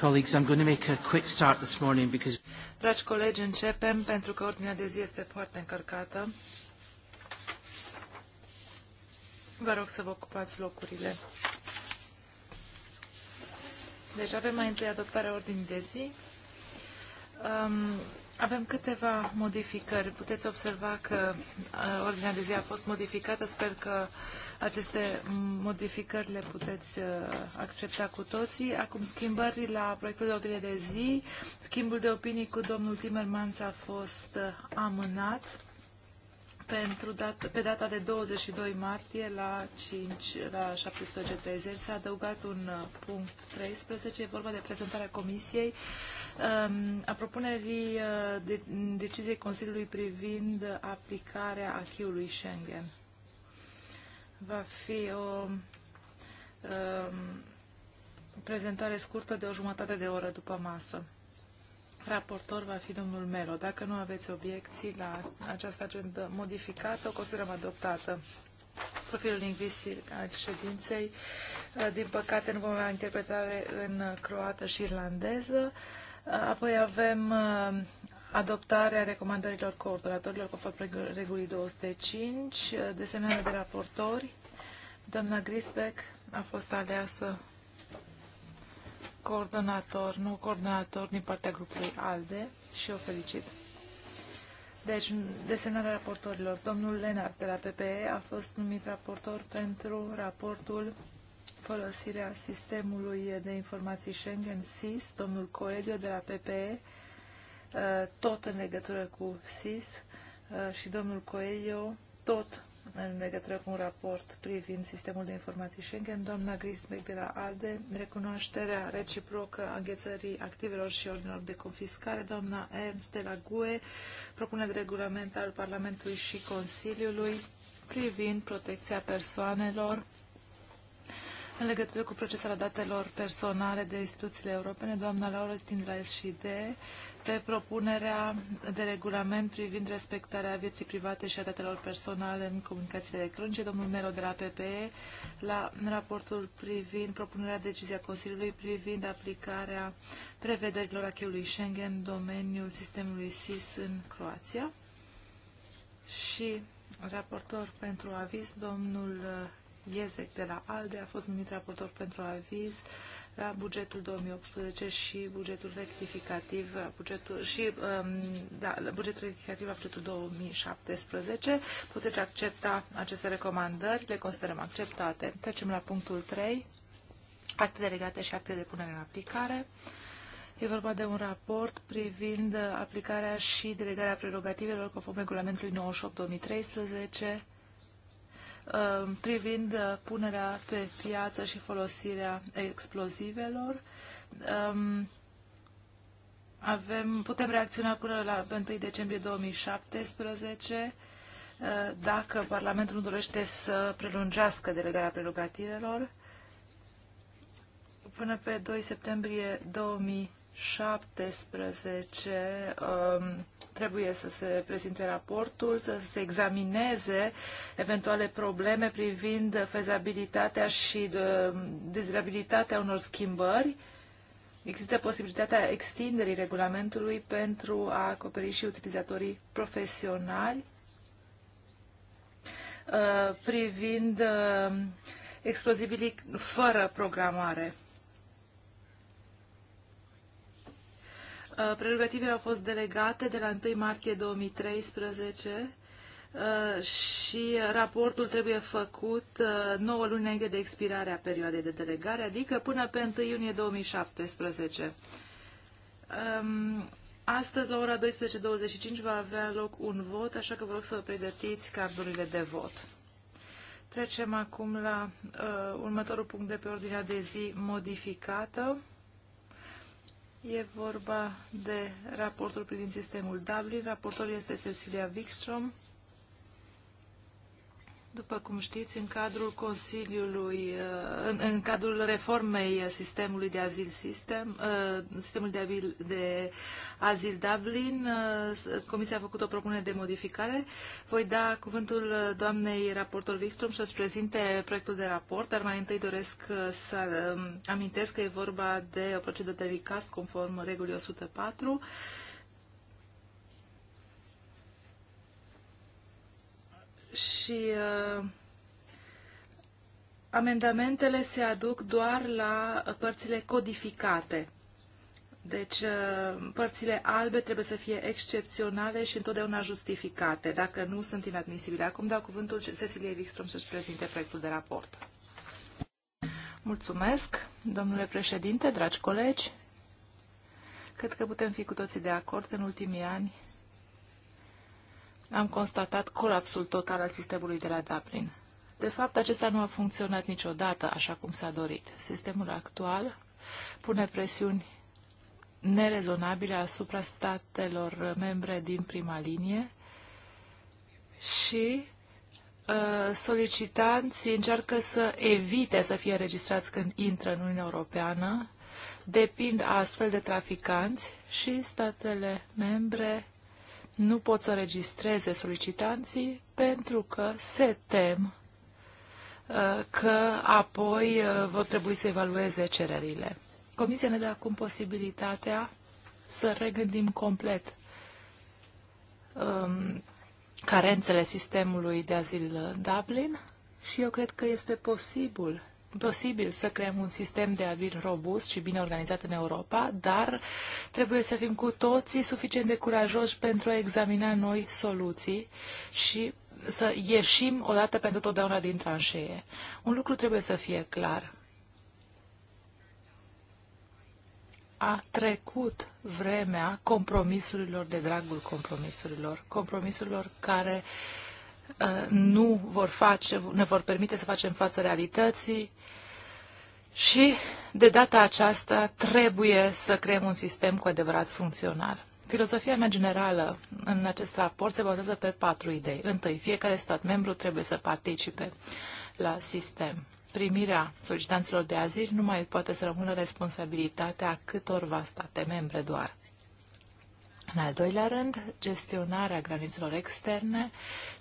Colleagues, I'm going to make a quick start this morning because... Dragi colegi, începem pentru că ordinea de zi este foarte încărcată. Vă rog să vă ocupați locurile. Deci avem mai întâi adoptarea ordinii de zi. Avem câteva modificări. Puteți observa că uh, ordinea de zi a fost modificată. Sper că aceste modificări le puteți uh, accepta cu toții. Acum schimbări la proiectul de ordine de zi. Schimbul de opinii cu domnul Timmermans a fost uh, amânat pentru dat, pe data de 22 martie la 5 la 17.30 s-a adăugat un uh, punct 13, e vorba de prezentarea comisiei um, a propunerii uh, de, deciziei Consiliului privind aplicarea acquis Schengen. Va fi o um, prezentare scurtă de o jumătate de oră după masă raportor va fi domnul Melo. Dacă nu aveți obiecții la această agendă modificată, o considerăm adoptată. Profilul lingvistic al ședinței, uh, din păcate, nu vom avea interpretare în croată și irlandeză. Uh, apoi avem uh, adoptarea recomandărilor cooperatorilor conform regulii 205, desemnarea de raportori. Doamna Grisbeck a fost aleasă coordonator, nou coordonator din partea grupului ALDE și o felicit. Deci, desemnarea raportorilor. Domnul Lenar de la PPE a fost numit raportor pentru raportul folosirea sistemului de informații Schengen SIS, domnul Coelho de la PPE, uh, tot în legătură cu SIS uh, și domnul Coelho tot în legătură cu un raport privind sistemul de informații Schengen, doamna Grisbeck de la ALDE, recunoașterea reciprocă a înghețării activelor și ordinilor de confiscare, doamna Ernst de la GUE, propune de regulament al Parlamentului și Consiliului privind protecția persoanelor în legătură cu procesarea datelor personale de instituțiile europene, doamna Laura Stindra, SCD, și este propunerea de regulament privind respectarea vieții private și a datelor personale în comunicații electronice. Domnul Mero de la PPE la raportul privind propunerea decizia Consiliului privind aplicarea prevederilor acheului Schengen în domeniul sistemului SIS în Croația. Și raportor pentru aviz, domnul Iezec de la ALDE a fost numit raportor pentru aviz la bugetul 2018 și bugetul rectificativ, bugetul, și um, da, bugetul rectificativ la bugetul 2017. Puteți accepta aceste recomandări, le considerăm acceptate. Trecem la punctul 3, acte delegate și acte de punere în aplicare. E vorba de un raport privind aplicarea și delegarea prerogativelor conform regulamentului 98-2013 Uh, privind uh, punerea pe piață și folosirea explozivelor. Um, avem, putem reacționa până la 1 decembrie 2017 uh, dacă Parlamentul nu dorește să prelungească delegarea prerogativelor până pe 2 septembrie 2017. 17 um, trebuie să se prezinte raportul, să se examineze eventuale probleme privind fezabilitatea și um, dezirabilitatea unor schimbări. Există posibilitatea extinderii regulamentului pentru a acoperi și utilizatorii profesionali uh, privind um, explozibilii fără programare. Uh, prerogativele au fost delegate de la 1 martie 2013 uh, și raportul trebuie făcut 9 uh, luni înainte de expirarea perioadei de delegare, adică până pe 1 iunie 2017. Um, astăzi, la ora 12.25, va avea loc un vot, așa că vă rog să vă pregătiți cardurile de vot. Trecem acum la uh, următorul punct de pe ordinea de zi modificată. E vorba de raportul privind sistemul Dublin. Raportorul este Cecilia Wikström. După cum știți, în cadrul Consiliului, în, în cadrul reformei sistemului de azil sistem, uh, sistemul de, avil, de azil Dublin, uh, Comisia a făcut o propunere de modificare. Voi da cuvântul doamnei raportor Wikström să-și prezinte proiectul de raport, dar mai întâi doresc uh, să um, amintesc că e vorba de o procedură de recast conform regulii 104 și uh, amendamentele se aduc doar la părțile codificate. Deci, uh, părțile albe trebuie să fie excepționale și întotdeauna justificate. Dacă nu, sunt inadmisibile. Acum dau cuvântul Cecilie Wikström să-și prezinte proiectul de raport. Mulțumesc, domnule președinte, dragi colegi. Cred că putem fi cu toții de acord că în ultimii ani am constatat colapsul total al sistemului de la Dublin. De fapt, acesta nu a funcționat niciodată așa cum s-a dorit. Sistemul actual pune presiuni nerezonabile asupra statelor membre din prima linie și uh, solicitanții încearcă să evite să fie înregistrați când intră în Uniunea Europeană, depind astfel de traficanți și statele membre nu pot să registreze solicitanții pentru că se tem uh, că apoi uh, vor trebui să evalueze cererile. Comisia ne dă acum posibilitatea să regândim complet um, carențele sistemului de azil Dublin și eu cred că este posibil posibil să creăm un sistem de avir robust și bine organizat în Europa, dar trebuie să fim cu toții suficient de curajoși pentru a examina noi soluții și să ieșim odată pentru totdeauna din tranșee. Un lucru trebuie să fie clar. a trecut vremea compromisurilor de dragul compromisurilor, compromisurilor care uh, Uh, nu vor face, ne vor permite să facem față realității și de data aceasta trebuie să creăm un sistem cu adevărat funcțional. Filosofia mea generală în acest raport se bazează pe patru idei. Întâi, fiecare stat membru trebuie să participe la sistem. Primirea solicitanților de azil nu mai poate să rămână responsabilitatea câtorva state membre doar. În al doilea rând, gestionarea granițelor externe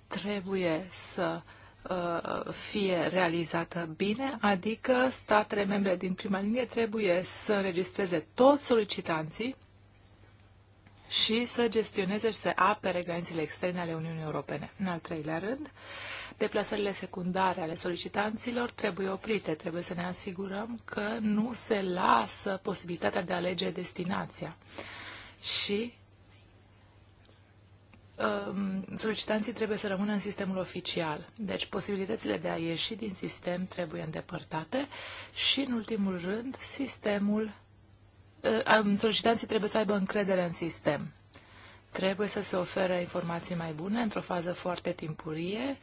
trebuie să uh, fie realizată bine, adică statele membre din prima linie trebuie să înregistreze toți solicitanții și să gestioneze și să apere granițele externe ale Uniunii Europene. În al treilea rând, deplasările secundare ale solicitanților trebuie oprite. Trebuie să ne asigurăm că nu se lasă posibilitatea de a alege destinația. Și Um, solicitanții trebuie să rămână în sistemul oficial. Deci posibilitățile de a ieși din sistem trebuie îndepărtate și, în ultimul rând, sistemul uh, solicitanții trebuie să aibă încredere în sistem. Trebuie să se ofere informații mai bune într-o fază foarte timpurie,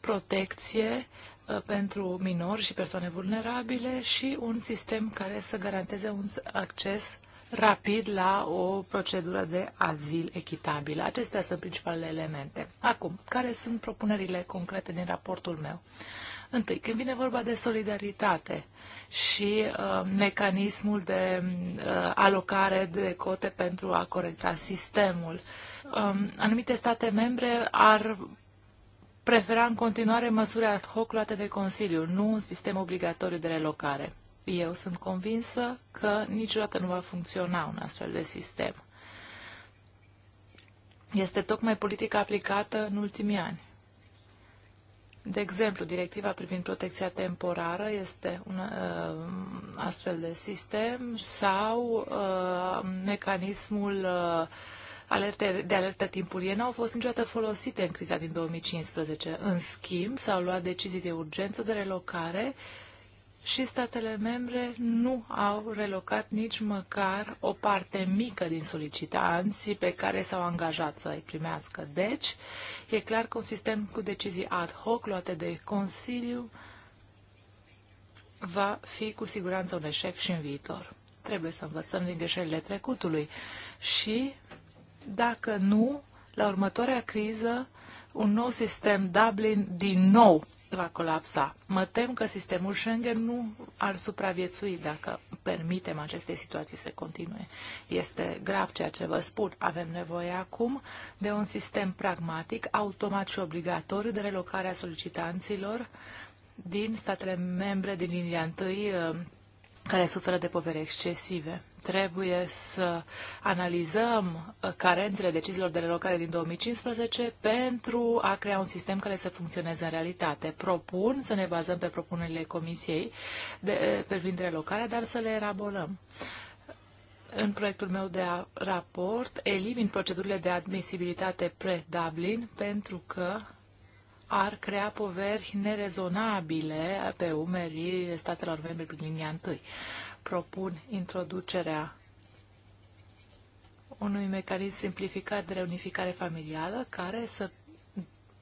protecție uh, pentru minori și persoane vulnerabile și un sistem care să garanteze un acces rapid la o procedură de azil echitabilă. Acestea sunt principalele elemente. Acum, care sunt propunerile concrete din raportul meu? Întâi, când vine vorba de solidaritate și uh, mecanismul de uh, alocare de cote pentru a corecta sistemul, um, anumite state membre ar prefera în continuare măsuri ad hoc luate de Consiliu, nu un sistem obligatoriu de relocare. Eu sunt convinsă că niciodată nu va funcționa un astfel de sistem. Este tocmai politica aplicată în ultimii ani. De exemplu, directiva privind protecția temporară este un uh, astfel de sistem sau uh, mecanismul uh, alerte, de alertă timpurie nu au fost niciodată folosite în criza din 2015. În schimb, s-au luat decizii de urgență de relocare uh, și statele membre nu au relocat nici măcar o parte mică din solicitanții pe care s-au angajat să îi primească. Deci, e clar că un sistem cu decizii ad hoc luate de Consiliu va fi cu siguranță un eșec și în viitor. Trebuie să învățăm din greșelile trecutului și, dacă nu, la următoarea criză, un nou sistem Dublin din nou va colapsa. Mă tem că sistemul Schengen nu ar supraviețui dacă permitem acestei situații să continue. Este grav ceea ce vă spun. Avem nevoie acum de un sistem pragmatic, automat și obligatoriu de relocare a solicitanților din statele membre din linia întâi care suferă de povere excesive. Trebuie să analizăm carențele deciziilor de relocare din 2015 pentru a crea un sistem care să funcționeze în realitate. Propun să ne bazăm pe propunerile Comisiei de, privind relocarea, dar să le elaborăm în proiectul meu de raport elimin procedurile de admisibilitate pre-Dublin pentru că ar crea poveri nerezonabile pe umerii statelor membre prin linia întâi. Propun introducerea unui mecanism simplificat de reunificare familială care să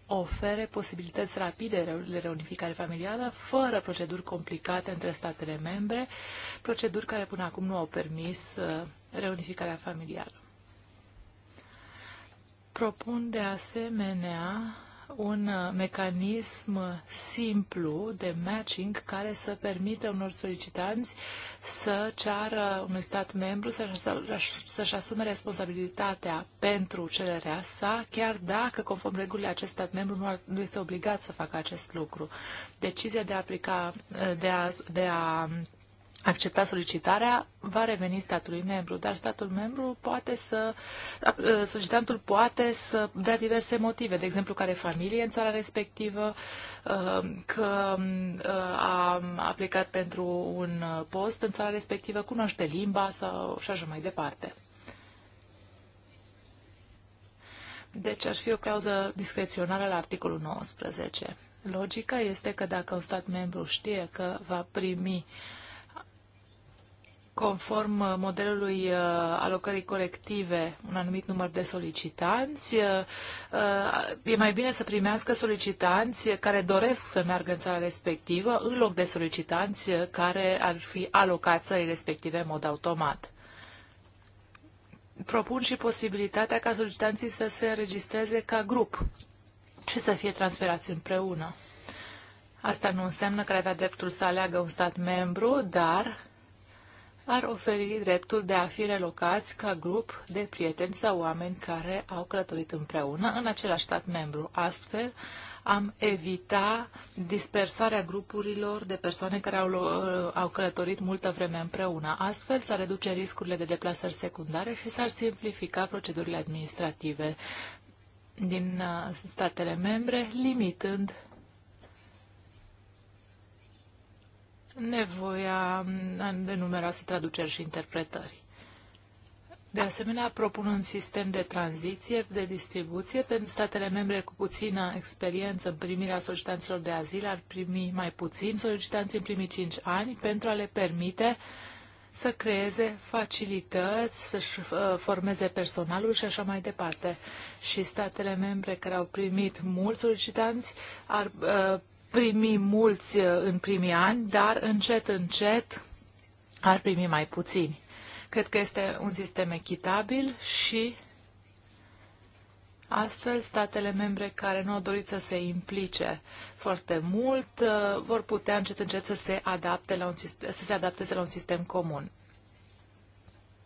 ofere posibilități rapide de reunificare familială fără proceduri complicate între statele membre, proceduri care până acum nu au permis uh, reunificarea familială. Propun de asemenea un uh, mecanism simplu de matching care să permită unor solicitanți să ceară unui stat membru să-și asume responsabilitatea pentru cererea sa, chiar dacă, conform regulile, acest stat membru nu, nu este obligat să facă acest lucru. Decizia de a aplica, uh, de a, de a accepta solicitarea, va reveni statului membru, dar statul membru poate să, ă, solicitantul poate să dea diverse motive, de exemplu, care familie în țara respectivă, ă, că ă, a aplicat pentru un post în țara respectivă, cunoaște limba sau și așa mai departe. Deci ar fi o clauză discreționară la articolul 19. Logica este că dacă un stat membru știe că va primi uh, conform uh, modelului uh, alocării colective un anumit număr de solicitanți, uh, e mai bine să primească solicitanți care doresc să meargă în țara respectivă, în loc de solicitanți care ar fi alocați țării respective în mod automat. Propun și posibilitatea ca solicitanții să se înregistreze ca grup și să fie transferați împreună. Asta nu înseamnă că ar avea dreptul să aleagă un stat membru, dar ar oferi dreptul de a fi relocați ca grup de prieteni sau oameni care au călătorit împreună în același stat membru. Astfel, am evita dispersarea grupurilor de persoane care au, au călătorit multă vreme împreună. Astfel, s-ar reduce riscurile de deplasări secundare și s-ar simplifica procedurile administrative din uh, statele membre, limitând nevoia mm, de numeroase traduceri și interpretări. De asemenea, propun un sistem de tranziție, de distribuție, pentru statele membre cu puțină experiență în primirea solicitanților de azil ar primi mai puțin solicitanți în primii cinci ani pentru a le permite să creeze facilități, să-și uh, formeze personalul și așa mai departe. Și statele membre care au primit mulți solicitanți ar uh, primi mulți uh, în primii ani, dar încet, încet ar primi mai puțini. Cred că este un sistem echitabil și astfel statele membre care nu au dorit să se implice foarte mult uh, vor putea încet încet să se adapte la un, să se adapteze la un sistem comun.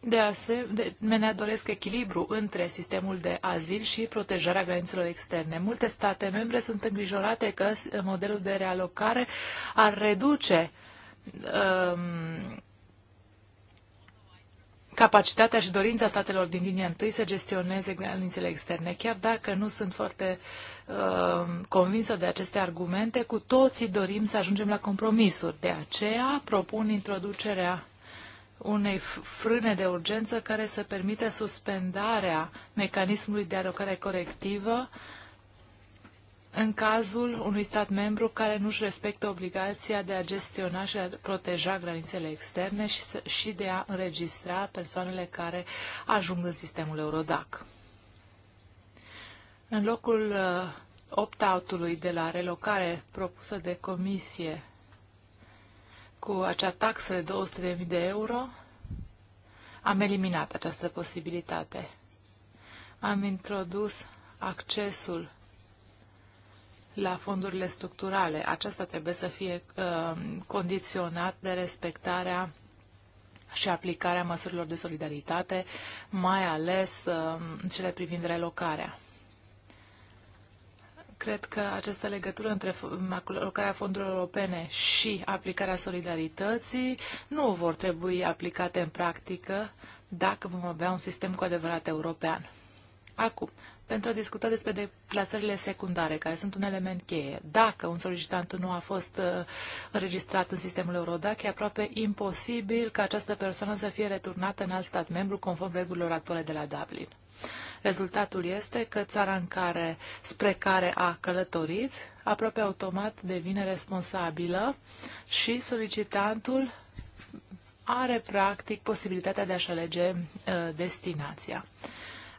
De asemenea, doresc echilibru între sistemul de azil și protejarea granițelor externe. Multe state membre sunt îngrijorate că modelul de realocare ar reduce um, capacitatea și dorința statelor din linia întâi să gestioneze granițele externe. Chiar dacă nu sunt foarte um, convinsă de aceste argumente, cu toții dorim să ajungem la compromisuri. De aceea propun introducerea unei frâne de urgență care să permite suspendarea mecanismului de alocare corectivă în cazul unui stat membru care nu își respectă obligația de a gestiona și a proteja granițele externe și de a înregistra persoanele care ajung în sistemul Eurodac. În locul uh, opt-out-ului de la relocare propusă de comisie cu acea taxă de 200.000 de euro, am eliminat această posibilitate. Am introdus accesul la fondurile structurale. Aceasta trebuie să fie uh, condiționat de respectarea și aplicarea măsurilor de solidaritate, mai ales uh, cele privind relocarea. Cred că această legătură între alocarea fondurilor europene și aplicarea solidarității nu vor trebui aplicate în practică dacă vom avea un sistem cu adevărat european. Acum, pentru a discuta despre deplasările secundare, care sunt un element cheie. Dacă un solicitant nu a fost uh, înregistrat în sistemul Eurodac, e aproape imposibil ca această persoană să fie returnată în alt stat membru conform regulilor actuale de la Dublin. Rezultatul este că țara în care, spre care a călătorit aproape automat devine responsabilă și solicitantul are practic posibilitatea de a-și alege uh, destinația.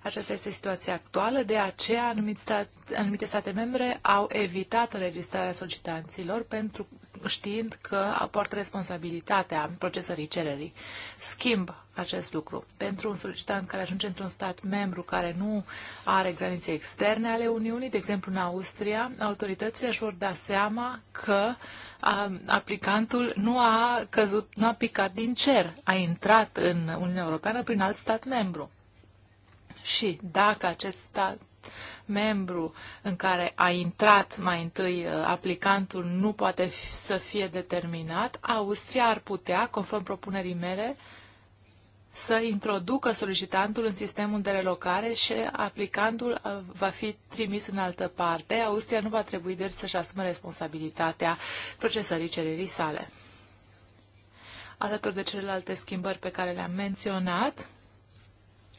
Aceasta este situația actuală, de aceea anumite state, anumite state membre au evitat înregistrarea solicitanților pentru știind că aportă responsabilitatea procesării cererii. Schimb acest lucru. Pentru un solicitant care ajunge într-un stat membru care nu are granițe externe ale Uniunii, de exemplu în Austria, autoritățile își vor da seama că um, aplicantul nu a căzut, nu a picat din cer, a intrat în Uniunea Europeană prin alt stat membru. Și dacă acest stat membru în care a intrat mai întâi uh, aplicantul nu poate să fie determinat, Austria ar putea, conform propunerii mele, să introducă solicitantul în sistemul de relocare și aplicantul uh, va fi trimis în altă parte. Austria nu va trebui de deci, să-și asume responsabilitatea procesării cererii sale. Alături de celelalte schimbări pe care le-am menționat,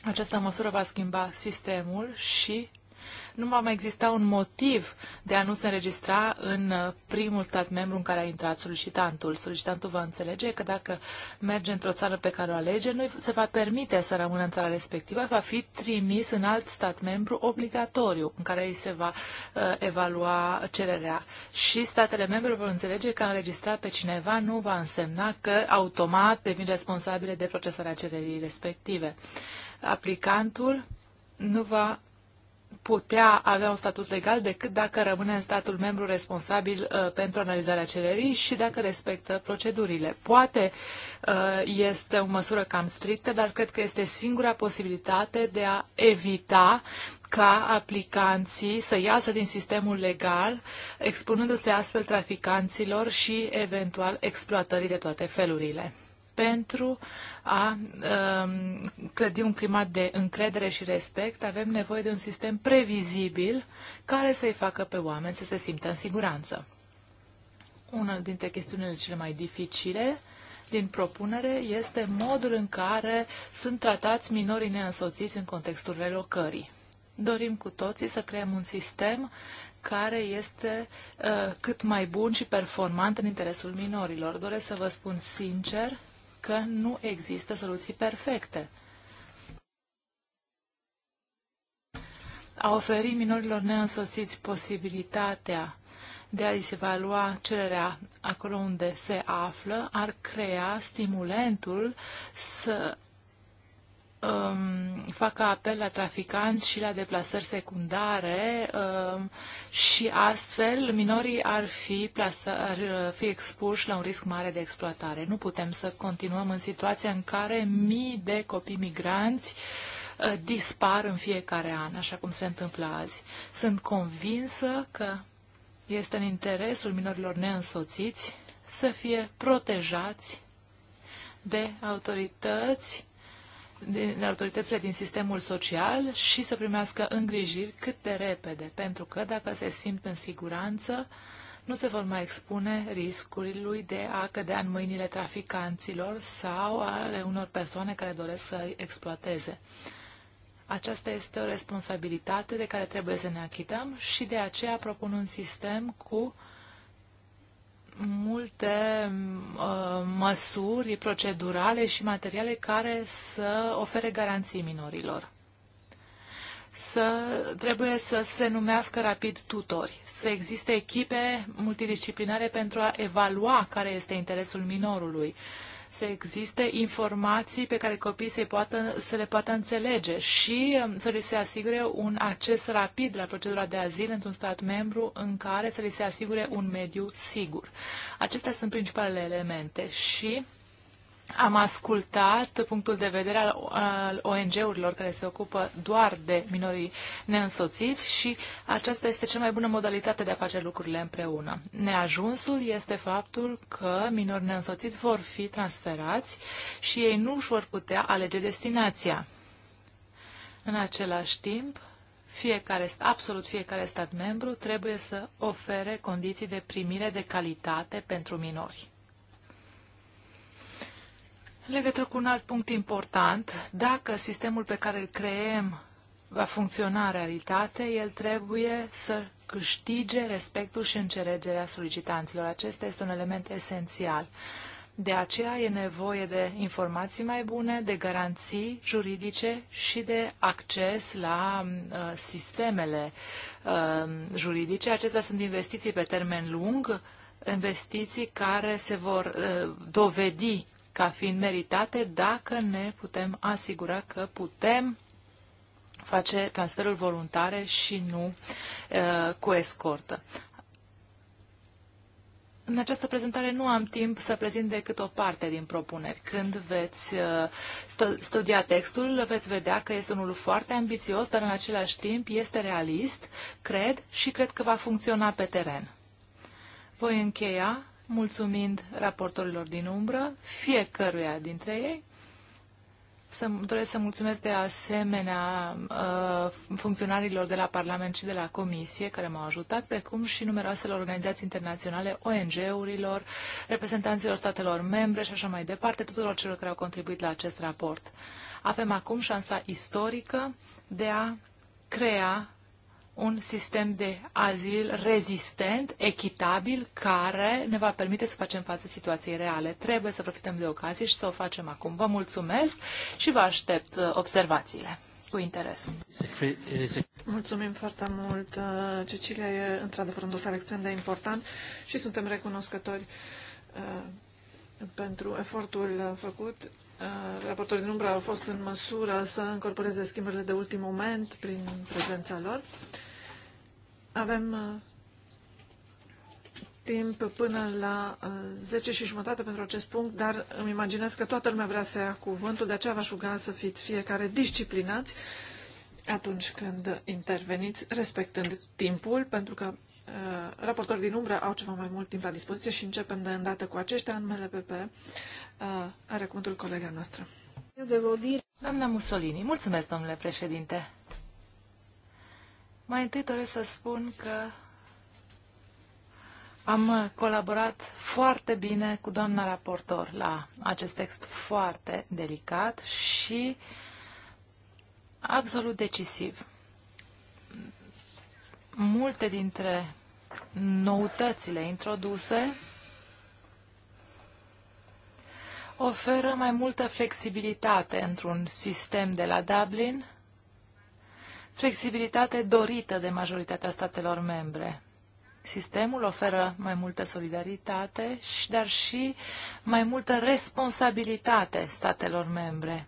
această măsură va schimba sistemul și nu va mai exista un motiv de a nu se înregistra în primul stat membru în care a intrat solicitantul. Solicitantul va înțelege că dacă merge într-o țară pe care o alege, nu se va permite să rămână în țara respectivă, va fi trimis în alt stat membru obligatoriu, în care îi se va uh, evalua cererea. Și statele membre vor înțelege că a înregistrat pe cineva nu va însemna că automat devin responsabile de procesarea cererii respective. Uh, aplicantul nu va putea avea un statut legal decât dacă rămâne în statul membru responsabil uh, pentru analizarea cererii și dacă respectă procedurile. Poate uh, este o măsură cam strictă, dar cred că este singura posibilitate de a evita ca aplicanții să iasă din sistemul legal, expunându-se astfel traficanților și eventual exploatării de toate felurile pentru a um, clădi un climat de încredere și respect, avem nevoie de un sistem previzibil care să-i facă pe oameni să se simtă în siguranță. Una dintre chestiunile cele mai dificile din propunere este modul în care sunt tratați minorii neînsoțiți în contextul relocării. Dorim cu toții să creăm un sistem care este uh, cât mai bun și performant în interesul minorilor. Doresc să vă spun sincer că nu există soluții perfecte. A oferi minorilor neînsoțiți posibilitatea de a-i se evalua cererea acolo unde se află, ar crea stimulentul să um, facă apel la traficanți și la deplasări secundare um, și astfel minorii ar fi, plasă, ar uh, fi expuși la un risc mare de exploatare. Nu putem să continuăm în situația în care mii de copii migranți uh, dispar în fiecare an, așa cum se întâmplă azi. Sunt convinsă că este în interesul minorilor neînsoțiți să fie protejați de autorități din autoritățile din sistemul social și să primească îngrijiri cât de repede, pentru că dacă se simt în siguranță, nu se vor mai expune riscului de a cădea în mâinile traficanților sau ale unor persoane care doresc să exploateze. Aceasta este o responsabilitate de care trebuie să ne achităm și de aceea propun un sistem cu uh, multe uh, măsuri procedurale și materiale care să ofere garanții minorilor. Să, trebuie să se numească rapid tutori, să existe echipe multidisciplinare pentru a evalua care este interesul minorului. Uh, să existe informații pe care copiii să, poată, să le poată înțelege și um, să li se asigure un acces rapid la procedura de azil într-un stat membru în care să li se asigure un mediu sigur. Acestea sunt principalele elemente și am ascultat punctul de vedere al, al ONG-urilor care se ocupă doar de minorii neînsoțiți și aceasta este cea mai bună modalitate de a face lucrurile împreună. Neajunsul este faptul că minorii neînsoțiți vor fi transferați și ei nu își vor putea alege destinația. În același timp, fiecare, absolut fiecare stat membru trebuie să ofere condiții de primire de calitate pentru minori. În legătură cu un alt punct important, dacă sistemul pe care îl creem va funcționa în realitate, el trebuie să câștige respectul și înțelegerea solicitanților. Acesta este un element esențial. De aceea e nevoie de informații mai bune, de garanții juridice și de acces la uh, sistemele uh, juridice. Acestea sunt investiții pe termen lung, investiții care se vor uh, dovedi ca fiind meritate dacă ne putem asigura că putem face transferul voluntare și nu uh, cu escortă. În această prezentare nu am timp să prezint decât o parte din propuneri. Când veți uh, studia textul, veți vedea că este unul foarte ambițios, dar în același timp este realist, cred, și cred că va funcționa pe teren. Voi încheia mulțumind raportorilor din umbră, fiecăruia dintre ei. Să, doresc să mulțumesc de asemenea uh, funcționarilor de la Parlament și de la Comisie care m-au ajutat, precum și numeroaselor organizații internaționale, ONG-urilor, reprezentanților statelor membre și așa mai departe, tuturor celor care au contribuit la acest raport. Avem acum șansa istorică de a crea un sistem de azil rezistent, echitabil, care ne va permite să facem față situației reale. Trebuie să profităm de ocazie și să o facem acum. Vă mulțumesc și vă aștept uh, observațiile cu interes. Mulțumim foarte mult, uh, Cecilia. E într-adevăr un dosar extrem de important și suntem recunoscători uh, pentru efortul făcut Uh, raportorii din umbră au fost în măsură să încorporeze schimbările de ultim moment prin prezența lor. Avem uh, timp până la 10 uh, și jumătate pentru acest punct, dar îmi imaginez că toată lumea vrea să ia cuvântul, de aceea v-aș ruga să fiți fiecare disciplinați atunci când interveniți, respectând timpul, pentru că Uh, raportori din umbră au ceva mai mult timp la dispoziție și începem de îndată cu aceștia. În MLPP. uh, are cuvântul colega noastră. Eu de Doamna Mussolini, mulțumesc, domnule președinte. Mai întâi doresc să spun că am colaborat foarte bine cu doamna raportor la acest text foarte delicat și absolut decisiv multe dintre noutățile introduse oferă mai multă flexibilitate într-un sistem de la Dublin, flexibilitate dorită de majoritatea statelor membre. Sistemul oferă mai multă solidaritate, dar și mai multă responsabilitate statelor membre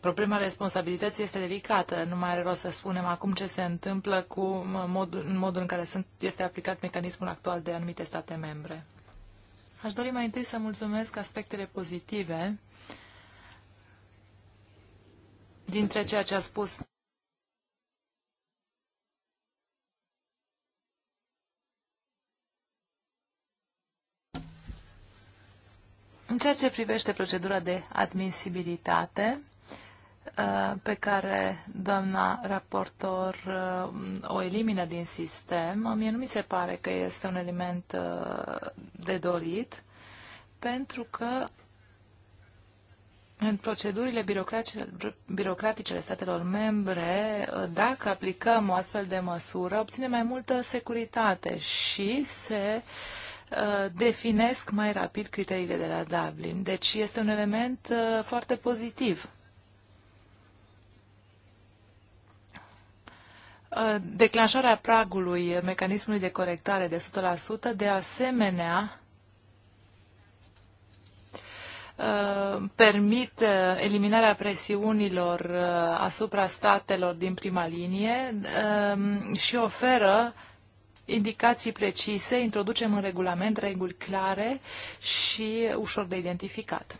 Problema responsabilității este delicată. Nu mai are rost să spunem acum ce se întâmplă cu modul, modul în care sunt, este aplicat mecanismul actual de anumite state membre. Aș dori mai întâi să mulțumesc aspectele pozitive dintre ceea ce a spus În ceea ce privește procedura de admisibilitate, Uh, pe care doamna raportor uh, o elimină din sistem, mie nu mi se pare că este un element uh, de dorit, pentru că în procedurile birocratice ale statelor membre, dacă aplicăm o astfel de măsură, obținem mai multă securitate și se definesc mai rapid criteriile de la Dublin. Deci este un element foarte pozitiv Uh, declanșarea pragului mecanismului de corectare de 100%, de asemenea, uh, permit uh, eliminarea presiunilor asupra statelor din prima linie um, și oferă indicații precise, introducem în regulament reguli clare și ușor de identificat.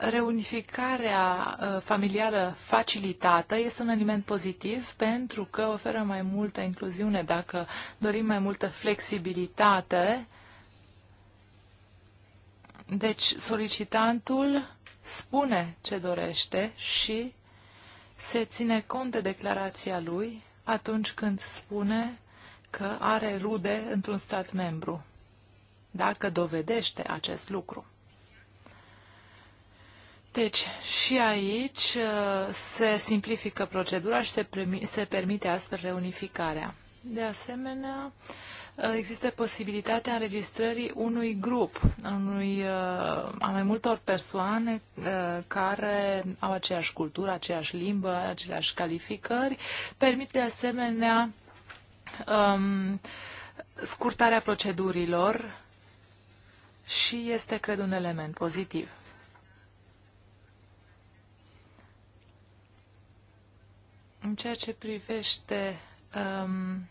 reunificarea uh, familială facilitată este un element pozitiv pentru că oferă mai multă incluziune dacă dorim mai multă flexibilitate. Deci solicitantul spune ce dorește și se ține cont de declarația lui atunci când spune că are rude într-un stat membru, dacă dovedește acest lucru. Deci, și aici uh, se simplifică procedura și se, primi, se permite astfel reunificarea. De asemenea, uh, există posibilitatea înregistrării unui grup, unui, uh, a mai multor persoane care au aceeași cultură, aceeași limbă, aceleași calificări. Permite de asemenea um, scurtarea procedurilor și este, cred, un element pozitiv. În ceea ce privește, um,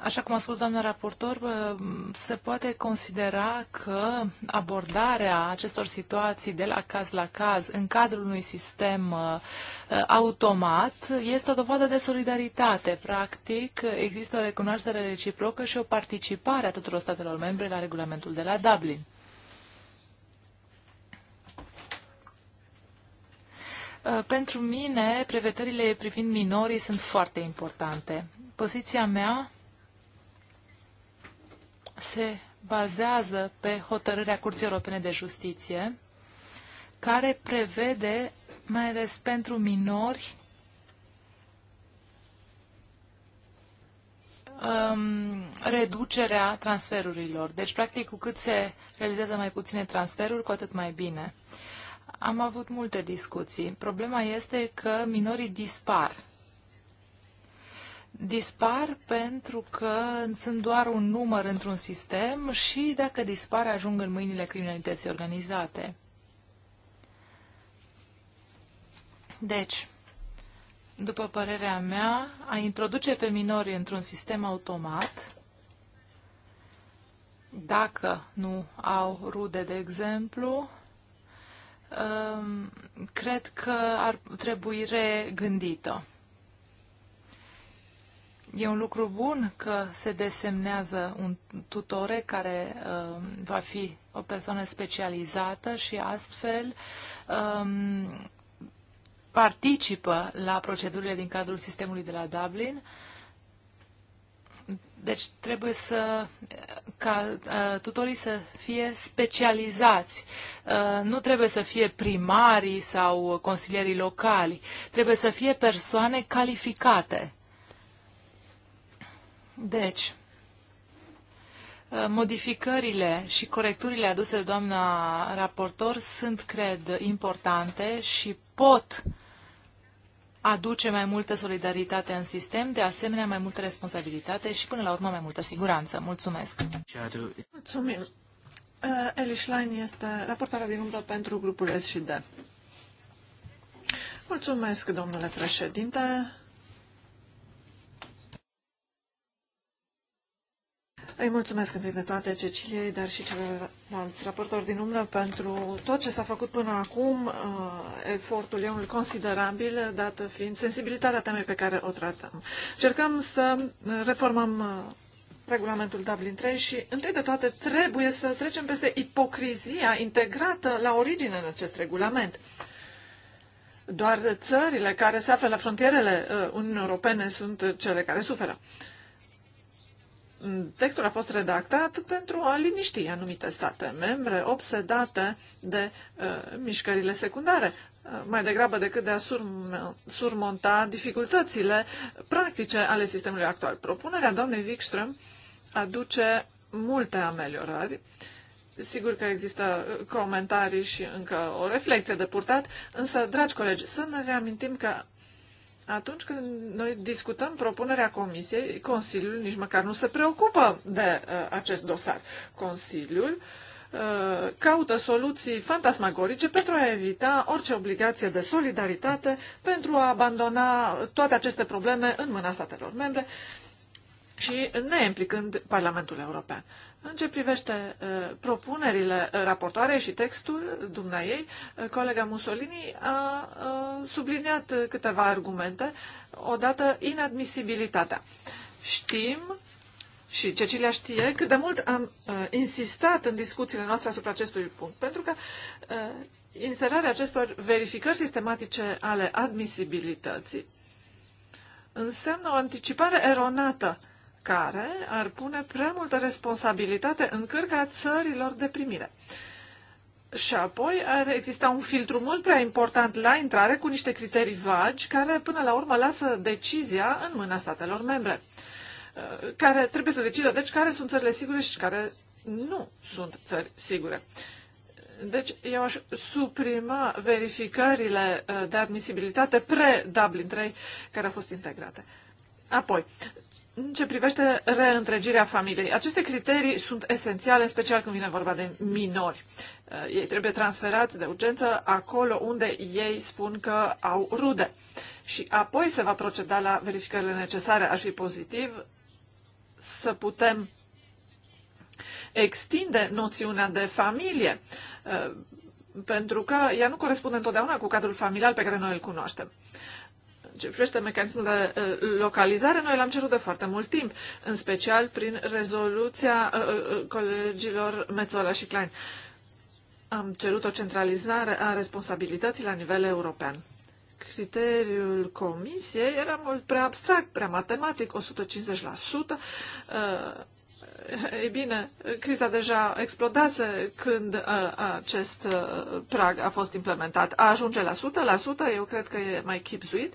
așa cum a spus doamna raportor, um, se poate considera că abordarea acestor situații de la caz la caz în cadrul unui sistem uh, automat este o dovadă de solidaritate. Practic, există o recunoaștere reciprocă și o participare a tuturor statelor membre la regulamentul de la Dublin. Uh, pentru mine, prevederile privind minorii sunt foarte importante. Poziția mea se bazează pe hotărârea Curții Europene de Justiție, care prevede, mai ales pentru minori, um, reducerea transferurilor. Deci, practic, cu cât se realizează mai puține transferuri, cu atât mai bine am avut multe discuții. Problema este că minorii dispar. Dispar pentru că sunt doar un număr într-un sistem și dacă dispar ajung în mâinile criminalității organizate. Deci, după părerea mea, a introduce pe minori într-un sistem automat, dacă nu au rude, de exemplu, Ehm, cred că ar trebui regândită. E un lucru bun că se desemnează un tutore care uh, va fi o persoană specializată și astfel um, participă la procedurile din cadrul sistemului de la Dublin. Deci trebuie să, ca uh, tutorii să fie specializați. Uh, nu trebuie să fie primarii sau consilierii locali. Trebuie să fie persoane calificate. Deci, modificările și corecturile aduse de doamna raportor sunt, cred, importante și pot uh, aduce mai multă solidaritate în sistem, de asemenea mai multă responsabilitate și până la urmă mai multă siguranță. Mulțumesc! Mulțumim! Uh, Eli Schlein este raportarea din umbră pentru grupul S și D. Mulțumesc, domnule președinte. Îi mulțumesc întâi de toate Ceciliei, dar și celorlalți raportori din umbră pentru tot ce s-a făcut până acum. Uh, efortul e unul considerabil, dată fiind sensibilitatea temei pe care o tratăm. Cercăm să reformăm uh, regulamentul Dublin 3 și, întâi de toate, trebuie să trecem peste ipocrizia integrată la origine în acest regulament. Doar țările care se află la frontierele uh, Uniunii Europene sunt cele care suferă. Uh, textul a fost redactat pentru a liniști anumite state membre obsedate de uh, mișcările secundare, uh, mai degrabă decât de a surm, surmonta dificultățile practice ale sistemului actual. Propunerea doamnei Wikström aduce multe ameliorări. Sigur că există uh, comentarii și încă o reflecție de purtat, însă, dragi colegi, să ne reamintim că atunci când noi discutăm propunerea Comisiei, Consiliul nici măcar nu se preocupă de uh, acest dosar. Consiliul uh, caută soluții fantasmagorice pentru a evita orice obligație de solidaritate, pentru a abandona toate aceste probleme în mâna statelor membre și neimplicând Parlamentul European. Uh, în ce privește propunerile raportoarei și textul dumneaei, colega Mussolini a subliniat câteva argumente. Odată, inadmisibilitatea. Știm și Cecilia știe cât de mult am insistat în discuțiile noastre asupra acestui punct, pentru că inserarea acestor verificări sistematice ale admisibilității înseamnă o anticipare eronată care ar pune prea multă responsabilitate în cărca țărilor de primire. Și apoi ar exista un filtru mult prea important la intrare cu niște criterii vagi care până la urmă lasă decizia în mâna statelor membre, uh, care trebuie să decidă deci care sunt țările sigure și care nu sunt țări sigure. Deci eu aș suprima verificările uh, de admisibilitate pre-Dublin 3 care au fost integrate. Apoi, în ce privește reîntregirea familiei. Aceste criterii sunt esențiale, în special când vine vorba de minori. Eh, ei trebuie transferați de urgență acolo unde ei spun că au rude. Și apoi se va proceda la verificările necesare. Ar fi pozitiv să putem extinde noțiunea de familie, eh, pentru că ea nu corespunde întotdeauna cu cadrul familial pe care noi îl cunoaștem ce privește mecanismul de localizare, noi l-am cerut de foarte mult timp, în special prin rezoluția colegilor Mețola și Klein. Am cerut o centralizare a responsabilității la nivel european. Criteriul comisiei era mult prea abstract, prea matematic, 150% E bine, criza deja explodase când uh, acest uh, prag a fost implementat. A ajunge la 100%, la 100% eu cred că e mai chipzuit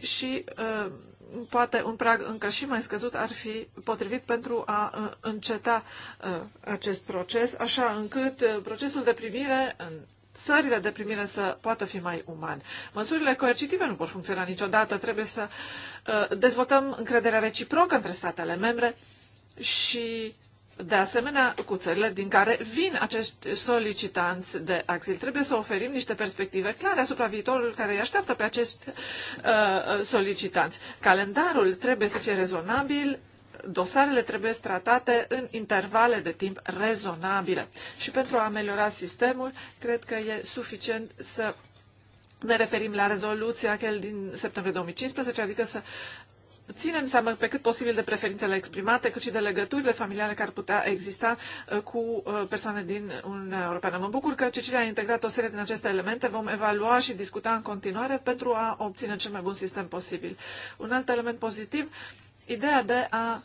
și uh, poate un prag încă și mai scăzut ar fi potrivit pentru a înceta acest proces, așa încât procesul de primire în țările de primire să poată fi mai uman. Măsurile coercitive nu vor funcționa niciodată, trebuie să dezvoltăm încrederea reciprocă între statele membre și, de asemenea, cu țările din care vin acești solicitanți de axil. Trebuie să oferim niște perspective clare asupra viitorului care îi așteaptă pe acești uh, solicitanți. Calendarul trebuie să fie rezonabil, dosarele trebuie tratate în intervale de timp rezonabile. Și pentru a ameliora sistemul, cred că e suficient să ne referim la rezoluția cel din septembrie 2015, adică să ținem seama pe cât posibil de preferințele exprimate, cât și de legăturile familiale care ar putea exista uh, cu uh, persoane din Uniunea Europeană. Mă bucur că Cecilia a integrat o serie din aceste elemente. Vom evalua și discuta în continuare pentru a obține cel mai bun sistem posibil. Un alt element pozitiv, ideea de a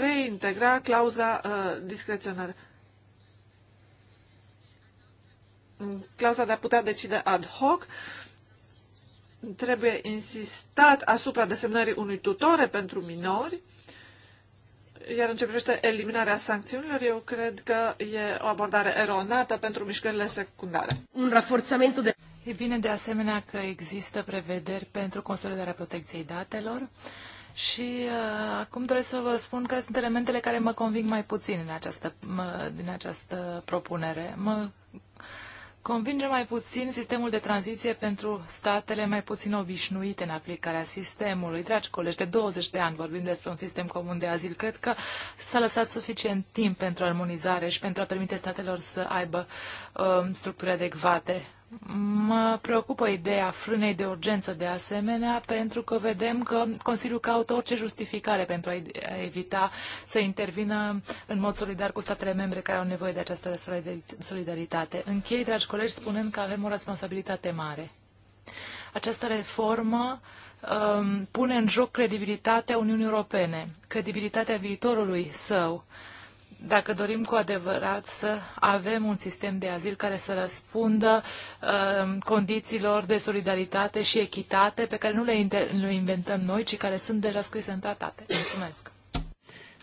reintegra clauza uh, discreționară. Clauza de a putea decide ad hoc uh, trebuie insistat asupra desemnării unui tutore pentru minori, iar în ce privește eliminarea sancțiunilor, eu cred că e o abordare eronată pentru mișcările secundare. Un raforțament de... E bine de asemenea că există prevederi pentru consolidarea protecției datelor și uh, acum trebuie să vă spun care sunt elementele care mă conving mai puțin în această, mă, din această propunere. Mă Convinge mai puțin sistemul de tranziție pentru statele mai puțin obișnuite în aplicarea sistemului. Dragi colegi, de 20 de ani vorbim despre un sistem comun de azil. Cred că s-a lăsat suficient timp pentru armonizare și pentru a permite statelor să aibă uh, structuri adecvate Mă preocupă ideea frânei de urgență de asemenea, pentru că vedem că Consiliul caută orice justificare pentru a evita să intervină în mod solidar cu statele membre care au nevoie de această solidaritate. Închei, dragi colegi, spunând că avem o responsabilitate mare. Această reformă um, pune în joc credibilitatea Uniunii Europene, credibilitatea viitorului său dacă dorim cu adevărat să avem un sistem de azil care să răspundă uh, condițiilor de solidaritate și echitate pe care nu le, le inventăm noi, ci care sunt deja scrise în tratate. Mulțumesc!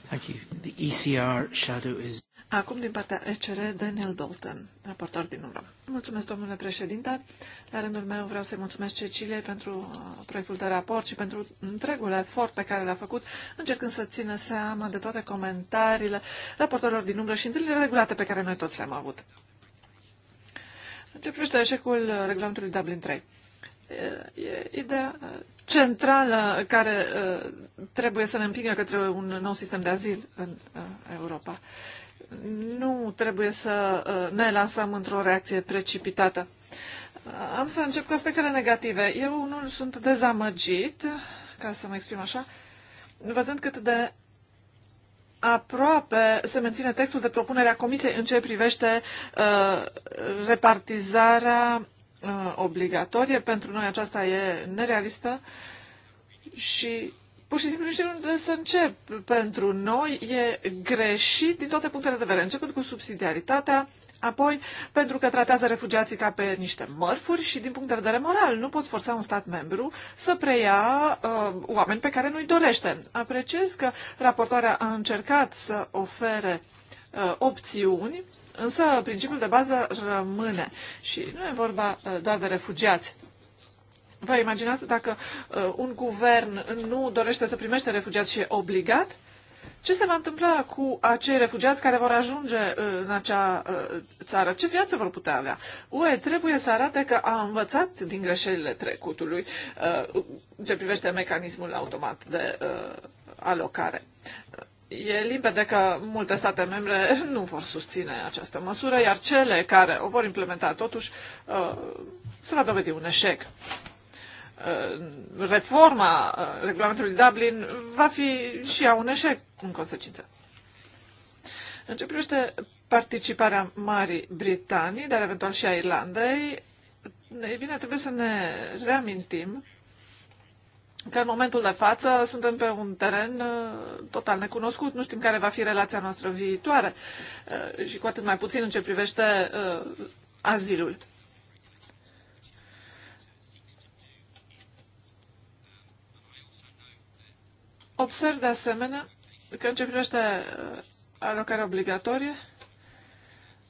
Thank you. The ECR shadow is... Acum, din partea ECR, Daniel Dalton, raportor din umbră. Mulțumesc, domnule președinte. La rândul meu vreau să-i mulțumesc Ceciliei pentru uh, proiectul de raport și pentru întregul efort pe care l-a făcut, încercând să țină seama de toate comentariile raportorilor din umbră și întâlnirile regulate pe care noi toți le-am avut. ce privește eșecul uh, regulamentului Dublin 3? Uh, e ideea centrală care trebuie să ne împingă către un nou sistem de azil în Europa nu trebuie să uh, ne lansăm într-o reacție precipitată. Am să încep cu aspectele negative. Eu nu sunt dezamăgit, ca să mă exprim așa, văzând cât de aproape se menține textul de propunere a Comisiei în ce privește uh, repartizarea uh, obligatorie. Pentru noi aceasta e nerealistă și pur și simplu nu știu unde să încep. Pentru noi e greșit din toate punctele de vedere, începând cu subsidiaritatea, apoi pentru că tratează refugiații ca pe niște mărfuri și din punct de vedere moral. Nu poți forța un stat membru să preia uh, oameni pe care nu-i dorește. Apreciez că raportoarea a încercat să ofere uh, opțiuni Însă principiul de bază rămâne și nu e vorba uh, doar de refugiați. Vă imaginați dacă uh, un guvern nu dorește să primește refugiați și e obligat? Ce se va întâmpla cu acei refugiați care vor ajunge uh, în acea uh, țară? Ce viață vor putea avea? UE trebuie să arate că a învățat din greșelile trecutului uh, ce privește mecanismul automat de uh, alocare. E limpede că multe state membre nu vor susține această măsură, iar cele care o vor implementa totuși uh, se va dovedi un eșec. Uh, reforma uh, regulamentului Dublin va fi și ea un eșec în consecință. În ce privește participarea Marii Britanii, dar eventual și a Irlandei, ei bine, trebuie să ne reamintim că în momentul de față suntem pe un teren uh, total necunoscut, nu știm care va fi relația noastră viitoare și cu atât mai puțin în ce privește azilul. Observ de asemenea că în ce privește uh, alocarea obligatorie,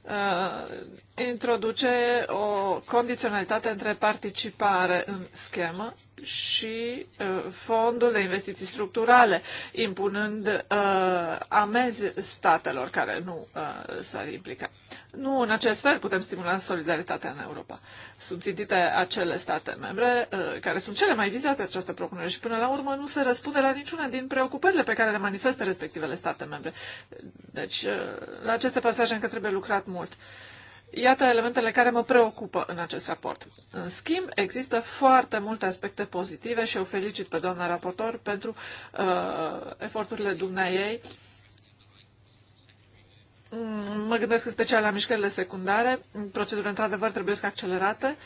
uh, introduce o condiționalitate între participare în schemă și uh, fondul de investiții structurale, impunând uh, amenzi statelor care nu uh, s-ar implica. Nu în acest fel putem stimula solidaritatea în Europa. Sunt țintite acele state membre care sunt cele mai vizate această propunere și până la urmă nu se răspunde la niciuna din preocupările pe care le manifestă respectivele state membre. Deci la aceste pasaje încă trebuie lucrat mult. Uh, Iată elementele care mă preocupă în acest raport. În schimb, există foarte multe aspecte pozitive și o felicit pe doamna raportor pentru uh, eforturile dumneaei. Mm, mă gândesc în special la mișcările secundare. Procedurile, într-adevăr, trebuie să accelerate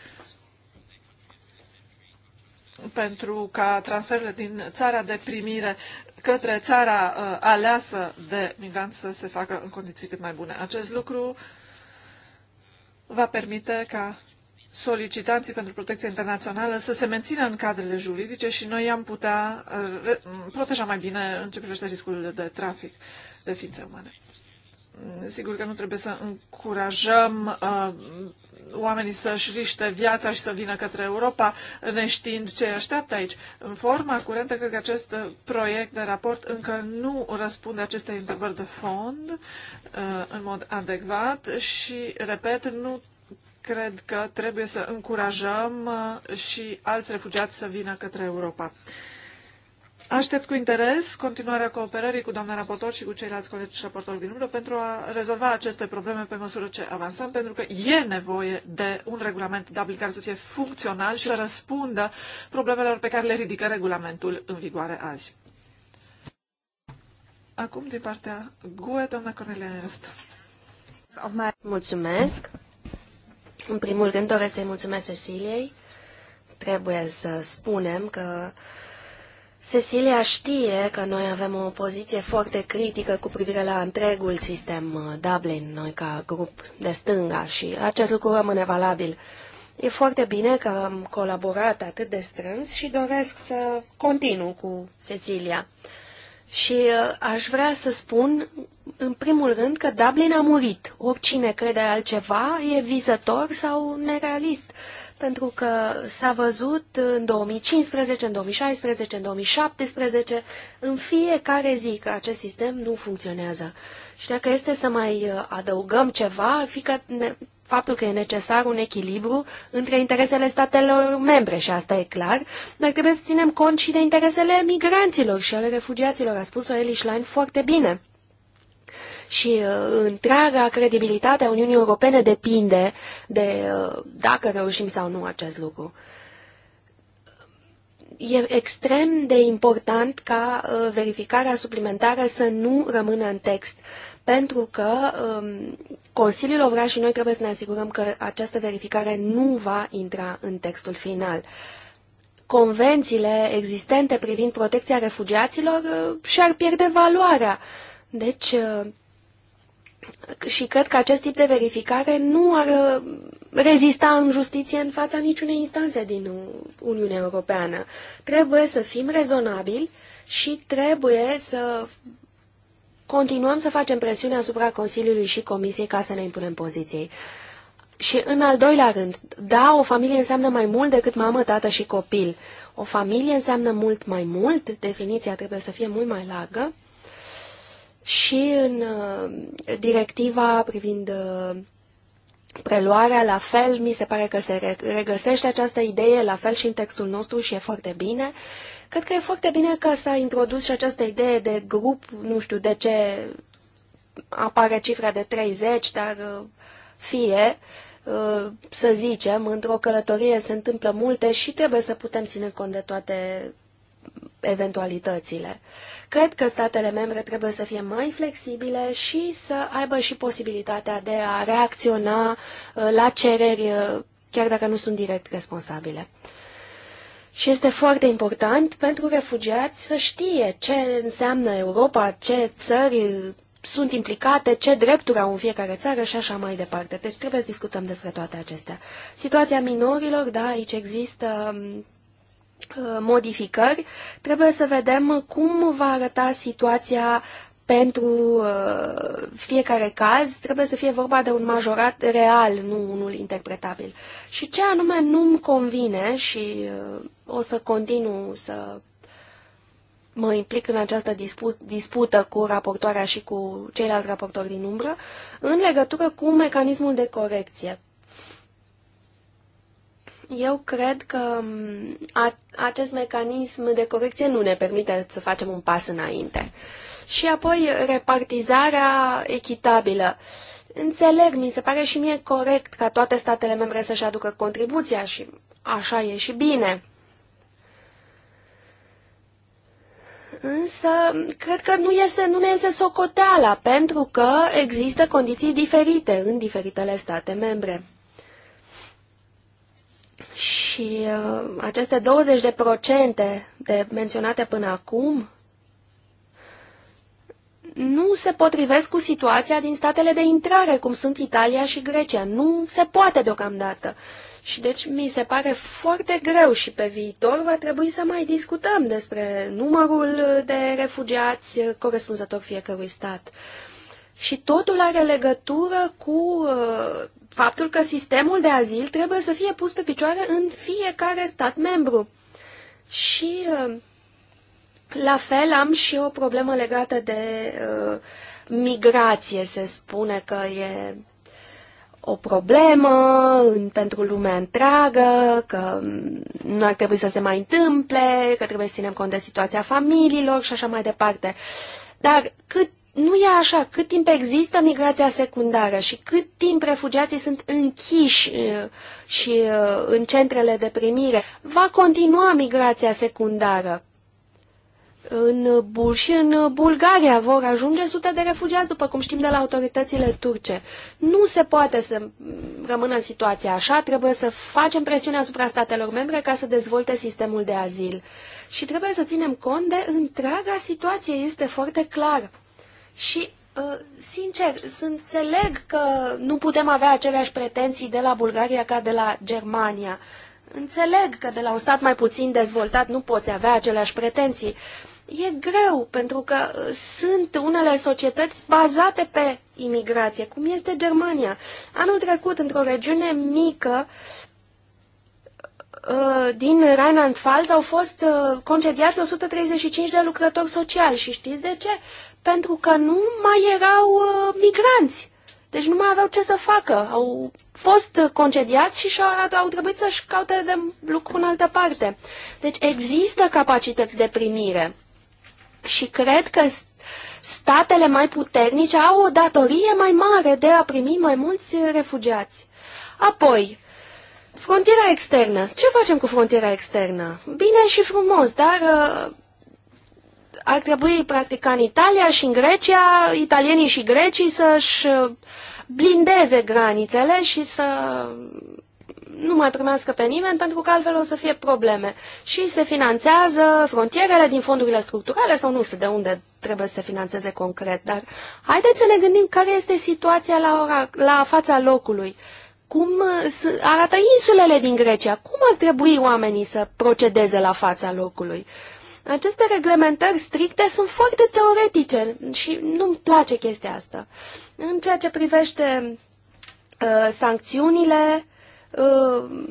pentru ca transferurile din țara de primire către țara uh, aleasă de migranți să se facă în condiții cât mai bune. Acest lucru uh, va permite ca solicitanții pentru protecție internațională să se mențină în cadrele juridice și noi am putea uh, mm, proteja mai bine în ce privește riscurile de trafic de ființe umane. Sigur că nu trebuie să încurajăm uh, oamenii să-și riște viața și să vină către Europa, neștiind ce îi așteaptă aici. În forma curentă, cred că acest proiect de raport încă nu răspunde acestei întrebări de fond uh, în mod adecvat și, repet, nu cred că trebuie să încurajăm uh, și alți refugiați să vină către Europa. Aștept cu interes continuarea cooperării cu doamna raportor și cu ceilalți colegi și raportori din umbră pentru a rezolva aceste probleme pe măsură ce avansăm, pentru că e nevoie de un regulament de aplicare să fie funcțional și să răspundă problemelor pe care le ridică regulamentul în vigoare azi. Acum, din partea GUE, doamna Cornelia Ernst. Mulțumesc. În primul rând doresc să-i mulțumesc Ceciliei. Trebuie să spunem că Cecilia știe că noi avem o poziție foarte critică cu privire la întregul sistem uh, Dublin, noi ca grup de stânga și acest lucru rămâne valabil. E foarte bine că am colaborat atât de strâns și doresc să continu cu Cecilia. Și uh, aș vrea să spun, în primul rând, că Dublin a murit. Oricine crede altceva e vizător sau nerealist. Uh, pentru că s-a văzut în 2015, în 2016, în 2017, în fiecare zi că acest sistem nu funcționează. Și dacă este să mai uh, adăugăm ceva, ar fi că ne, faptul că e necesar un echilibru între interesele statelor membre, și asta e clar, dar trebuie să ținem cont și de interesele migranților și ale refugiaților, a spus-o Eli Schlein foarte bine și uh, întreaga credibilitate a Uniunii Europene depinde de uh, dacă reușim sau nu acest lucru. E extrem de important ca uh, verificarea suplimentară să nu rămână în text, pentru că um, Consiliul o vrea și noi trebuie să ne asigurăm că această verificare nu va intra în textul final convențiile existente privind protecția refugiaților și-ar pierde valoarea. Deci și cred că acest tip de verificare nu ar uh, rezista în justiție în fața niciunei instanțe din Uniunea Europeană. Trebuie să fim rezonabili și trebuie să continuăm să facem presiune asupra Consiliului și Comisiei ca să ne impunem poziției. Și în al doilea rând, da, o familie înseamnă mai mult decât mamă, tată și copil. O familie înseamnă mult mai mult, definiția trebuie să fie mult mai largă și în uh, directiva privind uh, preluarea, la fel, mi se pare că se regăsește această idee, la fel și în textul nostru și e foarte bine. Cred că e foarte bine că s-a introdus și această idee de grup, nu știu de ce apare cifra de 30, dar uh, fie, să zicem, într-o călătorie se întâmplă multe și trebuie să putem ține cont de toate eventualitățile. Cred că statele membre trebuie să fie mai flexibile și să aibă și posibilitatea de a reacționa uh, la cereri, uh, chiar dacă nu sunt direct responsabile. Și este foarte important pentru refugiați să știe ce înseamnă Europa, ce țări sunt implicate, ce drepturi au în fiecare țară și așa mai departe. Deci trebuie să discutăm despre toate acestea. Situația minorilor, da, aici există um, modificări, trebuie să vedem cum va arăta situația pentru uh, fiecare caz. Trebuie să fie vorba de un majorat real, nu unul interpretabil. Și ce anume nu-mi convine și uh, o să continu să mă implic în această dispută cu raportoarea și cu ceilalți raportori din umbră, în legătură cu mecanismul de corecție. Eu cred că mm, a, acest mecanism de corecție nu ne permite să facem un pas înainte. Și apoi repartizarea echitabilă. Înțeleg, mi se pare și mie corect ca toate statele membre să-și aducă contribuția și așa e și bine. Însă, cred că nu, este, nu ne este socoteala, pentru că există condiții diferite în diferitele state membre. Și uh, aceste 20% de, procente de menționate până acum nu se potrivesc cu situația din statele de intrare, cum sunt Italia și Grecia. Nu se poate deocamdată. Și deci mi se pare foarte greu și pe viitor va trebui să mai discutăm despre numărul de refugiați corespunzător fiecărui stat. Și totul are legătură cu uh, faptul că sistemul de azil trebuie să fie pus pe picioare în fiecare stat membru. Și uh, la fel am și o problemă legată de uh, migrație. Se spune că e o problemă pentru lumea întreagă, că mm, nu ar trebui să se mai întâmple, că trebuie să ținem cont de situația familiilor și așa mai departe. Dar cât nu e așa. Cât timp există migrația secundară și cât timp refugiații sunt închiși uh, și uh, în centrele de primire, va continua migrația secundară. În Bul și în Bulgaria vor ajunge sute de refugiați, după cum știm de la autoritățile turce. Nu se poate să rămână situația așa, trebuie să facem presiune asupra statelor membre ca să dezvolte sistemul de azil. Și trebuie să ținem cont de întreaga situație, este foarte clar și, uh, sincer, înțeleg că nu putem avea aceleași pretenții de la Bulgaria ca de la Germania. Înțeleg că de la un stat mai puțin dezvoltat nu poți avea aceleași pretenții. E greu, pentru că uh, sunt unele societăți bazate pe imigrație, cum este Germania. Anul trecut, într-o regiune mică uh, din Rheinland-Pfalz, au fost concediați 135 de lucrători sociali. Și știți de ce? pentru că nu mai erau uh, migranți. Deci nu mai aveau ce să facă. Au fost concediați și și-au, au trebuit să-și caute de lucru în altă parte. Deci există capacități de primire. Și cred că statele mai puternice au o datorie mai mare de a primi mai mulți refugiați. Apoi, frontiera externă. Ce facem cu frontiera externă? Bine și frumos, dar uh, ar trebui, practica în Italia și în Grecia, italienii și grecii să-și uh, blindeze granițele și să nu mai primească pe nimeni, pentru că altfel o să fie probleme. Și se finanțează frontierele din fondurile structurale sau nu știu de unde trebuie să se finanțeze concret. Dar haideți să ne gândim care este situația la, ora, la fața locului. Cum uh, arată insulele din Grecia? Cum ar trebui oamenii să procedeze la fața locului? Aceste reglementări stricte sunt foarte teoretice și nu-mi place chestia asta. În ceea ce privește uh, sancțiunile, uh,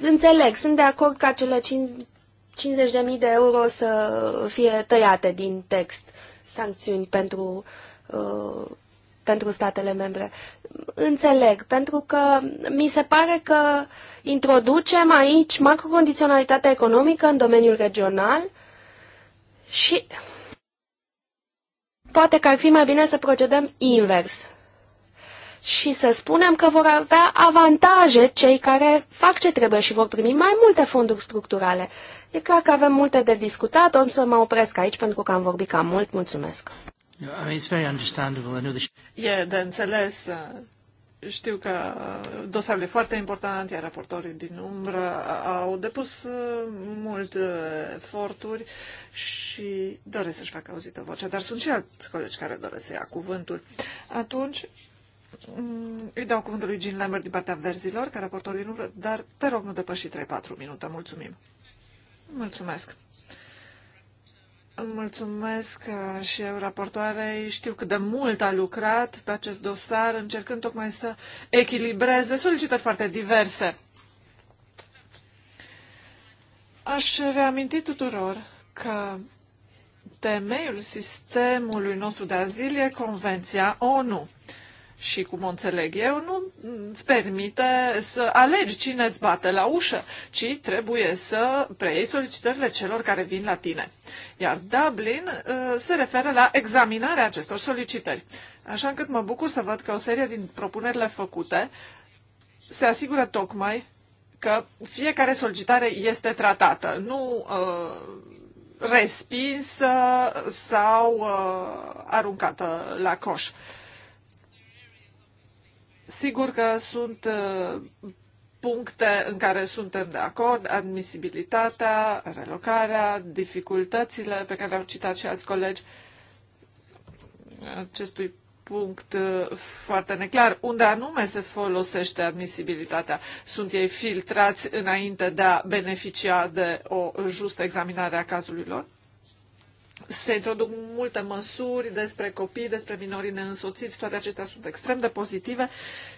înțeleg, sunt de acord ca cele 50.000 de euro să fie tăiate din text sancțiuni pentru uh, pentru statele membre. Înțeleg, pentru că mi se pare că introducem aici macrocondiționalitatea economică în domeniul regional și poate că ar fi mai bine să procedăm invers și să spunem că vor avea avantaje cei care fac ce trebuie și vor primi mai multe fonduri structurale. E clar că avem multe de discutat, o să mă opresc aici pentru că am vorbit cam mult. Mulțumesc! E de înțeles uh, știu că dosarul e foarte important, iar raportorii din umbră au depus uh, mult uh, eforturi și doresc să-și facă auzită vocea, dar sunt și alți colegi care doresc să ia cuvântul. Atunci, mm, îi dau cuvântul lui Jean Lambert din partea verzilor, ca raportor din umbră, dar te rog nu depăși 3-4 minute. Mulțumim. Mulțumesc. Mulțumesc uh, și eu raportoarei. Știu cât de mult a lucrat pe acest dosar, încercând tocmai să echilibreze solicitări foarte diverse. Aș reaminti tuturor că temeiul sistemului nostru de azil e Convenția ONU și cum o înțeleg eu, nu îți permite să alegi cine îți bate la ușă, ci trebuie să preiei solicitările celor care vin la tine. Iar Dublin uh, se referă la examinarea acestor solicitări. Așa încât mă bucur să văd că o serie din propunerile făcute se asigură tocmai că fiecare solicitare este tratată, nu uh, respinsă sau uh, aruncată la coș. Uh, Sigur că sunt uh, puncte în care suntem de acord, admisibilitatea, relocarea, dificultățile pe care au citat și alți colegi acestui punct uh, foarte neclar. Unde anume se folosește admisibilitatea? Sunt ei filtrați înainte de a beneficia de o justă examinare a cazului lor? se introduc multe măsuri despre copii, despre minorii neînsoțiți, toate acestea sunt extrem de pozitive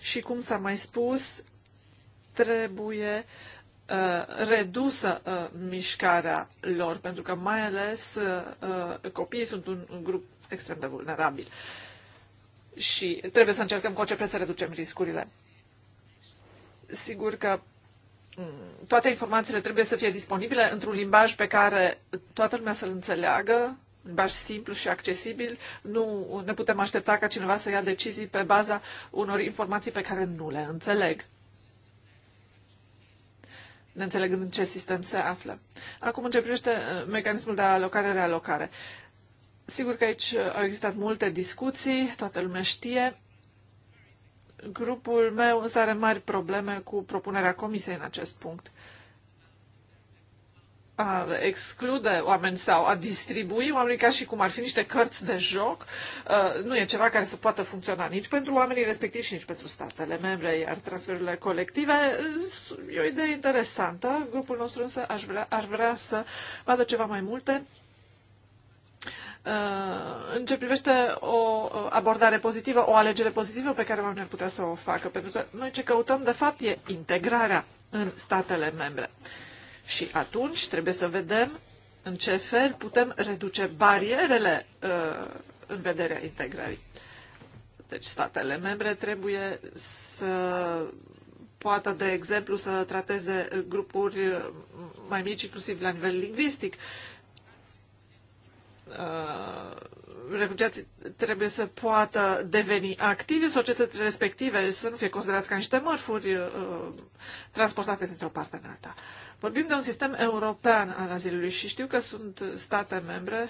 și, cum s-a mai spus, trebuie uh, redusă uh, mișcarea lor, pentru că mai ales uh, uh, copiii sunt un, un grup extrem de vulnerabil și trebuie să încercăm cu orice preț să reducem riscurile. Sigur că toate informațiile trebuie să fie disponibile într-un limbaj pe care toată lumea să-l înțeleagă, limbaj simplu și accesibil. Nu ne putem aștepta ca cineva să ia decizii pe baza unor informații pe care nu le înțeleg. Ne înțelegând în ce sistem se află. Acum, în ce privește uh, mecanismul de alocare-realocare. Sigur că aici uh, au existat multe discuții, toată lumea știe Grupul meu însă are mari probleme cu propunerea comisiei în acest punct. A exclude oameni sau a distribui oamenii ca și cum ar fi niște cărți de joc nu e ceva care să poată funcționa nici pentru oamenii respectivi și nici pentru statele membre, iar transferurile colective e o idee interesantă. Grupul nostru însă aș vrea, ar vrea să vadă ceva mai multe Uh, în ce privește o abordare pozitivă, o alegere pozitivă pe care oamenii ar putea să o facă. Pentru că noi ce căutăm, de fapt, e integrarea în statele membre. Și atunci trebuie să vedem în ce fel putem reduce barierele uh, în vederea integrării. Deci statele membre trebuie să poată, de exemplu, să trateze grupuri mai mici, inclusiv la nivel lingvistic, Uh, refugiații trebuie să poată deveni activi în societățile respective, să nu fie considerați ca niște mărfuri uh, transportate dintr-o parte în alta. Vorbim de un sistem european al azilului și știu că sunt state membre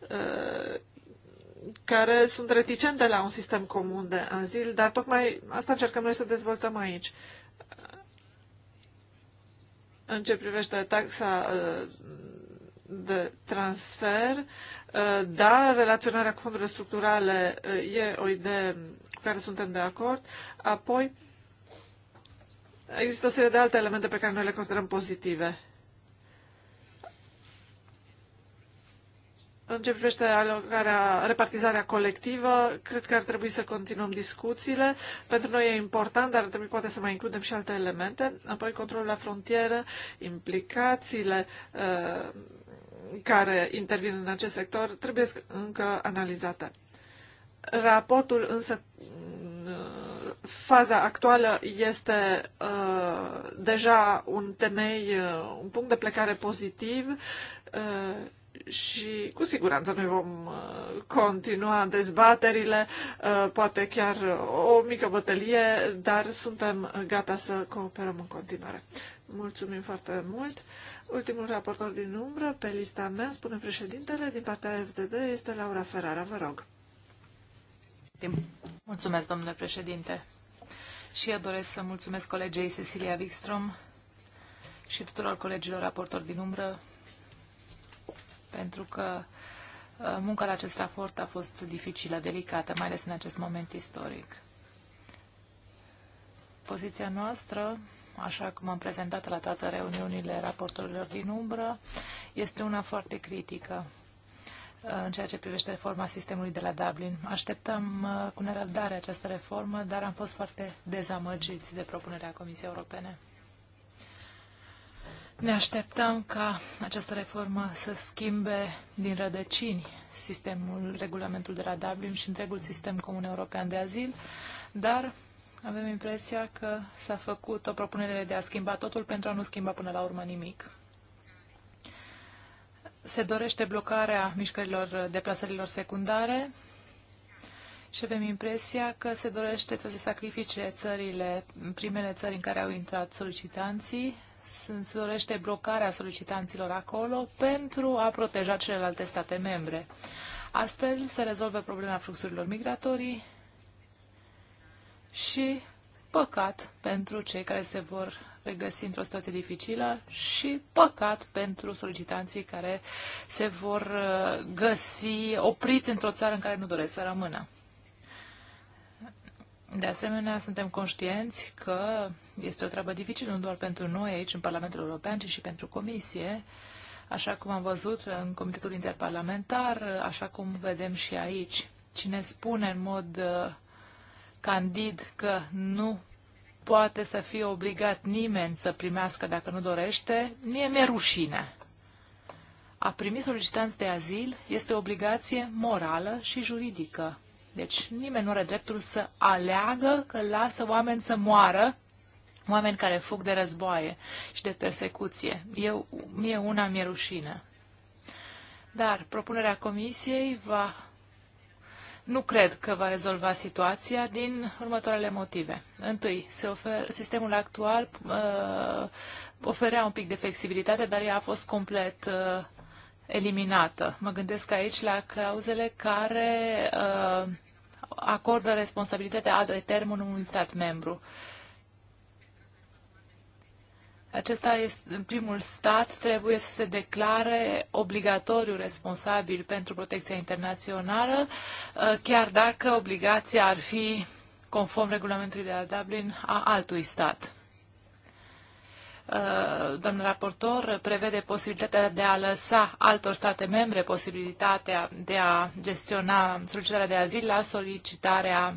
uh, care sunt reticente la un sistem comun de azil, dar tocmai asta încercăm noi să dezvoltăm aici. În ce privește taxa uh, de transfer, uh, dar relaționarea cu fondurile structurale uh, e o idee cu care suntem de acord. Apoi, există o serie de alte elemente pe care noi le considerăm pozitive. În ce privește alocarea, repartizarea colectivă, cred că ar trebui să continuăm discuțiile. Pentru noi e important, dar ar trebui poate să mai includem și alte elemente. Apoi controlul la frontieră, implicațiile uh, care intervin în acest sector trebuie încă analizate. Raportul însă, faza actuală este uh, deja un temei, uh, un punct de plecare pozitiv uh, și cu siguranță noi vom uh, continua dezbaterile, uh, poate chiar o mică bătălie, dar suntem gata să cooperăm în continuare. Mulțumim foarte mult! Ultimul raportor din umbră pe lista mea, spune președintele, din partea FDD este Laura Ferrara. Vă rog. Mulțumesc, domnule președinte. Și eu doresc să mulțumesc colegei Cecilia Wikström și tuturor colegilor raportori din umbră pentru că uh, munca la acest raport a fost dificilă, delicată, mai ales în acest moment istoric. Poziția noastră așa cum am prezentat la toate reuniunile raportorilor din umbră, este una foarte critică uh, în ceea ce privește reforma sistemului de la Dublin. Așteptăm uh, cu nerăbdare această reformă, dar am fost foarte dezamăgiți de propunerea Comisiei Europene. Ne așteptăm ca această reformă să schimbe din rădăcini sistemul, regulamentul de la Dublin și întregul sistem comun european de azil, dar avem impresia că s-a făcut o propunere de a schimba totul pentru a nu schimba până la urmă nimic. Se dorește blocarea mișcărilor deplasărilor secundare și avem impresia că se dorește să se sacrifice țările, primele țări în care au intrat solicitanții, se dorește blocarea solicitanților acolo pentru a proteja celelalte state membre. Astfel se rezolvă problema fluxurilor migratorii și păcat pentru cei care se vor regăsi într-o situație dificilă și păcat pentru solicitanții care se vor uh, găsi opriți într-o țară în care nu doresc să rămână. De asemenea, suntem conștienți că este o treabă dificilă nu doar pentru noi aici în Parlamentul European, ci și pentru Comisie, așa cum am văzut în Comitetul Interparlamentar, așa cum vedem și aici. Cine spune în mod uh, candid că nu poate să fie obligat nimeni să primească dacă nu dorește, mie mi-e rușine. A primi solicitanți de azil este o obligație morală și juridică. Deci nimeni nu are dreptul să aleagă că lasă oameni să moară, oameni care fug de războaie și de persecuție. Eu, mie una mi-e rușine. Dar propunerea comisiei va nu cred că va rezolva situația din următoarele motive. Întâi, se ofer, sistemul actual uh, oferea un pic de flexibilitate, dar ea a fost complet uh, eliminată. Mă gândesc aici la clauzele care uh, acordă responsabilitatea de eternum unui stat membru. Uh, acesta este primul stat, trebuie să se declare obligatoriu responsabil pentru protecția internațională, uh, chiar dacă obligația ar fi conform regulamentului de la Dublin a altui stat. Uh, domnul raportor prevede posibilitatea de a lăsa altor state membre posibilitatea de a gestiona solicitarea de azil la solicitarea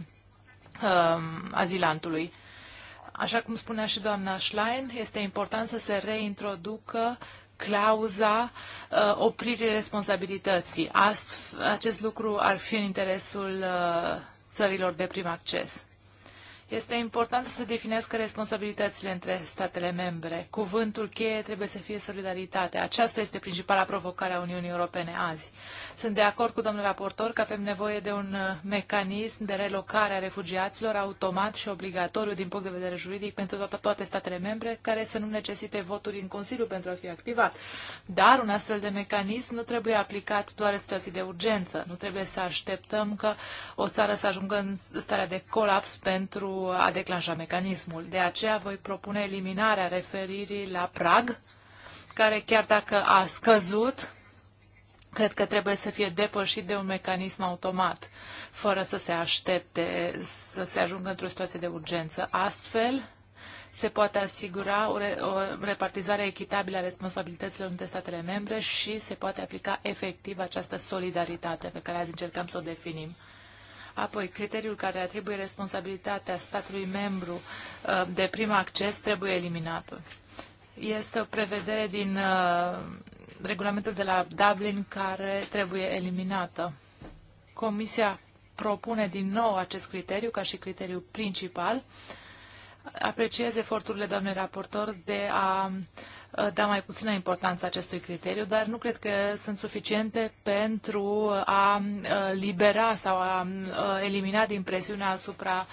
um, azilantului. Așa cum spunea și doamna Schlein, este important să se reintroducă clauza uh, opririi responsabilității. Ast, acest lucru ar fi în interesul uh, țărilor de prim acces. Este important să se definească responsabilitățile între statele membre. Cuvântul cheie trebuie să fie solidaritate. Aceasta este principala provocare a Uniunii Europene azi. Sunt de acord cu domnul raportor că avem nevoie de un uh, mecanism de relocare a refugiaților automat și obligatoriu din punct de vedere juridic pentru toate, toate statele membre, care să nu necesite voturi în Consiliu pentru a fi activat. Dar un astfel de mecanism nu trebuie aplicat doar în situații de urgență. Nu trebuie să așteptăm că o țară să ajungă în starea de colaps pentru a declanșat mecanismul. De aceea voi propune eliminarea referirii la prag, care chiar dacă a scăzut, cred că trebuie să fie depășit de un mecanism automat, fără să se aștepte să se ajungă într-o situație de urgență. Astfel, se poate asigura o, re, o repartizare echitabilă a responsabilităților între statele membre și se poate aplica efectiv această solidaritate pe care azi încercăm să o definim. Apoi, criteriul care atribuie responsabilitatea statului membru uh, de prim acces trebuie eliminat. Este o prevedere din uh, regulamentul de la Dublin care trebuie eliminată. Comisia propune din nou acest criteriu ca și criteriu principal. Apreciez eforturile doamnei raportor de a uh, Uh, da mai puțină importanță acestui criteriu, dar nu cred că sunt suficiente pentru a uh, libera sau a uh, elimina din presiunea asupra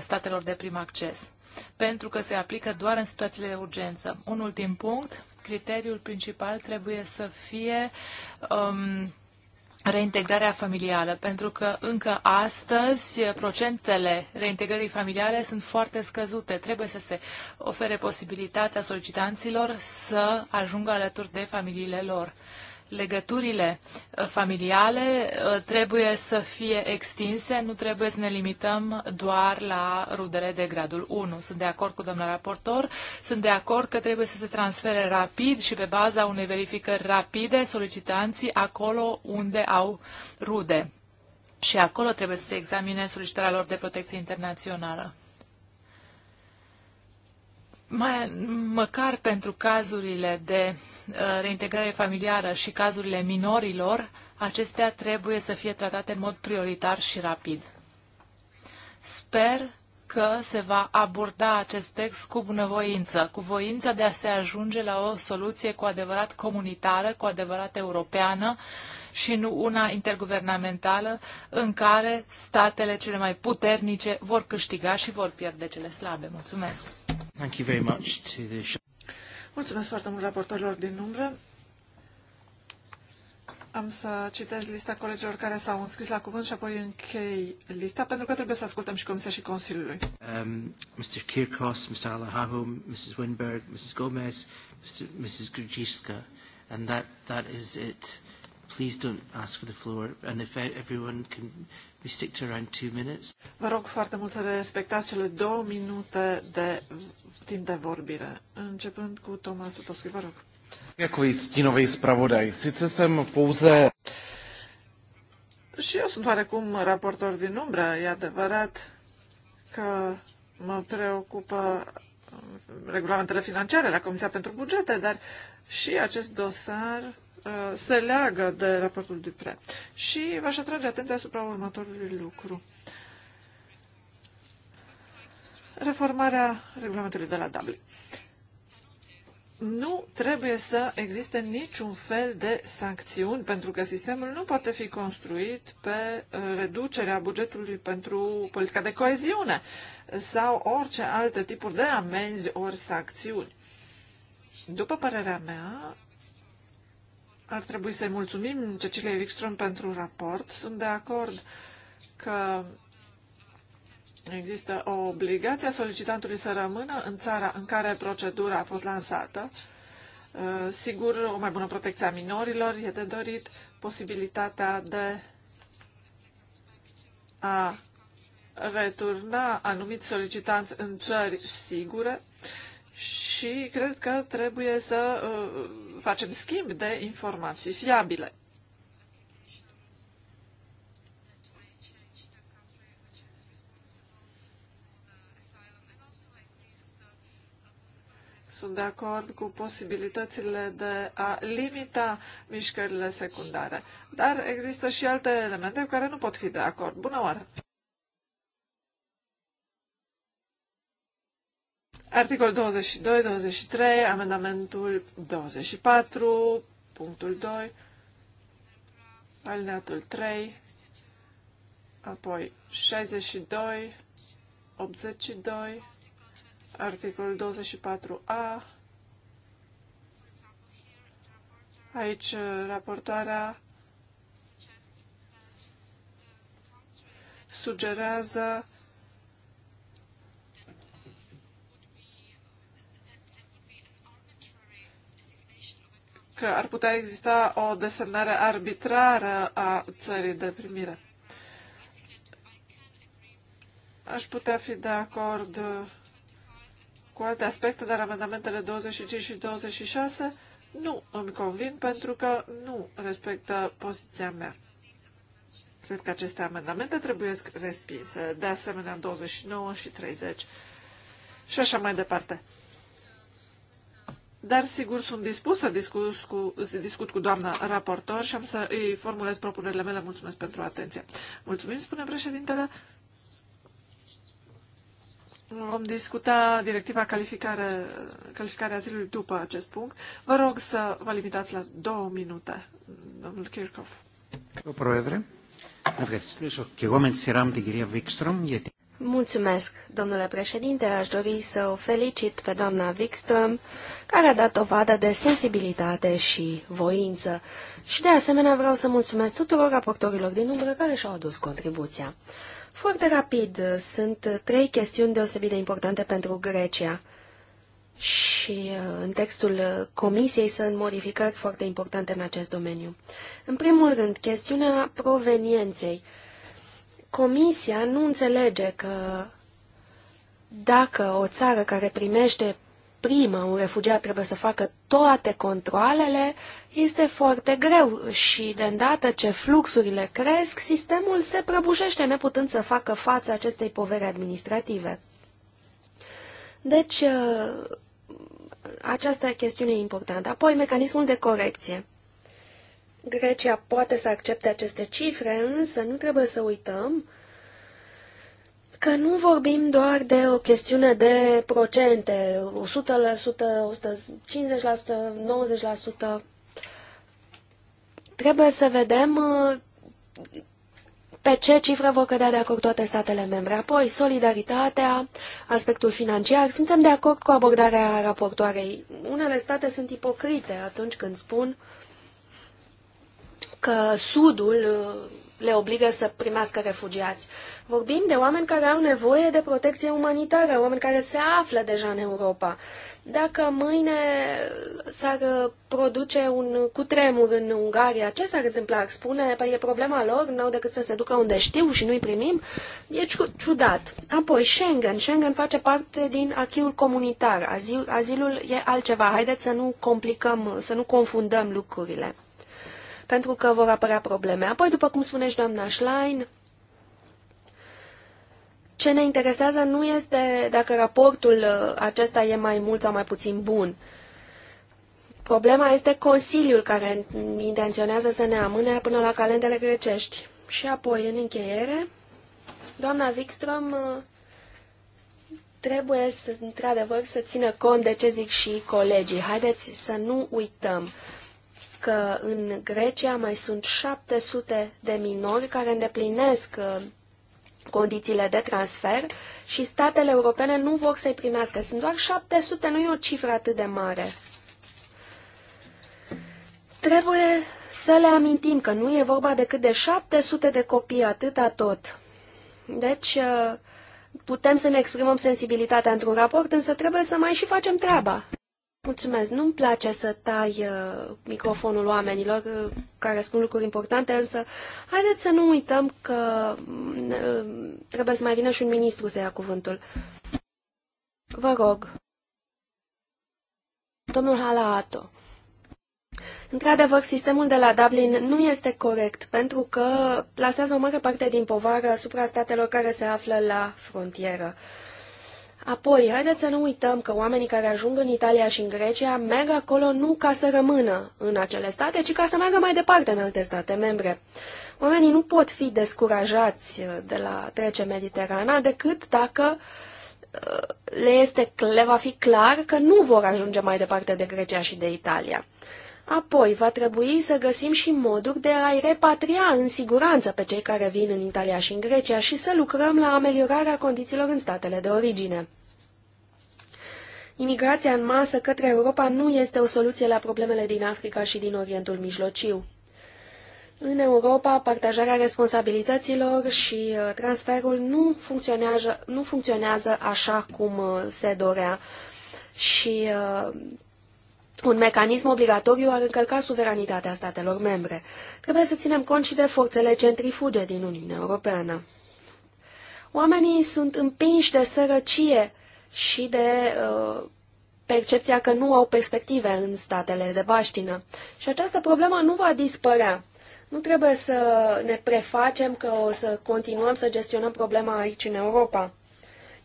statelor de prim acces, pentru că se aplică doar în situațiile de urgență. Un ultim punct, criteriul principal trebuie să fie um, reintegrarea familială, pentru că încă astăzi procentele reintegrării familiale sunt foarte scăzute. Trebuie să se ofere posibilitatea solicitanților să ajungă alături de familiile lor legăturile uh, familiale uh, trebuie să fie extinse, nu trebuie să ne limităm doar la rudele de gradul 1. Sunt de acord cu domnul raportor, sunt de acord că trebuie să se transfere rapid și pe baza unei verificări rapide solicitanții acolo unde au rude. Și acolo trebuie să se examine solicitarea lor de protecție internațională mai, măcar pentru cazurile de uh, reintegrare familiară și cazurile minorilor, acestea trebuie să fie tratate în mod prioritar și rapid. Sper că se va aborda acest text cu bunăvoință, cu voința de a se ajunge la o soluție cu adevărat comunitară, cu adevărat europeană și nu una interguvernamentală în care statele cele mai puternice vor câștiga și vor pierde cele slabe. Mulțumesc! Thank you very much to the... Mulțumesc foarte mult raportorilor din umbră. Am să citesc lista colegilor care s-au înscris la cuvânt și apoi închei lista, pentru că trebuie să ascultăm și Comisia și Consiliului. Um, Mr. Kirkos, Mr. Alahahu, Mrs. Winberg, Mrs. Gomez, Mr. Mrs. Grudziska, and that, that is it please don't ask for the floor. And if everyone can, we stick to around two minutes. Vă rog foarte mult să respectați cele două minute de timp de vorbire, începând cu Tomas Sutovski, vă rog. Děkuji, stínový zpravodaj. Sice jsem pouze... Și eu sunt oarecum raportor din umbră. E adevărat că mă preocupă um, regulamentele financiare la Comisia pentru Bugete, dar și acest dosar Uh, se leagă de raportul Dupre. Și v-aș atrage atenția asupra următorului lucru. Reformarea regulamentului de la Dublin. Nu trebuie să existe niciun fel de sancțiuni, pentru că sistemul nu poate fi construit pe uh, reducerea bugetului pentru politica de coeziune sau orice alte tipuri de amenzi ori sancțiuni. După părerea mea, ar trebui să-i mulțumim Cecilia Wikström pentru raport. Sunt de acord că există o obligație a solicitantului să rămână în țara în care procedura a fost lansată. Uh, sigur, o mai bună protecție a minorilor e de dorit, posibilitatea de a returna anumiți solicitanți în țări sigure, și cred că trebuie să uh, facem schimb de informații fiabile. sunt de acord cu posibilitățile de a limita mișcările secundare. Dar există și alte elemente cu care nu pot fi de acord. Bună oară! Articol 22, 23, amendamentul 24, punctul 2, alineatul 3, apoi 62, 82, articolul 24a. Aici uh, raportoarea sugerează că ar putea exista o desemnare arbitrară a țării de primire. Aș putea fi de acord cu alte aspecte, dar amendamentele 25 și 26 nu îmi convin pentru că nu respectă poziția mea. Cred că aceste amendamente trebuie respinse, de asemenea 29 și 30 și așa mai departe. Dar, sigur, sunt dispus să discut cu, să discut cu doamna raportor și am să îi formulez propunerile mele. Mulțumesc pentru atenție. Mulțumim, spune președintele. Vom discuta directiva calificare, calificarea azilului după acest punct. Vă rog să vă limitați la două minute, domnul Kirchhoff. Proedre, ευχαριστήσω και εγώ με τη σειρά μου την κυρία Mulțumesc, domnule președinte. Aș dori să o felicit pe doamna Wikström, care a dat dovadă de sensibilitate și voință. Și de asemenea vreau să mulțumesc tuturor raportorilor din umbră care și-au adus contribuția. Foarte rapid, sunt trei chestiuni deosebit de importante pentru Grecia. Și uh, în textul comisiei sunt modificări foarte importante în acest domeniu. În primul rând, chestiunea provenienței. Uh, Comisia nu înțelege că dacă o țară care primește primă un refugiat trebuie să facă toate controlele, este foarte greu și de îndată ce fluxurile cresc, sistemul se prăbușește neputând să facă față acestei poveri administrative. Deci, ă, această chestiune e importantă. Apoi, mecanismul de corecție. Grecia poate să accepte aceste cifre, însă nu trebuie să uităm că nu vorbim doar de o chestiune de procente, 100%, 150%, 90%. Trebuie să vedem uh, pe ce cifră vor cădea de acord toate statele membre. Apoi, solidaritatea, aspectul financiar. Suntem de acord cu abordarea raportoarei. Unele state sunt ipocrite atunci când spun uh, că Sudul uh, le obligă să primească refugiați. Vorbim de oameni care au nevoie de protecție umanitară, oameni care se află deja în Europa. Dacă mâine s-ar uh, produce un cutremur în Ungaria, ce s-ar întâmpla? spune, păi e problema lor, n-au decât să se ducă unde știu și nu-i primim? E ciudat. Apoi, Schengen. Schengen face parte din achiul comunitar. Azil, azilul e altceva. Haideți să nu complicăm, să nu confundăm lucrurile pentru că vor apărea probleme. Apoi, după cum spune și doamna Schlein, ce ne interesează nu este dacă raportul uh, acesta e mai mult sau mai puțin bun. Problema este Consiliul care intenționează să ne amâne până la calendele grecești. Și apoi, în încheiere, doamna Wikström uh, trebuie, să, într-adevăr, să țină cont de ce zic și colegii. Haideți să nu uităm că în Grecia mai sunt 700 de minori care îndeplinesc uh, condițiile de transfer și statele europene nu vor să-i primească. Sunt doar 700, nu e o cifră atât de mare. Trebuie să le amintim că nu e vorba decât de 700 de copii, atâta tot. Deci, uh, putem să ne exprimăm sensibilitatea într-un raport, însă trebuie să mai și facem treaba. Mulțumesc. Nu-mi place să tai uh, microfonul oamenilor uh, care spun lucruri importante, însă haideți să nu uităm că mm, uh, trebuie să mai vină și un ministru să ia cuvântul. Vă rog. Domnul Halaato. Într-adevăr, sistemul de la Dublin nu este corect pentru că plasează o mare parte din povară asupra statelor care se află la frontieră. Uh, Apoi, haideți să nu uităm că oamenii care ajung în Italia și în Grecia merg acolo nu ca să rămână în acele state, ci ca să meargă mai departe în alte state membre. Oamenii nu pot fi descurajați uh, de la trece Mediterana decât dacă uh, le, este, le va fi clar că nu vor ajunge mai departe de Grecia și de Italia. Apoi, va trebui să găsim și moduri de a-i repatria în siguranță pe cei care vin în Italia și în Grecia și să lucrăm la ameliorarea condițiilor în statele de origine. Imigrația în masă către Europa nu este o soluție la problemele din Africa și din Orientul Mijlociu. În Europa, partajarea responsabilităților și uh, transferul nu funcționează, nu funcționează așa cum uh, se dorea și uh, un mecanism obligatoriu ar încălca suveranitatea statelor membre. Trebuie să ținem cont și de forțele centrifuge din Uniunea Europeană. Oamenii sunt împinși de sărăcie și de uh, percepția că nu au perspective în statele de baștină. Și această problemă nu va dispărea. Nu trebuie să ne prefacem că o să continuăm să gestionăm problema aici în Europa.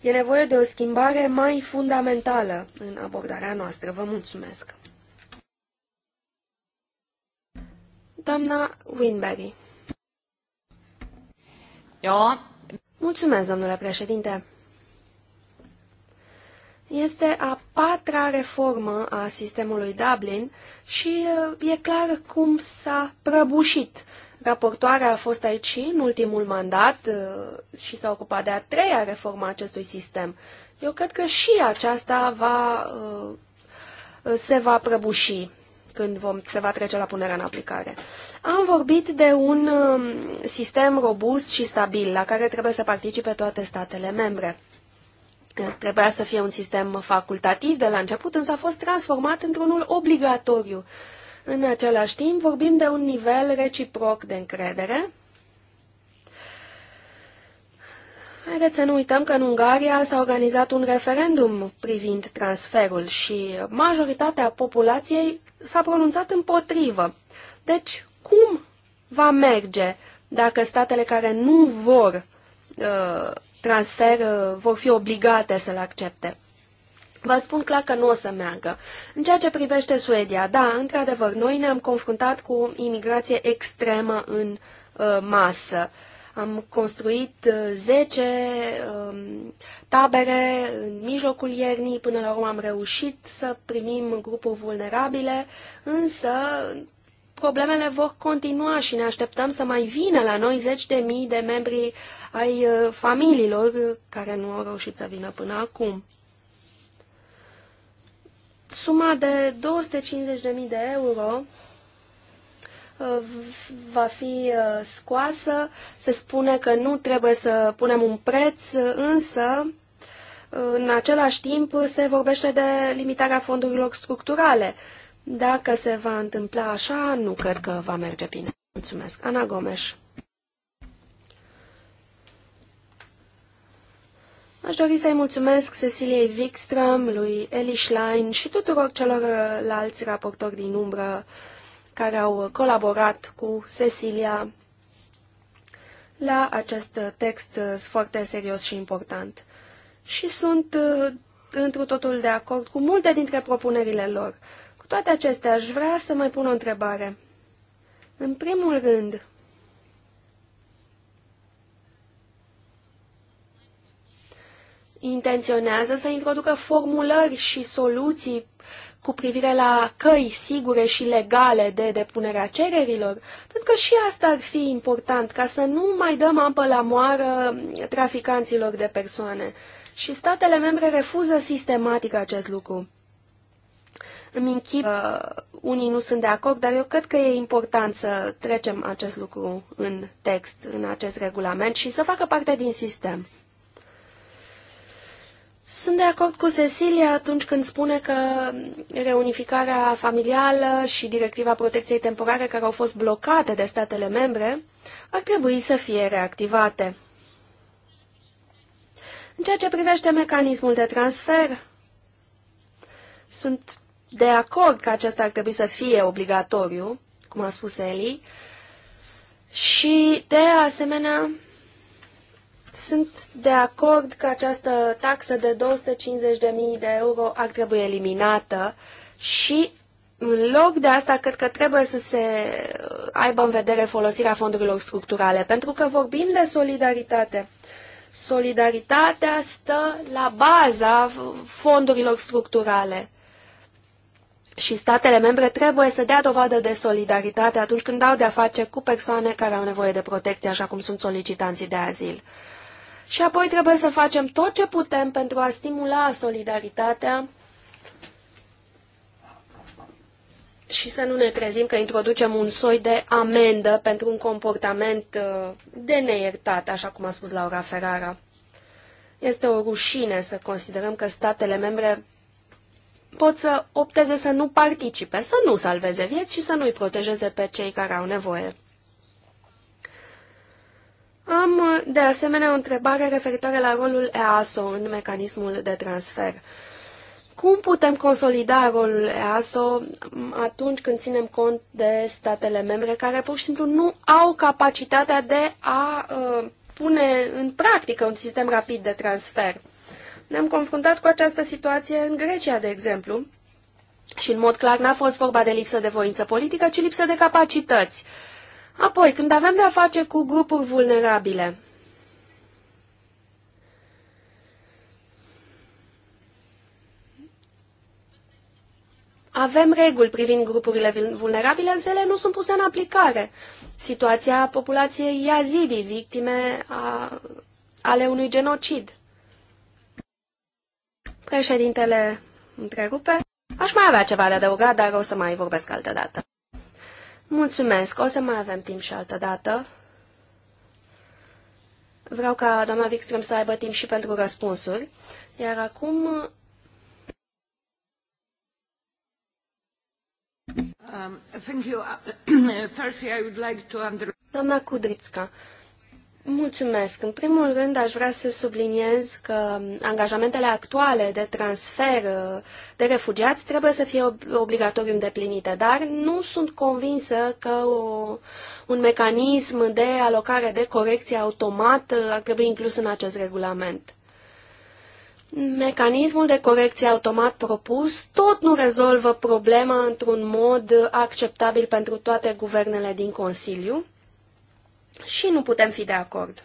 E nevoie de o schimbare mai fundamentală în abordarea noastră. Vă mulțumesc! Doamna Winberry. Eu? Mulțumesc, domnule președinte. Este a patra reformă a sistemului Dublin și e clar cum s-a prăbușit. Raportoarea a fost aici și în ultimul mandat uh, și s-a ocupat de a treia reformă a acestui sistem. Eu cred că și aceasta va, uh, se va prăbuși când vom, se va trece la punerea în aplicare. Am vorbit de un um, sistem robust și stabil la care trebuie să participe toate statele membre. Uh, trebuia să fie un sistem facultativ de la început, însă a fost transformat într-unul obligatoriu în același timp, vorbim de un nivel reciproc de încredere. Haideți să nu uităm că în Ungaria s-a organizat un referendum privind transferul și majoritatea populației s-a pronunțat împotrivă. Deci, cum va merge dacă statele care nu vor uh, transfer uh, vor fi obligate să-l accepte? Vă spun clar că nu o să meargă. În ceea ce privește Suedia, da, într-adevăr, noi ne-am confruntat cu imigrație extremă în uh, masă. Am construit 10 uh, um, tabere în mijlocul iernii, până la urmă am reușit să primim grupuri vulnerabile, însă problemele vor continua și ne așteptăm să mai vină la noi zeci de mii de membri ai uh, familiilor care nu au reușit să vină până acum. Suma de 250.000 de euro uh, va fi uh, scoasă. Se spune că nu trebuie să punem un preț, însă uh, în același timp se vorbește de limitarea fondurilor structurale. Dacă se va întâmpla așa, nu cred că va merge bine. Mulțumesc. Ana Gomes. Aș dori să-i mulțumesc Ceciliei Wikström, lui Eli Schlein și tuturor celorlalți uh, raportori din umbră care au uh, colaborat cu Cecilia la acest uh, text foarte serios și important. Și sunt întru totul de acord cu multe dintre propunerile lor. Cu toate acestea, aș vrea să mai pun o întrebare. În primul rând, intenționează să introducă formulări și soluții cu privire la căi sigure și legale de depunerea cererilor, pentru că și asta ar fi important, ca să nu mai dăm apă la moară traficanților de persoane. Și statele membre refuză sistematic acest lucru. Îmi închip că uh, unii nu sunt de acord, dar eu cred că e important să trecem acest lucru în text, în acest regulament și să facă parte din sistem. Sunt de acord cu Cecilia atunci când spune că reunificarea familială și directiva protecției temporare care au fost blocate de statele membre ar trebui să fie reactivate. În ceea ce privește mecanismul de transfer, sunt de acord că acesta ar trebui să fie obligatoriu, cum a spus Eli, și, de asemenea, sunt de acord că această taxă de 250.000 de euro ar trebui eliminată și în loc de asta, cred că trebuie să se aibă în vedere folosirea fondurilor structurale, pentru că vorbim de solidaritate. Solidaritatea stă la baza fondurilor structurale. Și statele membre trebuie să dea dovadă de solidaritate atunci când au de-a face cu persoane care au nevoie de protecție, așa cum sunt solicitanții de azil. Și apoi trebuie să facem tot ce putem pentru a stimula solidaritatea și să nu ne trezim că introducem un soi de amendă pentru un comportament uh, de neiertat, așa cum a spus Laura Ferrara. Este o rușine să considerăm că statele membre pot să opteze să nu participe, să nu salveze vieți și să nu-i protejeze pe cei care au nevoie. Am, uh, de asemenea, o întrebare referitoare la rolul EASO în mecanismul de transfer. Cum putem consolida rolul EASO um, atunci când ținem cont de statele membre care pur și simplu nu au capacitatea de a uh, pune în practică un sistem rapid de transfer? Ne-am confruntat cu această situație în Grecia, de exemplu, și în mod clar n-a fost vorba de lipsă de voință politică, ci lipsă de capacități. Uh, Apoi, când avem de-a face cu grupuri vulnerabile, Avem reguli privind grupurile vulnerabile, însă ele nu sunt puse în aplicare. Situația populației yazidi, victime a, ale unui genocid. Președintele întrerupe. Aș mai avea ceva de adăugat, dar o să mai vorbesc altă dată. Mulțumesc. O să mai avem timp și altă dată. Vreau ca doamna Wikström să aibă timp și pentru răspunsuri. Iar acum... Um, thank you. Uh, firstly, I would like to under... Doamna Kudrițca, Mulțumesc. În primul rând, aș vrea să subliniez că angajamentele actuale de transfer uh, de refugiați trebuie să fie obligatoriu îndeplinite, dar nu sunt convinsă că o, un mecanism de alocare de corecție automat uh, ar trebui inclus în acest regulament. Mecanismul de corecție automat propus tot nu rezolvă problema într-un mod acceptabil pentru toate guvernele din Consiliu și nu putem fi de acord.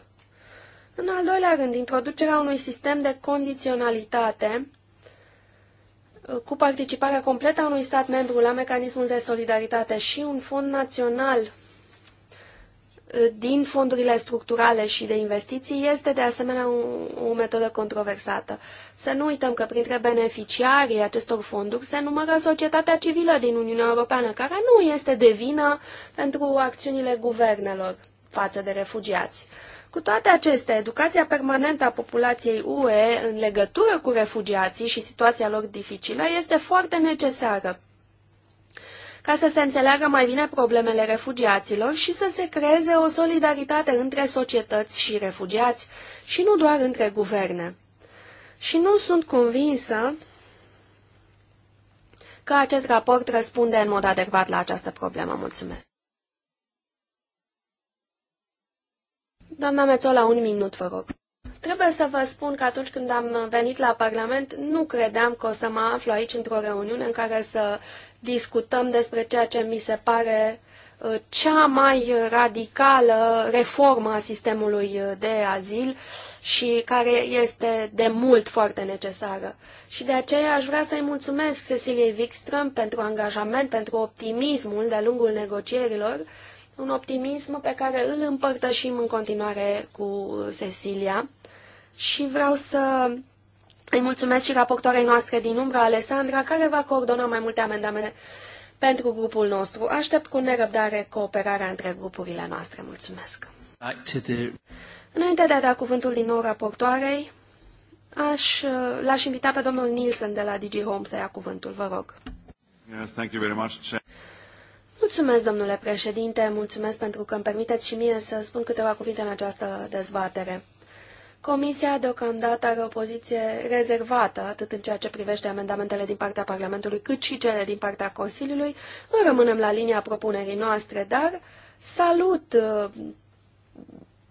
În al doilea rând, introducerea unui sistem de condiționalitate uh, cu participarea completă a unui stat membru la mecanismul de solidaritate și un fond național uh, din fondurile structurale și de investiții este de asemenea o, o metodă controversată. Să nu uităm că printre beneficiarii acestor fonduri se numără societatea civilă din Uniunea Europeană, care nu este de vină pentru acțiunile guvernelor față de refugiați. Cu toate acestea, educația permanentă a populației UE în legătură cu refugiații și situația lor dificilă este foarte necesară ca să se înțeleagă mai bine problemele refugiaților și să se creeze o solidaritate între societăți și refugiați și nu doar între guverne. Și nu sunt convinsă că acest raport răspunde în mod adecvat la această problemă. Mulțumesc! Doamna Mețola, un minut, vă rog. Trebuie să vă spun că atunci când am venit la Parlament, nu credeam că o să mă aflu aici într-o reuniune în care să discutăm despre ceea ce mi se pare uh, cea mai radicală reformă a sistemului uh, de azil și care este de mult foarte necesară. Și de aceea aș vrea să-i mulțumesc Ceciliei Wikström pentru angajament, pentru optimismul de-a lungul negocierilor un optimism pe care îl împărtășim în continuare cu Cecilia și vreau să îi mulțumesc și raportoarei noastre din umbră, Alessandra, care va coordona mai multe amendamente pentru grupul nostru. Aștept cu nerăbdare cooperarea între grupurile noastre. Mulțumesc! Înainte de a da cuvântul din nou raportoarei, aș, l-aș invita pe domnul Nielsen de la DG Home să ia cuvântul, vă rog. Yeah, thank you very much. Mulțumesc, domnule președinte, mulțumesc pentru că îmi permiteți și mie să spun câteva cuvinte în această dezbatere. Comisia deocamdată are o poziție rezervată, atât în ceea ce privește amendamentele din partea Parlamentului, cât și cele din partea Consiliului. Nu rămânem la linia propunerii noastre, dar salut uh,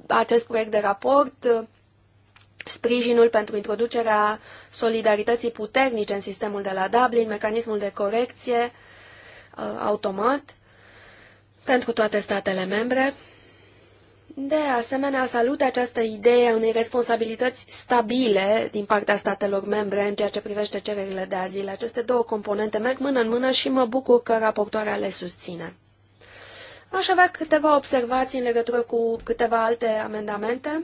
acest proiect de raport, uh, sprijinul pentru introducerea solidarității puternice în sistemul de la Dublin, mecanismul de corecție uh, automat pentru toate statele membre. De asemenea, salut această idee a unei responsabilități stabile din partea statelor membre în ceea ce privește cererile de azil. Aceste două componente merg mână în mână și mă bucur că raportoarea le susține. Aș avea câteva observații în legătură cu câteva alte amendamente.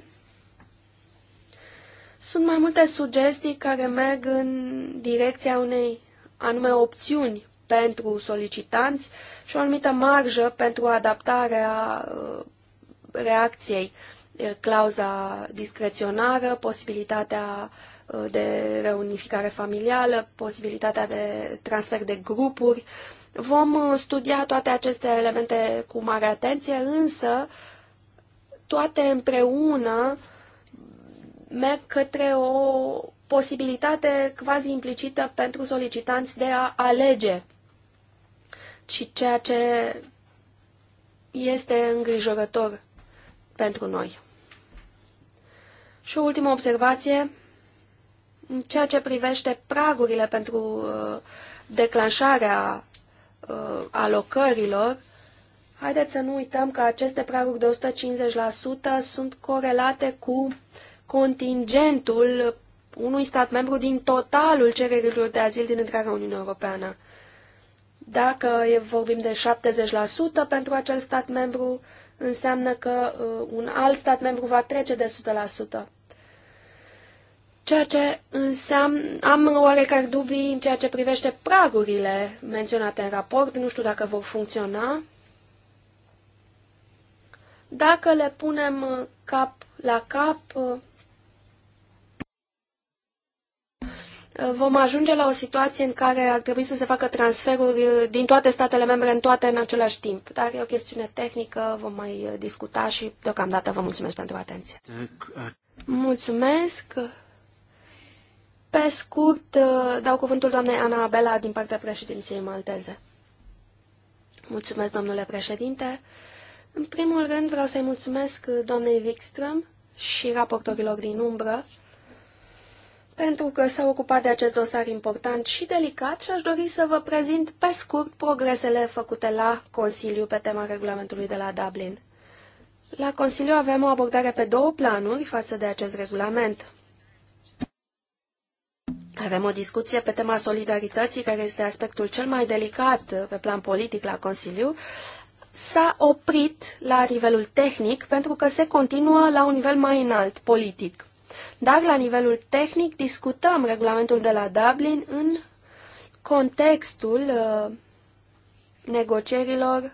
Sunt mai multe sugestii care merg în direcția unei anume opțiuni pentru solicitanți și o anumită marjă pentru adaptarea uh, reacției, clauza discreționară, posibilitatea uh, de reunificare familială, posibilitatea de transfer de grupuri. Vom uh, studia toate aceste elemente cu mare atenție, însă toate împreună merg către o posibilitate quasi implicită pentru solicitanți de a alege ci ceea ce este îngrijorător pentru noi. Și o ultimă observație, în ceea ce privește pragurile pentru uh, declanșarea uh, alocărilor, haideți să nu uităm că aceste praguri de 150% sunt corelate cu contingentul unui stat membru din totalul cererilor de azil din întreaga Uniunea Europeană. Dacă vorbim de 70% pentru acel stat membru, înseamnă că uh, un alt stat membru va trece de 100%. Ceea ce înseamnă, am oarecare dubii în ceea ce privește pragurile menționate în raport, nu știu dacă vor funcționa. Dacă le punem uh, cap la cap, uh, vom ajunge la o situație în care ar trebui să se facă transferuri uh, din toate statele membre în toate în același timp. Dar e o chestiune tehnică, vom mai uh, discuta și deocamdată vă mulțumesc pentru atenție. Mulțumesc! Pe scurt, uh, dau cuvântul doamnei Ana Abela din partea președinției malteze. Mulțumesc, domnule președinte. În primul rând, vreau să-i mulțumesc doamnei Wikström și raportorilor din umbră pentru că s-a ocupat de acest dosar important și delicat și aș dori să vă prezint pe scurt progresele făcute la Consiliu pe tema regulamentului de la Dublin. La Consiliu avem o abordare pe două planuri față de acest regulament. Avem o discuție pe tema solidarității, care este aspectul cel mai delicat pe plan politic la Consiliu. S-a oprit la nivelul tehnic pentru că se continuă la un nivel mai înalt, politic. Dar la nivelul tehnic discutăm regulamentul de la Dublin în contextul uh, negocierilor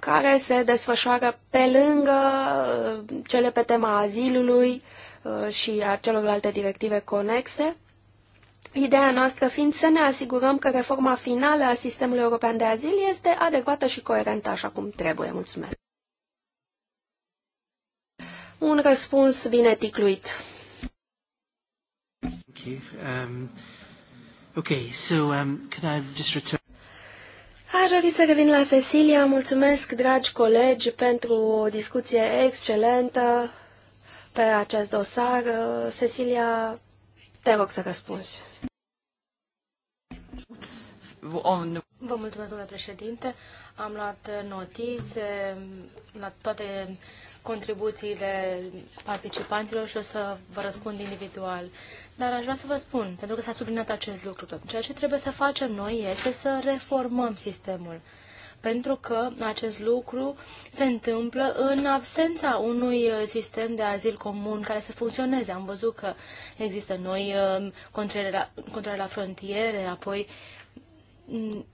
care se desfășoară pe lângă uh, cele pe tema azilului uh, și a celorlalte directive conexe. Ideea noastră fiind să ne asigurăm că reforma finală a sistemului european de azil este adecvată și coerentă așa cum trebuie. Mulțumesc! un răspuns bine ticluit. Thank um, okay, so um, can I just return? Aș dori să revin la Cecilia. Mulțumesc, dragi colegi, pentru o discuție excelentă pe acest dosar. Cecilia, te rog să răspunzi. Vă mulțumesc, domnule președinte. Am luat notițe la toate contribuțiile participanților și o să vă răspund individual. Dar aș vrea să vă spun, pentru că s-a subliniat acest lucru, că ceea ce trebuie să facem noi este să reformăm sistemul. Pentru că acest lucru se întâmplă în absența unui uh, sistem de azil comun care să funcționeze. Am văzut că există noi uh, controle la, la frontiere, apoi mm,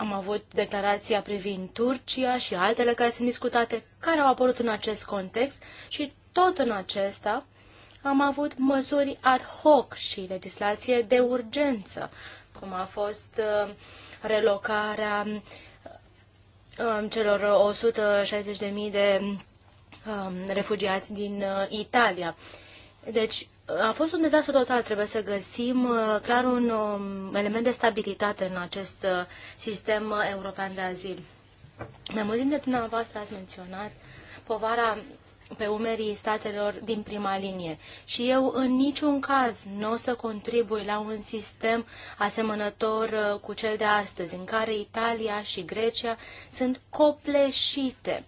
am avut declarația privind Turcia și altele care sunt discutate, care au apărut în acest context și tot în acesta am avut măsuri ad hoc și legislație de urgență, cum a fost uh, relocarea um, celor 160.000 de um, refugiați din uh, Italia. Deci, a fost un dezastru total. Trebuie să găsim uh, clar un um, element de stabilitate în acest uh, sistem uh, european de azil. Mai mult dintre dumneavoastră ați menționat povara pe umerii statelor din prima linie. Și eu în niciun caz nu o să contribui la un sistem asemănător cu cel de astăzi, în care Italia și Grecia sunt copleșite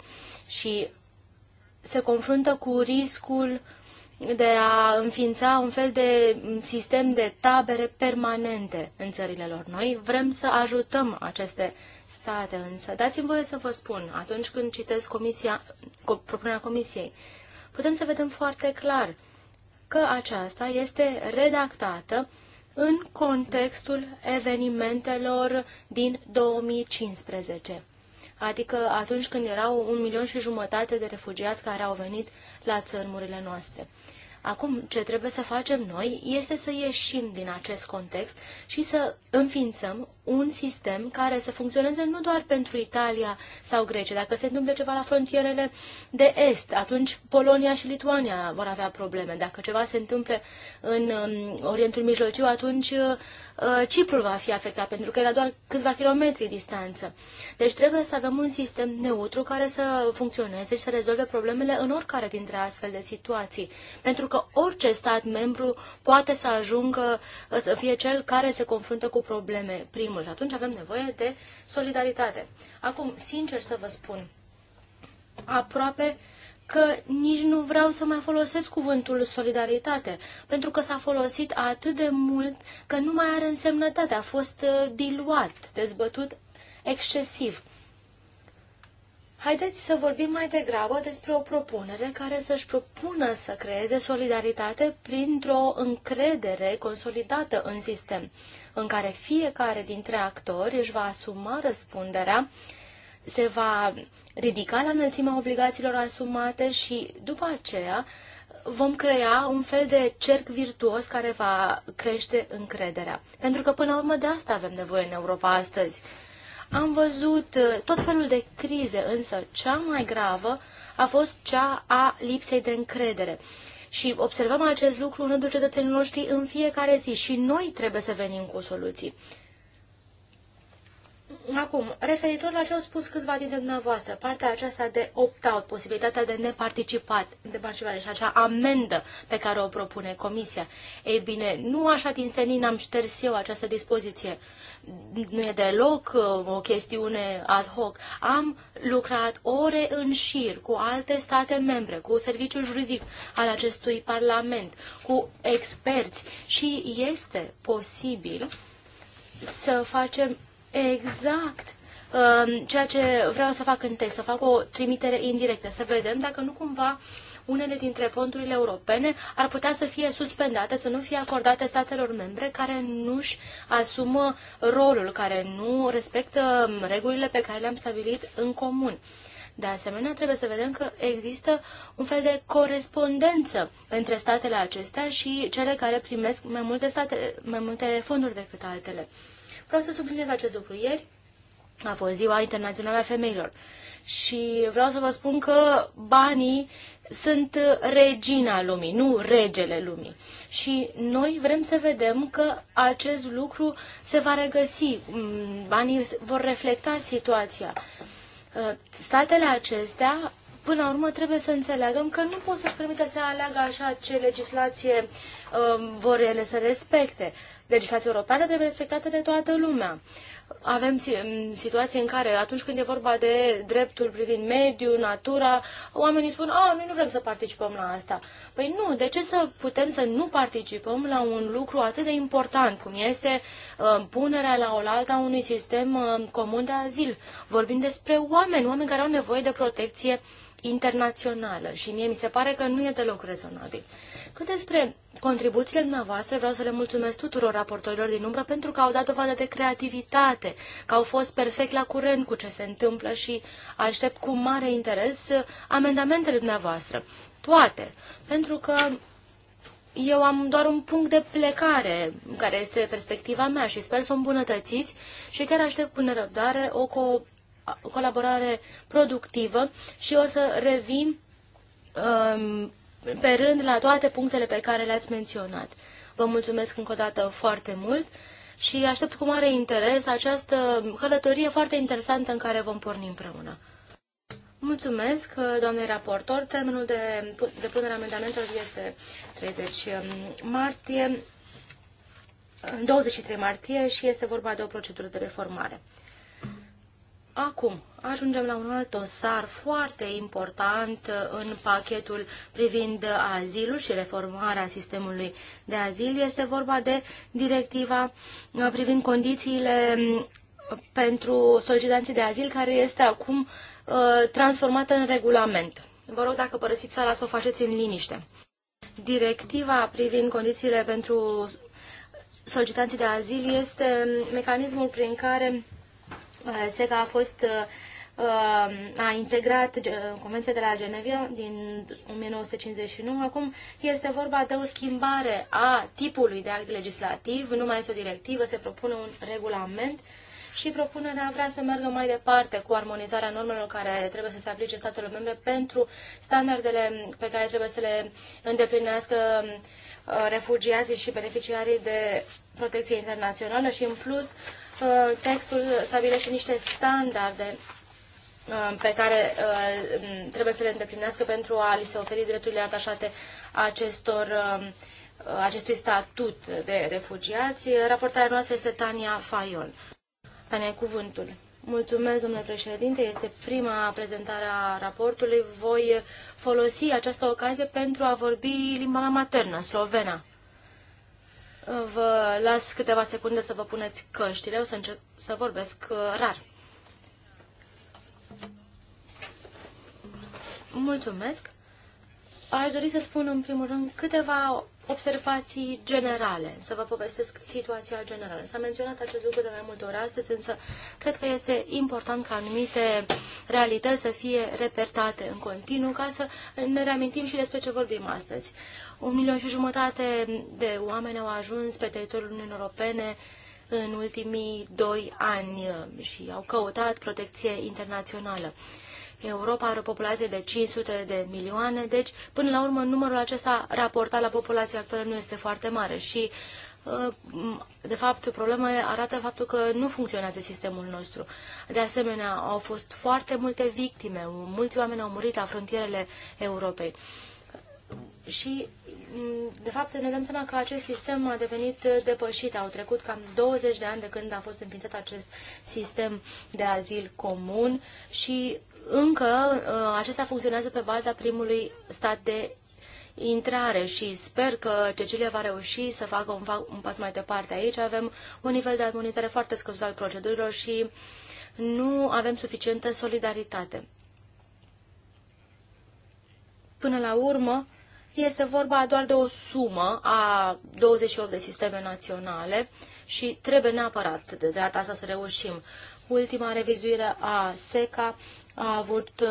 și se confruntă cu riscul de a înființa un fel de sistem de tabere permanente în țările lor. Noi vrem să ajutăm aceste state, însă dați-mi voie să vă spun, atunci când citesc comisia, propunerea comisiei, putem să vedem foarte clar că aceasta este redactată în contextul evenimentelor din 2015 adică atunci când erau un milion și jumătate de refugiați care au venit la țărmurile noastre. Acum, ce trebuie să facem noi este să ieșim din acest context și să înființăm un sistem care să funcționeze nu doar pentru Italia sau Grecia. Dacă se întâmplă ceva la frontierele de est, atunci Polonia și Lituania vor avea probleme. Dacă ceva se întâmplă în um, Orientul Mijlociu, atunci uh, Uh, Ciprul va fi afectat pentru că e la doar câțiva kilometri distanță. Deci trebuie să avem un sistem neutru care să funcționeze și să rezolve problemele în oricare dintre astfel de situații. Pentru că orice stat membru poate să ajungă uh, să fie cel care se confruntă cu probleme primul și atunci avem nevoie de solidaritate. Acum, sincer să vă spun, aproape că nici nu vreau să mai folosesc cuvântul solidaritate, pentru că s-a folosit atât de mult că nu mai are însemnătate, a fost uh, diluat, dezbătut excesiv. Haideți să vorbim mai degrabă despre o propunere care să-și propună să creeze solidaritate printr-o încredere consolidată în sistem, în care fiecare dintre actori își va asuma răspunderea se va ridica la înălțimea obligațiilor asumate și după aceea vom crea un fel de cerc virtuos care va crește încrederea. Pentru că până la urmă de asta avem nevoie în Europa astăzi. Am văzut uh, tot felul de crize, însă cea mai gravă a fost cea a lipsei de încredere. Și observăm acest lucru în rândul cetățenilor noștri în fiecare zi și noi trebuie să venim cu soluții. Acum, referitor la ce au spus câțiva dintre dumneavoastră, partea aceasta de opt-out, posibilitatea de neparticipat, de participare și acea amendă pe care o propune Comisia. Ei bine, nu așa din senin am șters eu această dispoziție. Nu e deloc uh, o chestiune ad hoc. Am lucrat ore în șir cu alte state membre, cu serviciul juridic al acestui Parlament, cu experți și este posibil să facem exact ehm, ceea ce vreau să fac în text, să fac o trimitere indirectă, să vedem dacă nu cumva unele dintre fondurile europene ar putea să fie suspendate, să nu fie acordate statelor membre care nu-și asumă rolul, care nu respectă ehm, regulile pe care le-am stabilit în comun. De asemenea, trebuie să vedem că există un fel de corespondență între statele acestea și cele care primesc mai multe, state, mai multe fonduri decât altele. Vreau să subliniez acest lucru. Ieri a fost Ziua Internațională a Femeilor și vreau să vă spun că banii sunt regina lumii, nu regele lumii. Și noi vrem să vedem că acest lucru se va regăsi, mm, banii vor reflecta situația. Uh, Statele acestea, până la urmă, trebuie să înțeleagă că nu pot să-și permită să aleagă așa ce legislație um, vor ele să respecte legislația europeană trebuie respectată de toată lumea. Avem situații în care, atunci când e vorba de dreptul privind mediul, natura, oamenii spun, a, ah, noi nu vrem să participăm la asta. Păi nu, de ce să putem să nu participăm la un lucru atât de important, cum este uh, punerea la oaltă a unui sistem uh, comun de azil? Vorbim despre oameni, oameni care au nevoie de protecție internațională și mie mi se pare că nu e deloc rezonabil. Cât despre contribuțiile dumneavoastră, vreau să le mulțumesc tuturor raportorilor din umbră pentru că au dat dovadă de creativitate, că au fost perfect la curent cu ce se întâmplă și aștept cu mare interes amendamentele dumneavoastră. Toate. Pentru că eu am doar un punct de plecare, care este perspectiva mea și sper să o îmbunătățiți și chiar aștept cu nerăbdare o colaborare productivă și o să revin um, pe rând la toate punctele pe care le-ați menționat. Vă mulțumesc încă o dată foarte mult și aștept cu mare interes această călătorie foarte interesantă în care vom porni împreună. Mulțumesc, doamne raportor. Termenul de depunere a amendamentelor este 30 um, martie, 23 martie și este vorba de o procedură de reformare. Acum, ajungem la un alt dosar foarte important în pachetul privind azilul și reformarea sistemului de azil. Este vorba de directiva privind condițiile pentru solicitanții de azil, care este acum uh, transformată în regulament. Vă rog, dacă părăsiți sala, să o faceți în liniște. Directiva privind condițiile pentru solicitanții de azil este mecanismul prin care Uh, SEGA a fost uh, uh, a integrat Convenția de la Genevia din 1959. Acum este vorba de o schimbare a tipului de act legislativ, nu mai este o directivă, se propune un regulament și propunerea vrea să meargă mai departe cu armonizarea normelor care trebuie să se aplice statelor membre pentru standardele pe care trebuie să le îndeplinească refugiații și beneficiarii de protecție internațională și, în plus, Uh, textul stabilește niște standarde uh, pe care uh, trebuie să le îndeplinească pentru a li se oferi drepturile atașate acestor, acestui statut de refugiați. Raportarea noastră este Tania Fayon. Tania, cuvântul. Mulțumesc, domnule președinte. Este prima prezentare a raportului. Voi folosi această ocazie pentru a vorbi limba maternă, slovena. Vă las câteva secunde să vă puneți căștile, o să încep să vorbesc uh, rar. Mulțumesc! Aș dori să spun în primul rând câteva observații generale, să vă povestesc situația generală. S-a menționat acest lucru de mai multe ori astăzi, însă cred că este important ca anumite realități să fie repertate în continuu, ca să ne reamintim și despre ce vorbim astăzi. Un milion și jumătate de oameni au ajuns pe teritoriul Uniunii Europene în ultimii doi ani și au căutat protecție internațională. Europa are o populație de 500 de milioane, deci până la urmă numărul acesta raportat la populația actuală nu este foarte mare și uh, de fapt, problema arată faptul că nu funcționează sistemul nostru. De asemenea, au fost foarte multe victime, mulți oameni au murit la frontierele Europei. Și, mm, de fapt, ne dăm seama că acest sistem a devenit depășit. Au trecut cam 20 de ani de când a fost înființat acest sistem de azil comun și încă uh, acesta funcționează pe baza primului stat de intrare și sper că Cecilia va reuși să facă un, un pas mai departe. Aici avem un nivel de armonizare foarte scăzut al procedurilor și nu avem suficientă solidaritate. Până la urmă, este vorba doar de o sumă a 28 de sisteme naționale și trebuie neapărat de data asta să reușim. Ultima revizuire a SECA a avut uh,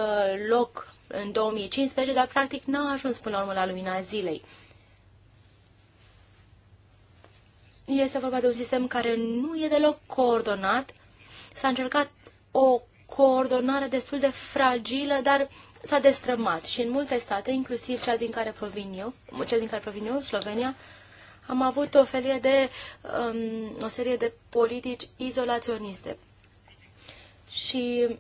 loc în 2015, dar practic n-a ajuns până la urmă la lumina zilei. Este vorba de un sistem care nu e deloc coordonat. S-a încercat o coordonare destul de fragilă, dar s-a destrămat și în multe state, inclusiv cea din care provin eu, cea din care provin eu, Slovenia, am avut o felie de um, o serie de politici izolaționiste și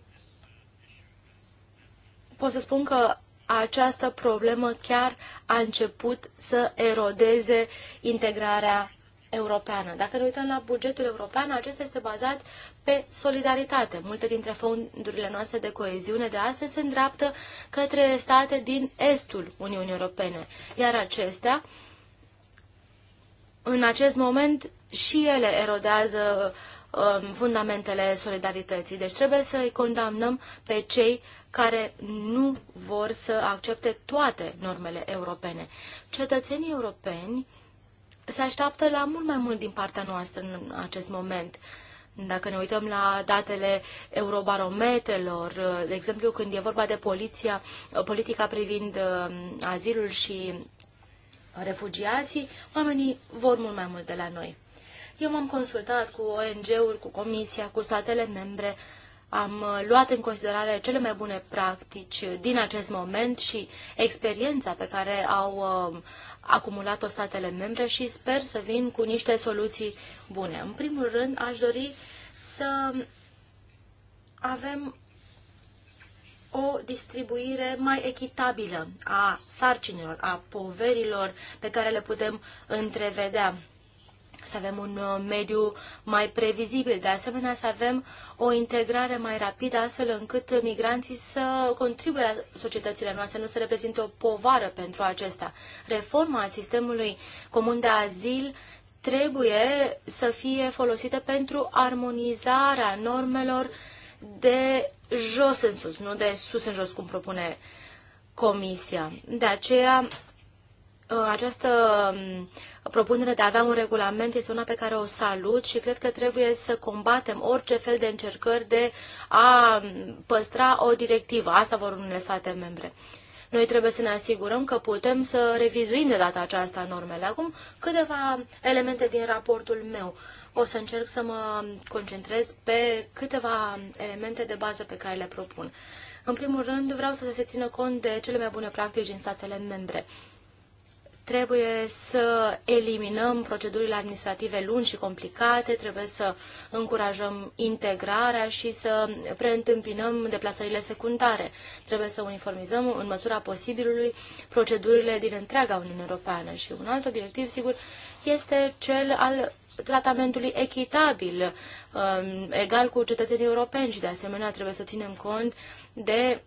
pot să spun că această problemă chiar a început să erodeze integrarea europeană. Dacă ne uităm la bugetul european, acesta este bazat pe solidaritate. Multe dintre fondurile noastre de coeziune de astăzi se îndreaptă către state din estul Uniunii Europene, iar acestea, în acest moment, și ele erodează uh, Um, fundamentele solidarității. Deci trebuie să-i condamnăm pe cei care nu vor să accepte toate normele europene. Cetățenii europeni se așteaptă la mult mai mult din partea noastră în acest moment. Dacă ne uităm la datele eurobarometrelor, de exemplu când e vorba de poliția, politica privind um, azilul și refugiații, oamenii vor mult mai mult de la noi. Eu m-am consultat cu ONG-uri, cu Comisia, cu statele membre, am uh, luat în considerare cele mai bune practici din acest moment și experiența pe care au uh, acumulat-o statele membre și sper să vin cu niște soluții bune. În primul rând, aș dori să avem o distribuire mai echitabilă a sarcinilor, a poverilor pe care le putem întrevedea să avem un uh, mediu mai previzibil, de asemenea să avem o integrare mai rapidă, astfel încât migranții să contribuie la societățile noastre, nu să reprezinte o povară pentru acesta. Reforma sistemului comun de azil trebuie să fie folosită pentru armonizarea normelor de jos în sus, nu de sus în jos, cum propune Comisia. De aceea Uh, această um, propunere de a avea un regulament este una pe care o salut și cred că trebuie să combatem orice fel de încercări de a um, păstra o directivă. Asta vor unele state membre. Noi trebuie să ne asigurăm că putem să revizuim de data aceasta normele. Acum câteva elemente din raportul meu. O să încerc să mă concentrez pe câteva elemente de bază pe care le propun. În primul rând, vreau să se țină cont de cele mai bune practici din statele membre. Trebuie să eliminăm procedurile administrative lungi și complicate, trebuie să încurajăm integrarea și să preîntâmpinăm deplasările secundare. Trebuie să uniformizăm în măsura posibilului procedurile din întreaga Uniune Europeană. Și un alt obiectiv, sigur, este cel al tratamentului echitabil, um, egal cu cetățenii europeni și de asemenea trebuie să ținem cont de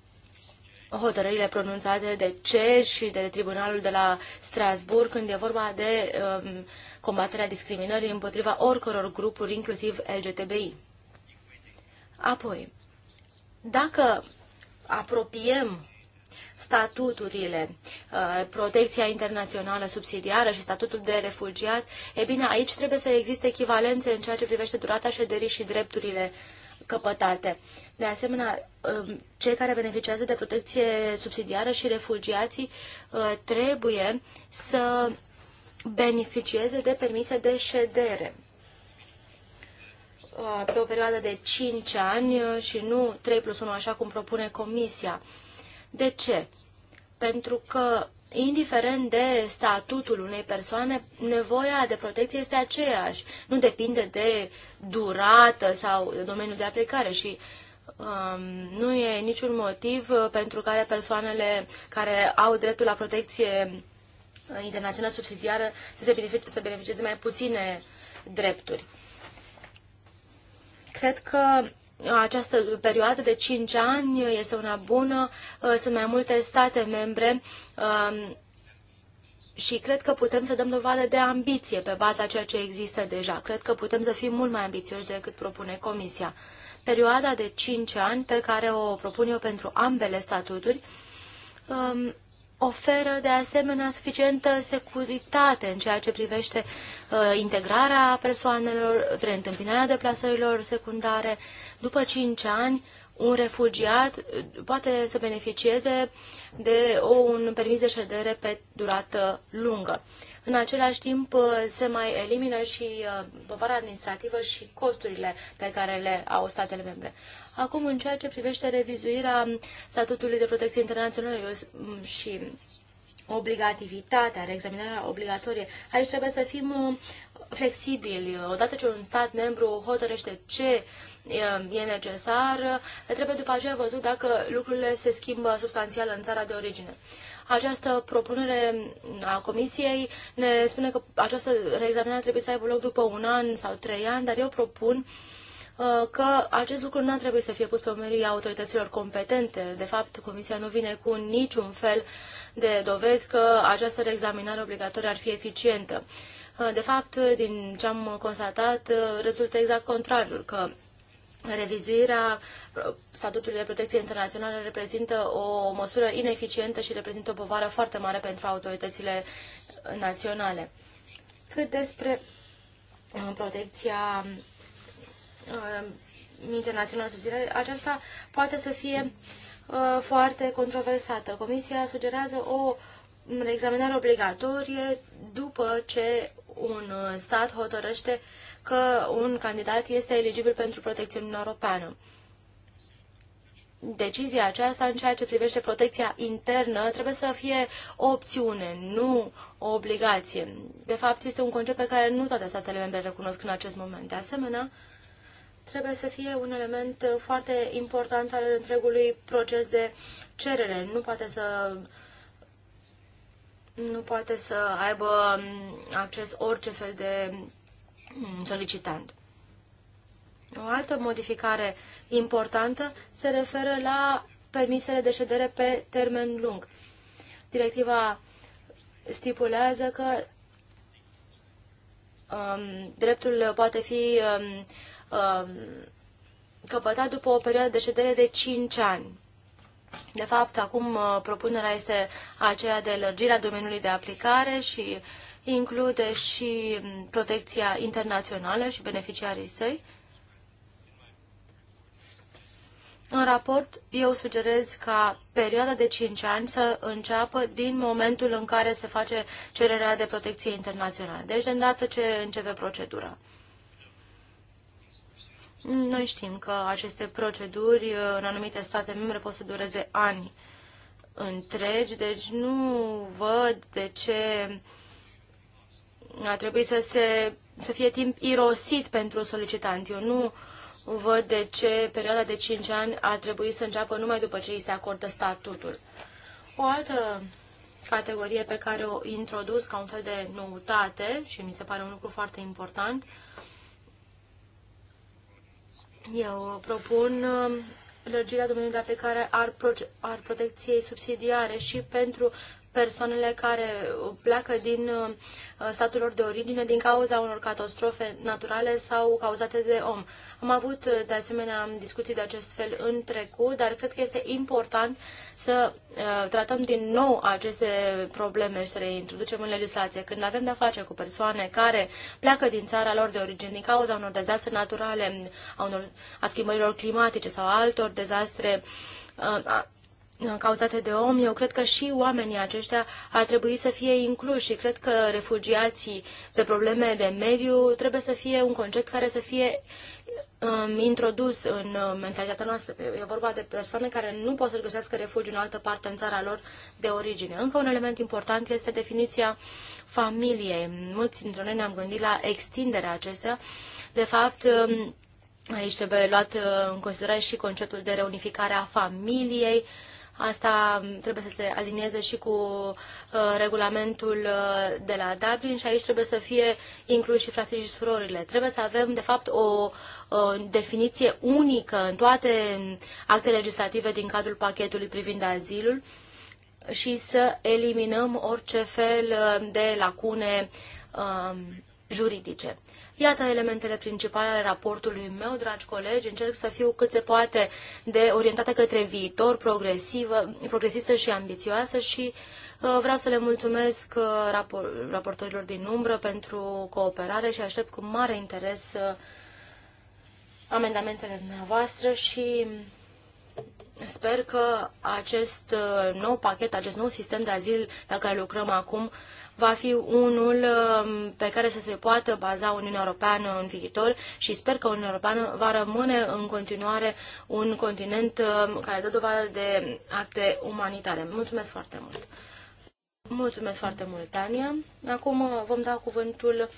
hotărârile pronunțate de CE și de Tribunalul de la Strasburg când e vorba de um, combaterea discriminării împotriva oricăror grupuri, inclusiv LGTBI. Apoi, dacă apropiem statuturile, uh, protecția internațională subsidiară și statutul de refugiat, e bine, aici trebuie să existe echivalențe în ceea ce privește durata șederii și drepturile uh, căpătate. De asemenea, um, cei care beneficiază de protecție subsidiară și refugiații uh, trebuie să beneficieze de permise de ședere uh, pe o perioadă de 5 ani uh, și nu 3 plus 1, așa cum propune Comisia. De ce? Pentru că indiferent de statutul unei persoane, nevoia de protecție este aceeași. Nu depinde de durată sau de domeniul de aplicare și um, nu e niciun motiv pentru care persoanele care au dreptul la protecție internațională subsidiară să beneficieze, să beneficieze mai puține drepturi. Cred că această perioadă de 5 ani este una bună, uh, sunt mai multe state membre um, și cred că putem să dăm dovadă de ambiție pe baza ceea ce există deja. Cred că putem să fim mult mai ambițioși decât propune Comisia. Perioada de 5 ani pe care o propun eu pentru ambele statuturi um, oferă de asemenea suficientă securitate în ceea ce privește uh, integrarea persoanelor, reîntâmpinarea deplasărilor secundare. După 5 ani, un refugiat uh, poate să beneficieze de o un permis de ședere pe durată lungă. În același timp, uh, se mai elimină și uh, povara administrativă și costurile pe care le au statele membre. Acum, în ceea ce privește revizuirea statutului de protecție internațională și obligativitatea, reexaminarea obligatorie, aici trebuie să fim uh, flexibili. Odată ce un stat membru hotărăște ce e necesar, trebuie după aceea văzut dacă lucrurile se schimbă substanțial în țara de origine. Această propunere a Comisiei ne spune că această reexaminare trebuie să aibă loc după un an sau trei ani, dar eu propun uh, că acest lucru nu ar trebui să fie pus pe umerii autorităților competente. De fapt, Comisia nu vine cu niciun fel de dovezi că această reexaminare obligatorie ar fi eficientă. Uh, de fapt, din ce am constatat, uh, rezultă exact contrarul, că Revizuirea uh, statutului de protecție internațională reprezintă o măsură ineficientă și reprezintă o povară foarte mare pentru autoritățile naționale. Cât despre uh, protecția uh, internațională subsidiară, aceasta poate să fie foarte controversată. Comisia sugerează o reexaminare obligatorie după ce un stat hotărăște uh, că un candidat este eligibil pentru protecție în Europeană. Decizia aceasta în ceea ce privește protecția internă trebuie să fie o opțiune, nu o obligație. De fapt, este un concept pe care nu toate statele membre recunosc în acest moment. De asemenea, trebuie să fie un element foarte important al întregului proces de cerere. Nu poate să nu poate să aibă acces orice fel de Mm, solicitant. O altă modificare importantă se referă la permisele de ședere pe termen lung. Directiva stipulează că um, dreptul poate fi um, um, căpătat după o perioadă de ședere de 5 ani. De fapt, acum uh, propunerea este aceea de lărgirea domeniului de aplicare și uh, include și protecția internațională și beneficiarii săi. În raport, eu sugerez ca perioada de 5 ani să înceapă din momentul în care se face cererea de protecție internațională, deci de îndată ce începe procedura. Noi știm că aceste proceduri în anumite state membre pot să dureze ani întregi, deci nu văd de ce ar trebui să, se, să fie timp irosit pentru solicitant. Eu nu văd de ce perioada de 5 ani ar trebui să înceapă numai după ce îi se acordă statutul. O altă categorie pe care o introduc ca un fel de noutate și mi se pare un lucru foarte important, eu propun uh, lărgirea domeniului de aplicare ar protecției subsidiare și pentru persoanele care uh, pleacă din uh, statul lor de origine din cauza unor catastrofe naturale sau cauzate de om. Am avut uh, de asemenea discuții de acest fel în trecut, dar cred că este important să tratăm din nou aceste probleme și să le introducem în legislație. Când avem de-a face cu persoane care pleacă din țara lor de origine din cauza unor dezastre naturale, a, unor, a schimbărilor climatice sau altor dezastre cauzate de om, eu cred că și oamenii aceștia ar trebui să fie incluși și cred că refugiații pe probleme de mediu trebuie să fie un concept care să fie um, introdus în uh, mentalitatea noastră. E vorba de persoane care nu pot să găsească refugiu în altă parte în țara lor de origine. Încă un element important este definiția familiei. Mulți dintre noi ne-am gândit la extinderea acestea. De fapt, um, aici trebuie luat uh, în considerare și conceptul de reunificare a familiei, Asta trebuie să se alinieze și cu uh, regulamentul uh, de la Dublin și aici trebuie să fie incluși și frații și surorile. Trebuie să avem, de fapt, o definiție unică în toate actele legislative din cadrul pachetului privind azilul și să eliminăm orice fel uh, de lacune um, juridice. Iată elementele principale ale raportului meu, dragi colegi. Încerc să fiu cât se poate de orientată către viitor, progresivă, progresistă și ambițioasă și uh, vreau să le mulțumesc uh, rapor raportorilor din umbră pentru cooperare și aștept cu mare interes uh, amendamentele dumneavoastră și Sper că acest nou pachet, acest nou sistem de azil la care lucrăm acum, va fi unul um, pe care să se poată baza Uniunea Europeană în viitor și sper că Uniunea Europeană va rămâne în continuare un continent um, care dă dovadă de acte umanitare. Mulțumesc foarte mult! Mulțumesc foarte mult, Tania. Acum uh, vom da cuvântul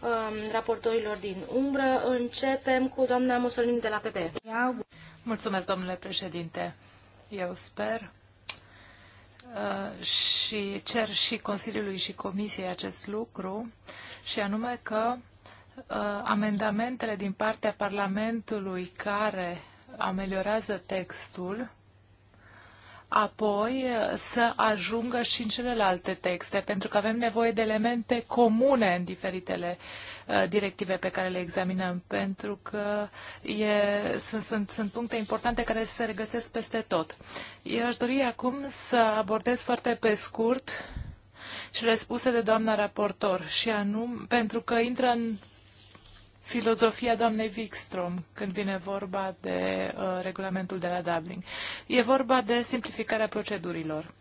um, raportorilor din umbră. Începem cu doamna Mussolini de la PP. Mulțumesc, domnule președinte. Eu sper Uh, și cer și Consiliului și Comisiei acest lucru, și anume că uh, amendamentele din partea Parlamentului care ameliorează textul apoi uh, să ajungă și în celelalte texte, pentru că avem nevoie de elemente comune în diferitele uh, directive pe care le examinăm, pentru că e, sunt, sunt, sunt puncte importante care se regăsesc peste tot. Eu aș dori acum să abordez foarte pe scurt și răspuse de doamna raportor, și anum, pentru că intră în filozofia doamnei Wikstrom când vine vorba de uh, regulamentul de la Dublin. E vorba de simplificarea procedurilor,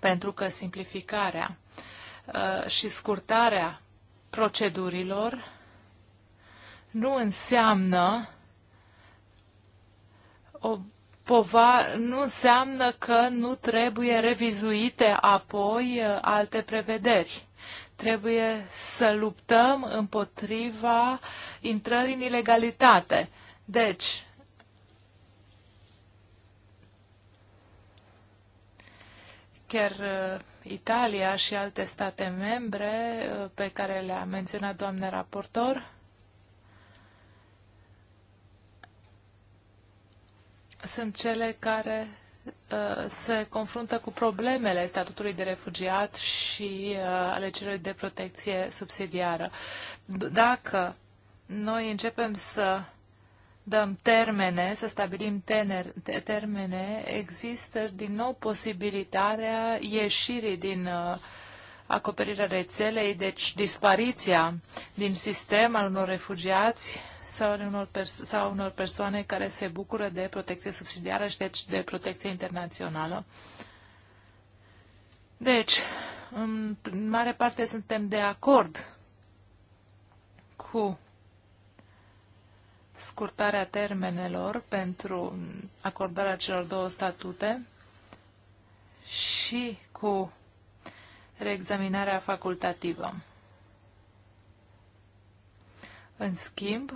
pentru că simplificarea uh, și scurtarea procedurilor nu înseamnă o pova, nu înseamnă că nu trebuie revizuite apoi uh, alte prevederi Trebuie să luptăm împotriva intrării în ilegalitate. Deci, chiar uh, Italia și alte state membre uh, pe care le-a menționat doamne raportor, sunt cele care Uh, se confruntă cu problemele statutului de refugiat și uh, ale celor de protecție subsidiară. Dacă noi începem să dăm termene, să stabilim tener, termene, există din nou posibilitatea ieșirii din uh, acoperirea rețelei, deci dispariția din sistem al unor refugiați sau unor, perso- sau unor persoane care se bucură de protecție subsidiară și deci de protecție internațională. Deci, în mare parte suntem de acord cu scurtarea termenelor pentru acordarea celor două statute și cu reexaminarea facultativă. În schimb,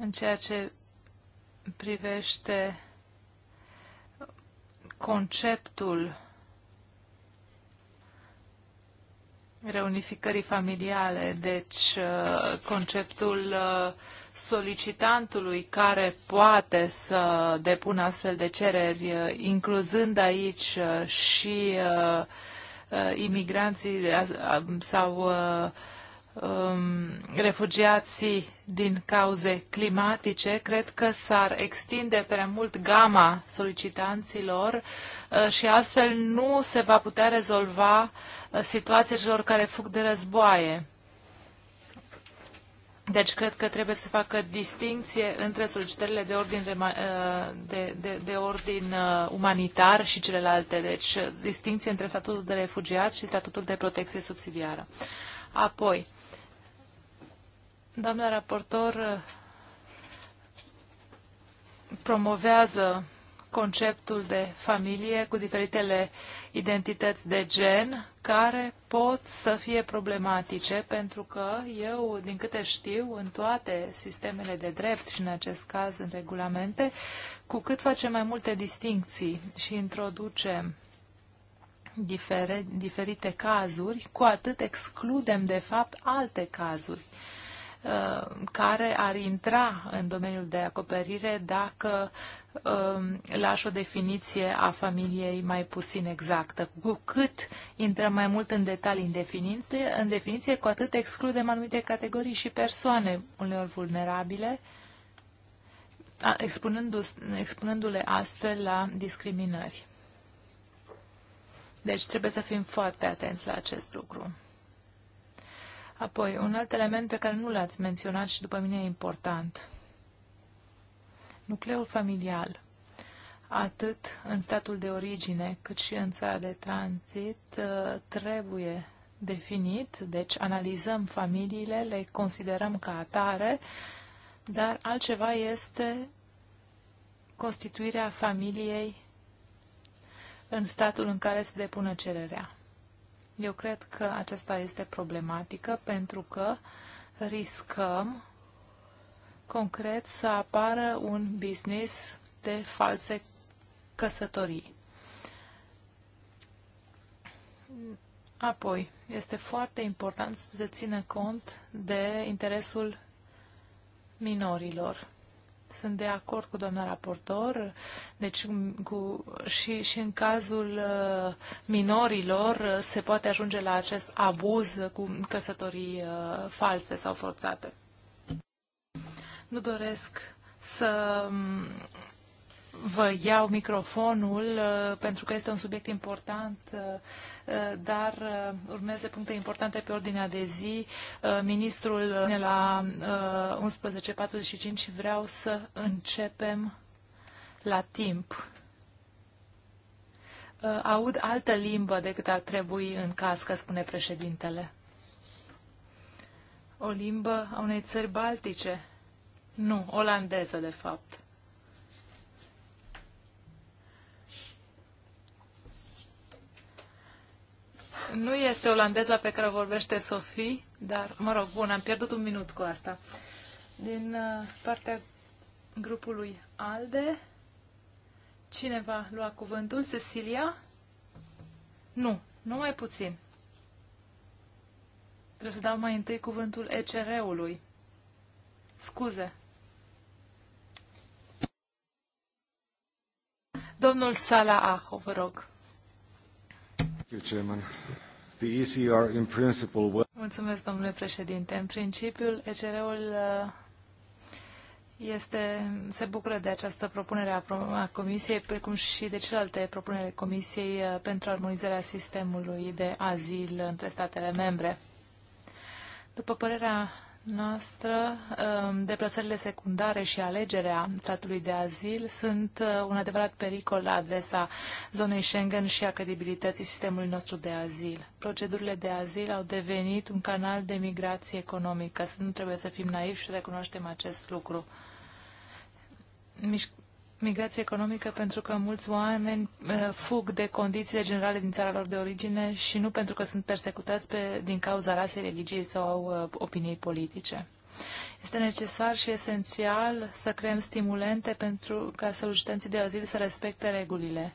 în ceea ce privește conceptul reunificării familiale, deci uh, conceptul uh, solicitantului care poate să depună astfel de cereri, uh, incluzând aici și imigranții sau um, refugiații din cauze climatice, cred că s-ar extinde prea mult gama solicitanților uh, și astfel nu se va putea rezolva uh, situația celor care fug de războaie. Deci cred că trebuie să facă distinție între solicitările de ordin, uh, de, de, de ordin umanitar și celelalte. Deci distinție între statutul de refugiat și statutul de protecție subsidiară. Apoi, Doamna raportor uh, promovează conceptul de familie cu diferitele identități de gen care pot să fie problematice pentru că eu, din câte știu, în toate sistemele de drept și în acest caz în regulamente, cu cât facem mai multe distincții și introducem diferite cazuri, cu atât excludem de fapt alte cazuri Uh, care ar intra în domeniul de acoperire dacă um, lași o definiție a familiei mai puțin exactă. Cu cât intrăm mai mult în detalii în definiție, în definiție cu atât excludem anumite categorii și persoane uneori vulnerabile, expunându-le astfel la discriminări. Deci trebuie să fim foarte atenți la acest lucru. Apoi, un alt element pe care nu l-ați menționat și după mine e important. Nucleul familial. Atât în statul de origine cât și în țara de tranzit ă, trebuie definit, deci analizăm familiile, le considerăm ca atare, dar altceva este constituirea familiei în statul în care se depune cererea. Eu cred că aceasta este problematică pentru că riscăm concret să apară un business de false căsătorii. Apoi, este foarte important să se țină cont de interesul minorilor. Sunt de acord cu doamna raportor, deci cu, și, și în cazul uh, minorilor uh, se poate ajunge la acest abuz cu căsătorii uh, false sau forțate. Nu doresc să mm, vă iau microfonul uh, pentru că este un subiect important, uh, uh, dar urmează puncte importante pe ordinea de zi. Ministrul la 11.45 vreau să începem la timp. Aud altă limbă decât ar trebui în caz că spune președintele. O limbă a unei țări baltice? Nu, olandeză, de fapt. Nu este olandeza pe care o vorbește Sofie, dar, mă rog, bun, am pierdut un minut cu asta. Din uh, partea grupului ALDE, cine va lua cuvântul? Cecilia? Nu, numai puțin. Trebuie să dau mai întâi cuvântul ECR-ului. Scuze. Domnul Sala Aho, vă rog. Mulțumesc, domnule președinte. În principiu, ECR-ul uh, este, se bucură de această propunere a, Comisiei, precum și de celelalte propunere Comisiei uh, pentru armonizarea sistemului de azil între statele membre. După părerea noastră, um, deplasările secundare și alegerea statului de azil sunt uh, un adevărat pericol la adresa zonei Schengen și a credibilității sistemului nostru de azil. Procedurile de azil au devenit un canal de migrație economică. Nu trebuie să fim naivi și recunoaștem acest lucru migrație economică pentru că mulți oameni eh, fug de condițiile generale din țara lor de origine și nu pentru că sunt persecutați pe, din cauza rasei, religiei sau eh, opiniei politice. Este necesar și esențial să creăm stimulente pentru ca solicitanții de azil să respecte regulile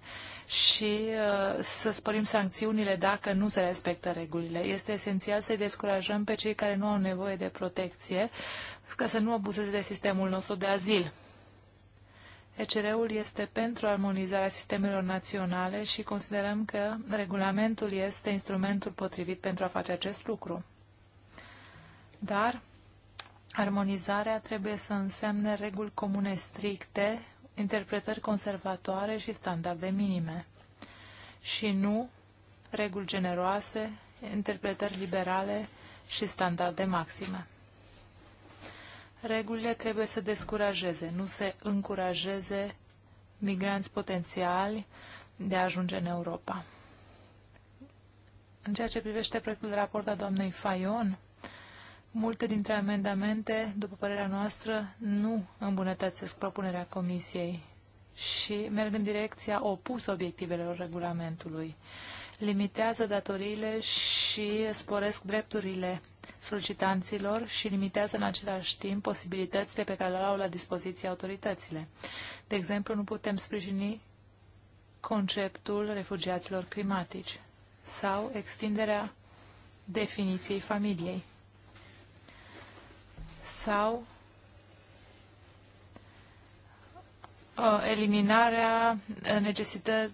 și uh, să spărim sancțiunile dacă nu se respectă regulile. Este esențial să-i descurajăm pe cei care nu au nevoie de protecție ca să nu abuzeze de sistemul nostru de azil. ECR-ul este pentru armonizarea sistemelor naționale și considerăm că regulamentul este instrumentul potrivit pentru a face acest lucru. Dar armonizarea trebuie să însemne reguli comune stricte, interpretări conservatoare și standarde minime. Și nu reguli generoase, interpretări liberale și standarde maxime. Regulile trebuie să descurajeze, nu să încurajeze migranți potențiali de a ajunge în Europa. În ceea ce privește proiectul de raport a doamnei Fayon, multe dintre amendamente, după părerea noastră, nu îmbunătățesc propunerea Comisiei și merg în direcția opusă obiectivelor regulamentului. Limitează datoriile și sporesc drepturile solicitanților și limitează în același timp posibilitățile pe care le au la dispoziție autoritățile. De exemplu, nu putem sprijini conceptul refugiaților climatici sau extinderea definiției familiei sau uh, eliminarea necesită,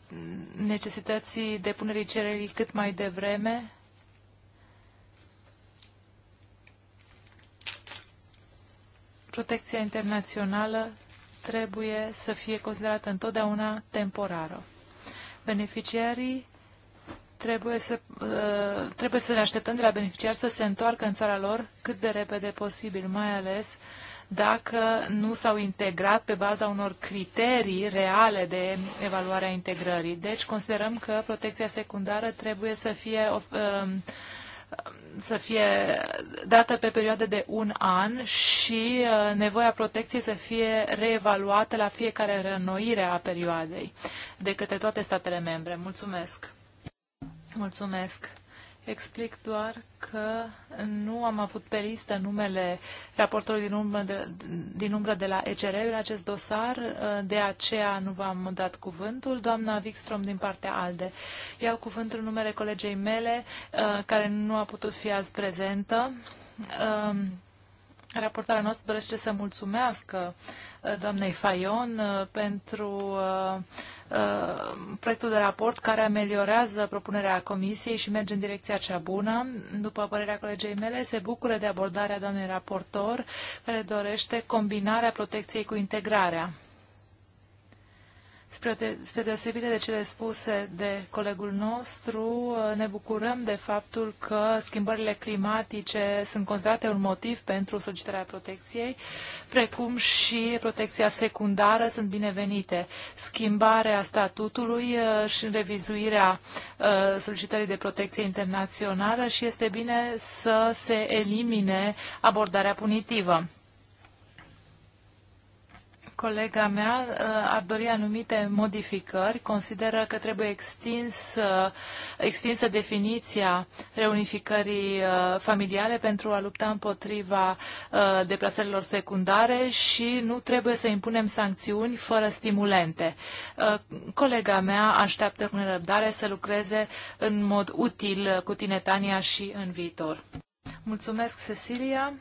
necesității depunerii cererii cât mai devreme protecția internațională trebuie să fie considerată întotdeauna temporară. Beneficiarii trebuie să, uh, trebuie să ne așteptăm de la beneficiari să se întoarcă în țara lor cât de repede posibil, mai ales dacă nu s-au integrat pe baza unor criterii reale de evaluare a integrării. Deci considerăm că protecția secundară trebuie să fie uh, să fie dată pe perioadă de un an și uh, nevoia protecției să fie reevaluată la fiecare reînnoire a perioadei de către toate statele membre. Mulțumesc! Mulțumesc! explic doar că nu am avut pe listă numele raportorului din umbră de, din umbră de la ECR în acest dosar, de aceea nu v-am dat cuvântul. Doamna Wikstrom din partea ALDE. Iau cuvântul numele colegei mele, uh, care nu a putut fi azi prezentă. Um, Raportarea noastră dorește să mulțumească uh, doamnei Fayon uh, pentru uh, proiectul de raport care ameliorează propunerea comisiei și merge în direcția cea bună. După părerea colegei mele, se bucură de abordarea doamnei raportor care dorește combinarea protecției cu integrarea. Spre, de, spre deosebire de cele spuse de colegul nostru, ne bucurăm de faptul că schimbările climatice sunt considerate un motiv pentru solicitarea protecției, precum și protecția secundară sunt binevenite. Schimbarea statutului uh, și revizuirea uh, solicitării de protecție internațională și este bine să se elimine abordarea punitivă. Colega mea uh, ar dori anumite modificări. Consideră că trebuie extins, extinsă definiția reunificării uh, familiale pentru a lupta împotriva uh, deplasărilor secundare și nu trebuie să impunem sancțiuni fără stimulente. Colega mea așteaptă cu nerăbdare să lucreze în mod util cu tine, Tania, și în viitor. Mulțumesc, Cecilia.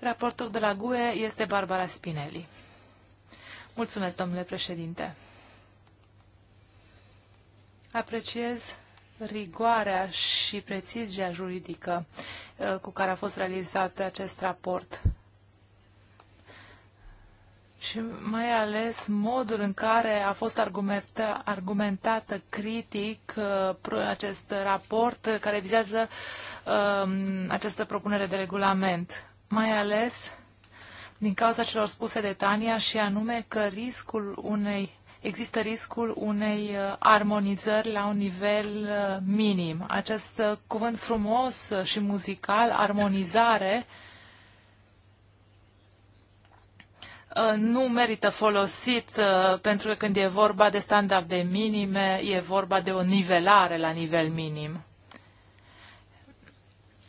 Raportul de la GUE este Barbara Spinelli. Mulțumesc, domnule președinte. Apreciez rigoarea și precizia juridică uh, cu care a fost realizat acest raport. Și mai ales modul în care a fost argumentată, argumentată critic uh, acest raport care vizează um, această propunere de regulament mai ales din cauza celor spuse de Tania și anume că riscul unei există riscul unei uh, armonizări la un nivel uh, minim. Acest uh, cuvânt frumos și muzical, armonizare, nu merită folosit pentru că când e vorba de standarde minime, e vorba de o nivelare la nivel minim.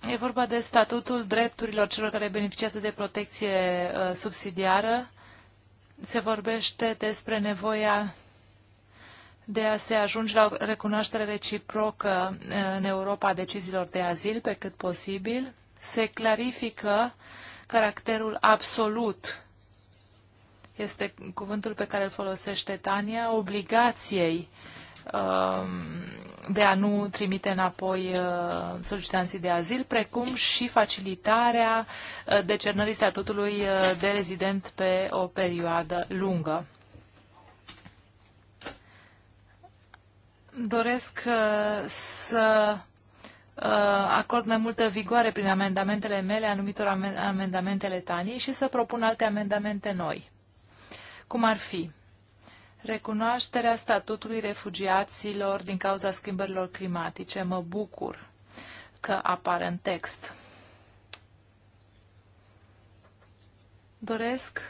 E vorba de statutul drepturilor celor care beneficiază de protecție uh, subsidiară. Se vorbește despre nevoia de a se ajunge la o recunoaștere reciprocă uh, în Europa a deciziilor de azil pe cât posibil. Se clarifică caracterul absolut, este cuvântul pe care îl folosește Tania, obligației uh, Um, de a nu trimite înapoi uh, solicitanții de azil, precum și facilitarea uh, decernării statutului uh, de rezident pe o perioadă lungă. Doresc să acord mai multă vigoare prin amendamentele mele, anumitor amendamente letanii și să propun alte amendamente noi. Cum ar fi? Recunoașterea statutului refugiaților din cauza schimbărilor climatice. Mă bucur că apare în text. Doresc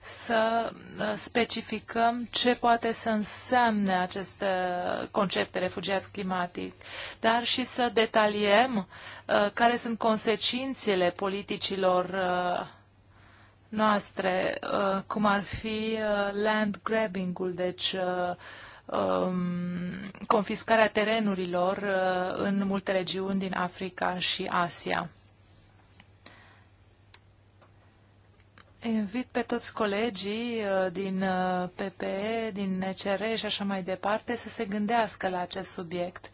să uh, specificăm ce poate să însemne acest uh, concept de refugiați climatic, dar și să detaliem uh, care sunt consecințele politicilor noastre, uh, cum ar fi uh, land grabbing-ul, deci uh, um, confiscarea terenurilor în multe regiuni din Africa și Asia. Invit pe toți colegii din PPE, din NCR și așa mai departe să se gândească la acest subiect.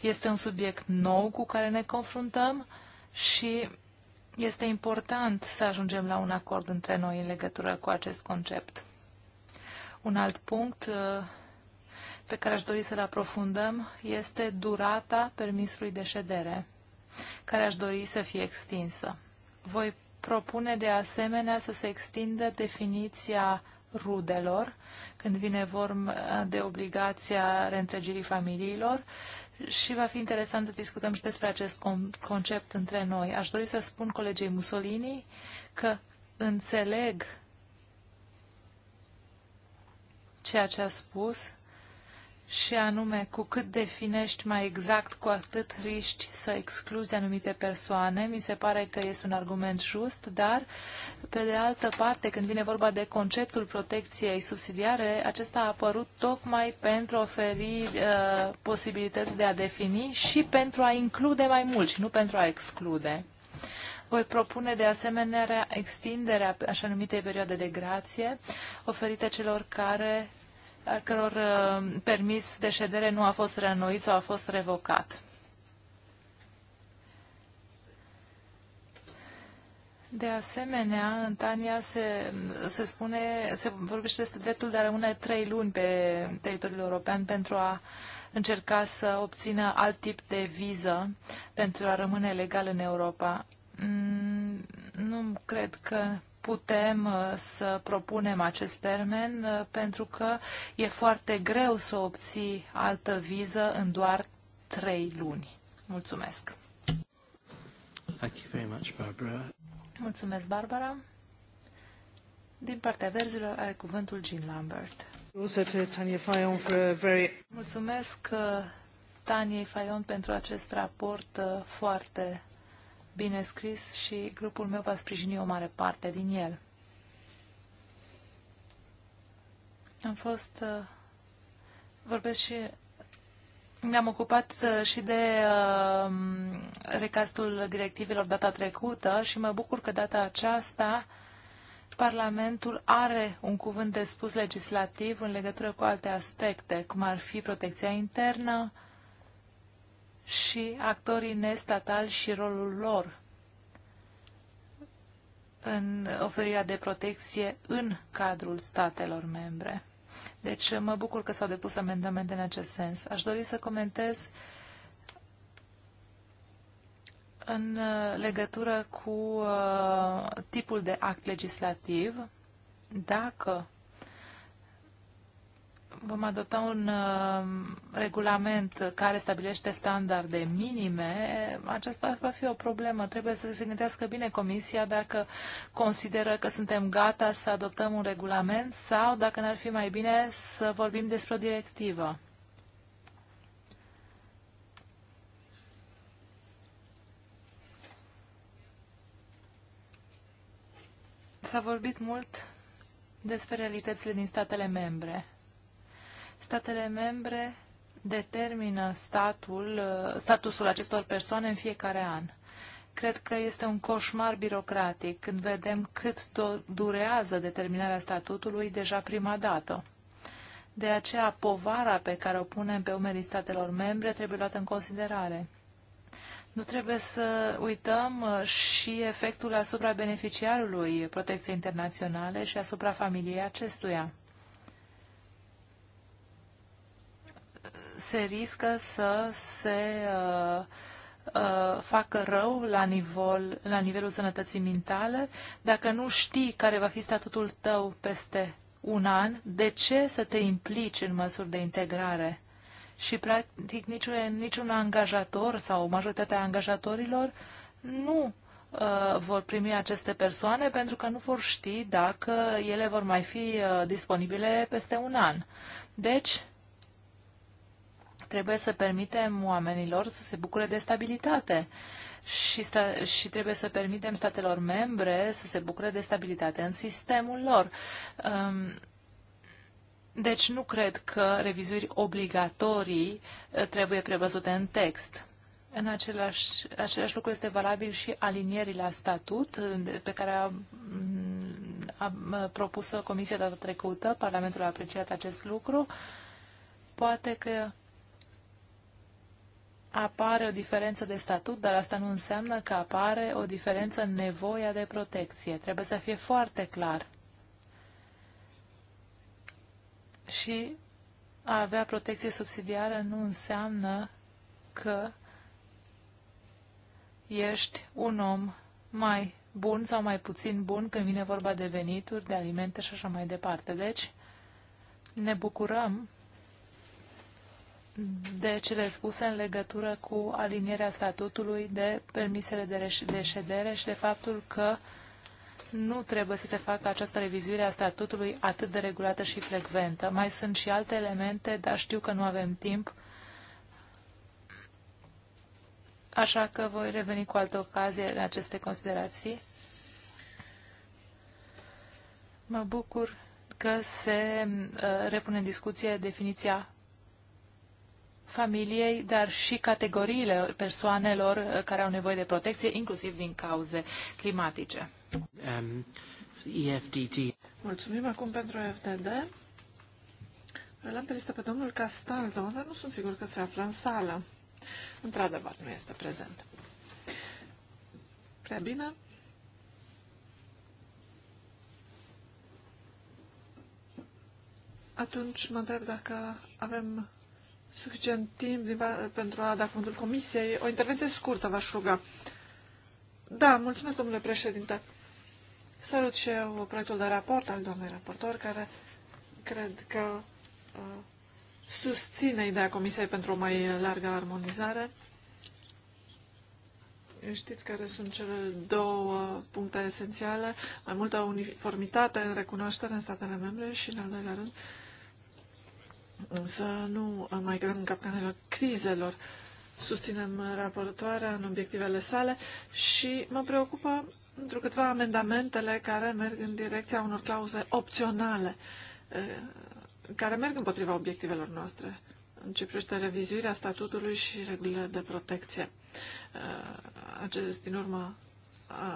Este un subiect nou cu care ne confruntăm și este important să ajungem la un acord între noi în legătură cu acest concept. Un alt punct uh, pe care aș dori să-l aprofundăm este durata permisului de ședere, care aș dori să fie extinsă. Voi propune de asemenea să se extindă definiția rudelor, când vine vorba uh, de obligația reîntregirii familiilor, și va fi interesant să discutăm și despre acest concept între noi. Aș dori să spun colegei Mussolini că înțeleg ceea ce a spus și anume cu cât definești mai exact, cu atât riști să excluzi anumite persoane. Mi se pare că este un argument just, dar pe de altă parte, când vine vorba de conceptul protecției subsidiare, acesta a apărut tocmai pentru a oferi uh, posibilități de a defini și pentru a include mai mult și nu pentru a exclude. Voi propune de asemenea extinderea așa numitei perioade de grație oferite celor care al căror uh, permis de ședere nu a fost reînnoit sau a fost revocat. De asemenea, în Tania se, se spune, se vorbește despre dreptul de a rămâne trei luni pe teritoriul european pentru a încerca să obțină alt tip de viză pentru a rămâne legal în Europa. Mm, nu cred că putem uh, să propunem acest termen uh, pentru că e foarte greu să obții altă viză în doar trei luni. Mulțumesc! Thank you very much, Barbara. Mulțumesc, Barbara. Din partea verzilor are cuvântul Jean Lambert. Mulțumesc uh, Taniei Fayon pentru acest raport foarte bine scris și grupul meu va sprijini o mare parte din el. Am fost... Uh, vorbesc și... Ne-am ocupat uh, și de uh, recastul directivelor data trecută și mă bucur că data aceasta Parlamentul are un cuvânt de spus legislativ în legătură cu alte aspecte, cum ar fi protecția internă, uh, și actorii nestatali și rolul lor în oferirea de protecție în cadrul statelor membre. Deci mă bucur că s-au depus amendamente în acest sens. Aș dori să comentez în uh, legătură cu uh, tipul de act legislativ, dacă vom adopta un uh, regulament care stabilește standarde minime, aceasta va fi o problemă. Trebuie să se gândească bine Comisia dacă consideră că suntem gata să adoptăm un regulament sau dacă n-ar fi mai bine să vorbim despre o directivă. S-a vorbit mult despre realitățile din statele membre. Statele membre determină statul, uh, statusul acestor persoane în fiecare an. Cred că este un coșmar birocratic când vedem cât durează determinarea statutului deja prima dată. De aceea, povara pe care o punem pe umerii statelor membre trebuie luată în considerare. Nu trebuie să uităm uh, și efectul asupra beneficiarului protecției internaționale și asupra familiei acestuia. se riscă să se uh, uh, facă rău la, nivel, la nivelul sănătății mentale. Dacă nu știi care va fi statutul tău peste un an, de ce să te implici în măsuri de integrare? Și, practic, niciun, niciun angajator sau majoritatea angajatorilor nu uh, vor primi aceste persoane pentru că nu vor ști dacă ele vor mai fi uh, disponibile peste un an. Deci, Trebuie să permitem oamenilor să se bucure de stabilitate și, sta- și trebuie să permitem statelor membre să se bucure de stabilitate în sistemul lor. Um, deci nu cred că revizuiri obligatorii uh, trebuie prevăzute în text. În același, același lucru este valabil și alinierii la statut pe care a, mm, a propus-o Comisia data trecută. Parlamentul a apreciat acest lucru. Poate că apare o diferență de statut, dar asta nu înseamnă că apare o diferență în nevoia de protecție. Trebuie să fie foarte clar. Și a avea protecție subsidiară nu înseamnă că ești un om mai bun sau mai puțin bun când vine vorba de venituri, de alimente și așa mai departe. Deci, ne bucurăm de cele spuse în legătură cu alinierea statutului de permisele de, de ședere și de faptul că nu trebuie să se facă această revizuire a statutului atât de regulată și frecventă. Mai sunt și alte elemente, dar știu că nu avem timp. Așa că voi reveni cu altă ocazie la aceste considerații. Mă bucur că se uh, repune în discuție definiția familiei, dar și categoriile persoanelor uh, care au nevoie de protecție, inclusiv din cauze climatice. Um, EFDD. Mulțumim acum pentru FDD. Îl am pe listă pe domnul Castaldo, dar nu sunt sigur că se află în sală. Într-adevăr, nu este prezent. Prea bine. Atunci mă întreb dacă avem suficient timp din, pentru a da fundul comisiei. O intervenție scurtă v-aș ruga. Da, mulțumesc, domnule președinte. Salut și eu proiectul de raport al doamnei raportor, care cred că uh, susține ideea Comisiei pentru o mai largă armonizare. Știți care sunt cele două puncte esențiale, mai multă uniformitate în recunoaștere în statele membre și, în al doilea rând, uh, să nu mai cădem în capcanele crizelor. Susținem raportoarea în obiectivele sale și mă preocupă pentru câteva amendamentele care merg în direcția unor clauze opționale, eh, care merg împotriva obiectivelor noastre în ce privește revizuirea statutului și regulile de protecție. Eh, acest, din urmă,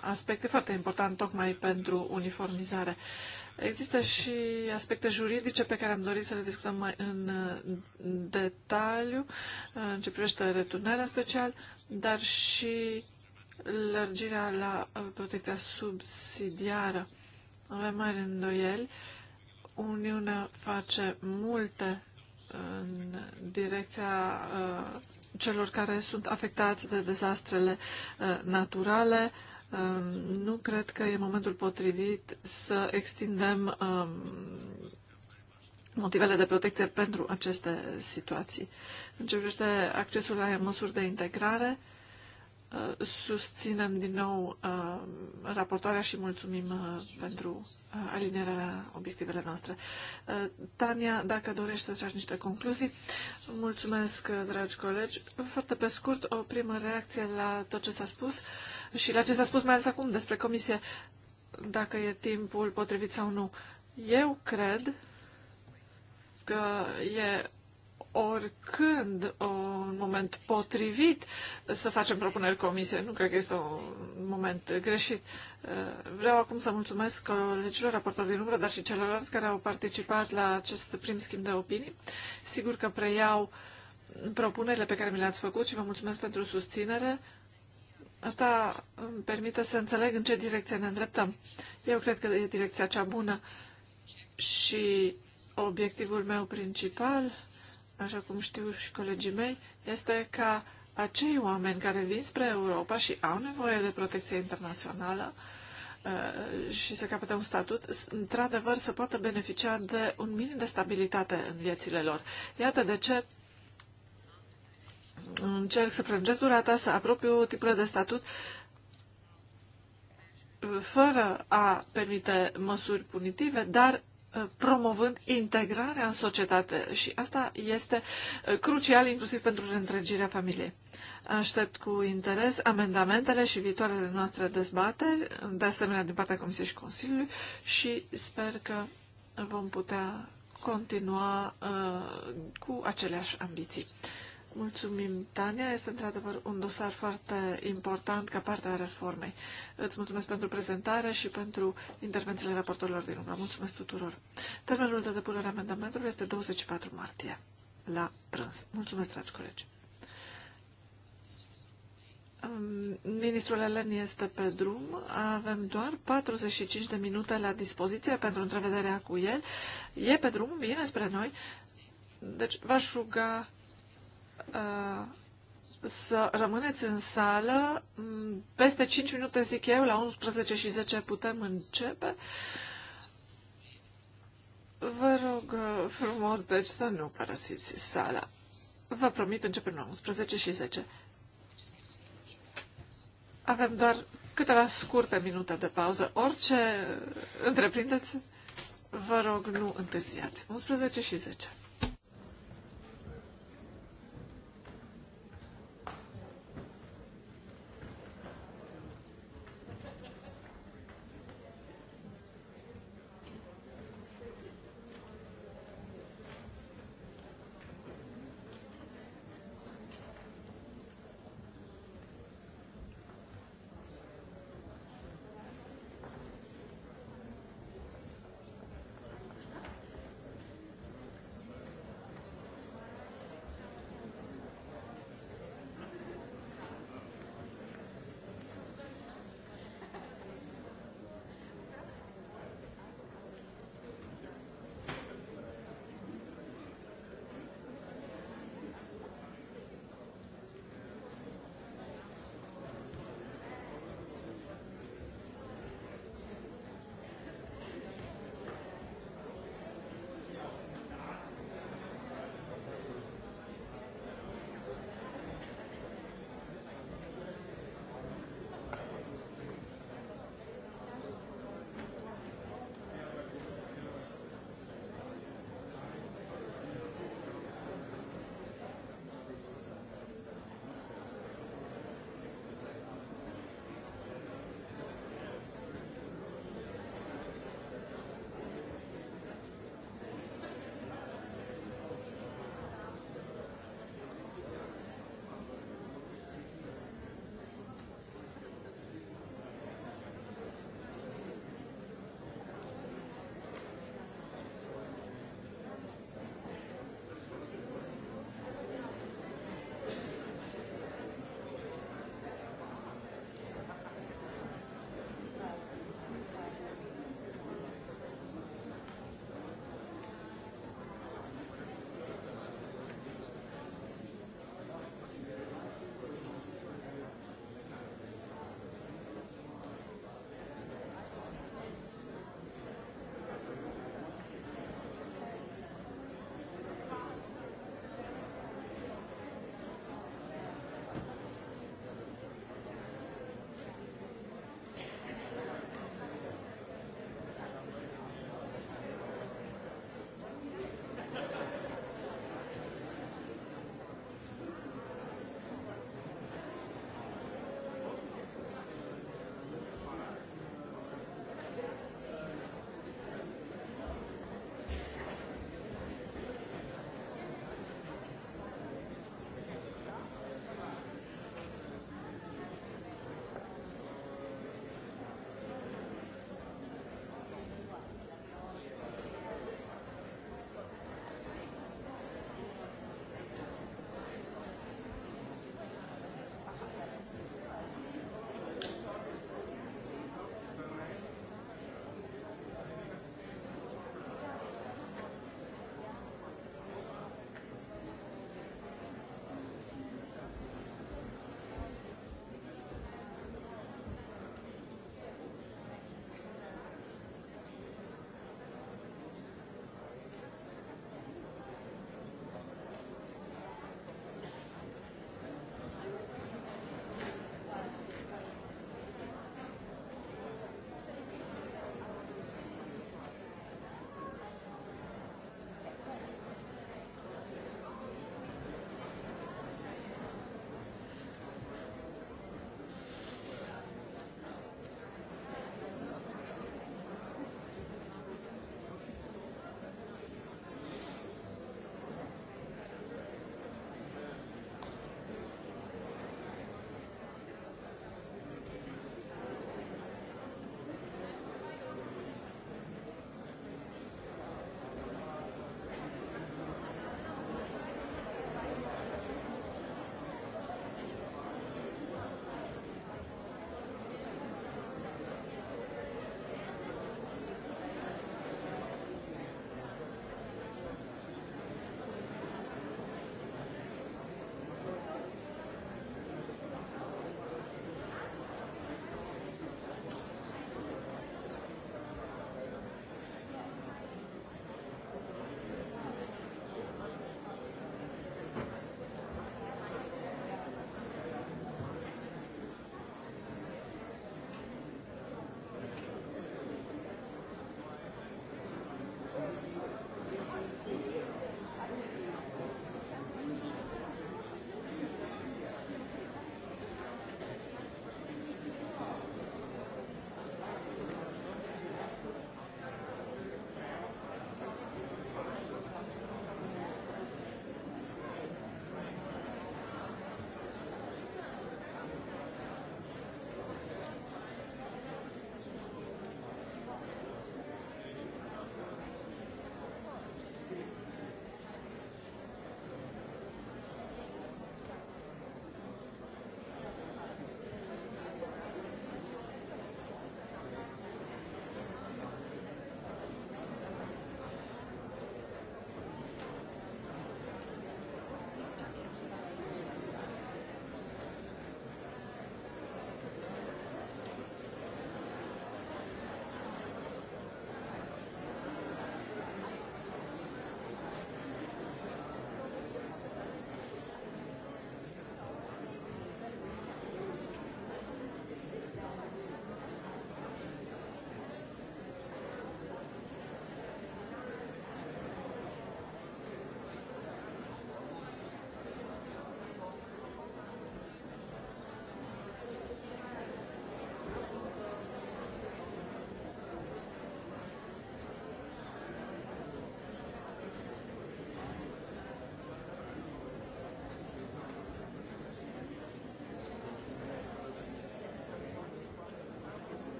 aspect e foarte important tocmai pentru uniformizare. Există și aspecte juridice pe care am dorit să le discutăm mai în detaliu, în ce privește returnarea special, dar și lărgirea la uh, protecția subsidiară. Avem mari îndoieli. Uniunea face multe în direcția uh, celor care sunt afectați de dezastrele uh, naturale, nu cred că e momentul potrivit să extindem motivele de protecție pentru aceste situații. În ce privește accesul la măsuri de integrare, susținem din nou uh, raportoarea și mulțumim uh, pentru uh, alinierea obiectivele noastre. Uh, Tania, dacă dorești să tragi niște concluzii, mulțumesc, uh, dragi colegi. Foarte pe scurt, o primă reacție la tot ce s-a spus și la ce s-a spus mai ales acum despre comisie, dacă e timpul potrivit sau nu. Eu cred că e oricând un moment potrivit să facem propuneri comisiei. Nu cred că este un moment greșit. Uh, vreau acum să mulțumesc colegilor raportori din umbră, dar și celorlalți care au participat la acest prim schimb de opinii. Sigur că preiau propunerile pe care mi le-ați făcut și vă mulțumesc pentru susținere. Asta îmi permite să înțeleg în ce direcție ne îndreptăm. Eu cred că e direcția cea bună și obiectivul meu principal așa cum știu și colegii mei, este ca acei oameni care vin spre Europa și au nevoie de protecție internațională uh, și să capete un statut, într-adevăr să poată beneficia de un minim de stabilitate în viețile lor. Iată de ce încerc să prelungesc durata, să apropiu tipurile de statut uh, fără a permite măsuri punitive, dar Uh, promovând integrarea în societate și asta este uh, crucial inclusiv pentru reîntregirea familiei. Aștept cu interes amendamentele și viitoarele noastre dezbateri, de asemenea din partea Comisiei și Consiliului și sper că vom putea continua uh, cu aceleași ambiții. Mulțumim, Tania. Este într-adevăr un dosar foarte important ca parte a reformei. Îți mulțumesc pentru prezentare și pentru intervențiile raportorilor din urmă. Mulțumesc tuturor. Termenul de depunere a amendamentului este 24 martie, la prânz. Mulțumesc, dragi colegi. Ministrul Elen este pe drum. Avem doar 45 de minute la dispoziție pentru întrevederea cu el. E pe drum, vine spre noi. Deci v-aș ruga Uh, să rămâneți în sală. Mm, peste 5 minute, zic eu, la 11 și 10 putem începe. Vă rog uh, frumos, deci, să nu părăsiți sala. Vă promit, începem la 11 și 10. Avem doar câteva scurte minute de pauză. Orice întreprindeți, vă rog, nu întârziați. 11 și 10.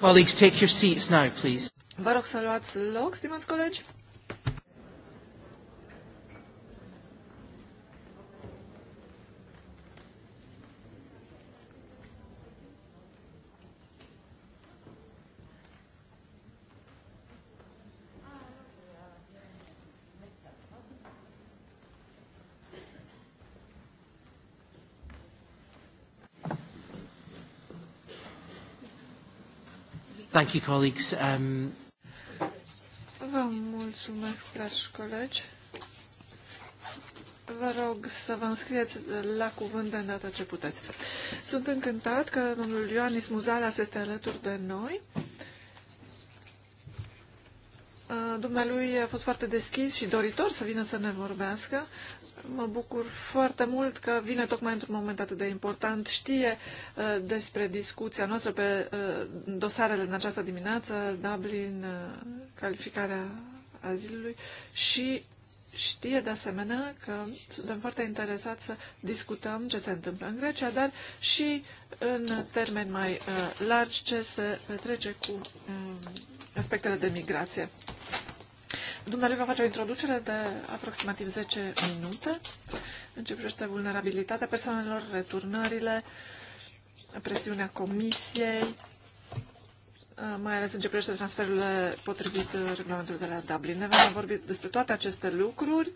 Colleagues, take your seats now, please. Vă rog să luați loc, stimați colegi. Thank you, colleagues. Um... Vă mulțumesc, dragi colegi. Vă rog să vă înscrieți la cuvânt de data ce puteți. Sunt încântat că domnul Ioanis Muzalas este alături de noi. Dumnealui a fost foarte deschis și doritor să vină să ne vorbească mă bucur foarte mult că vine tocmai într-un moment atât de important. Știe uh, despre discuția noastră pe uh, dosarele în această dimineață, Dublin, uh, calificarea azilului și știe de asemenea că suntem foarte interesați să discutăm ce se întâmplă în Grecia, dar și în termeni mai uh, largi ce se petrece cu uh, aspectele de migrație. Dumnezeu va face o introducere de aproximativ 10 minute în ce privește vulnerabilitatea persoanelor, returnările, presiunea comisiei, uh, mai ales în ce privește transferurile potrivit uh, regulamentului de la Dublin. Ne vom vorbi despre toate aceste lucruri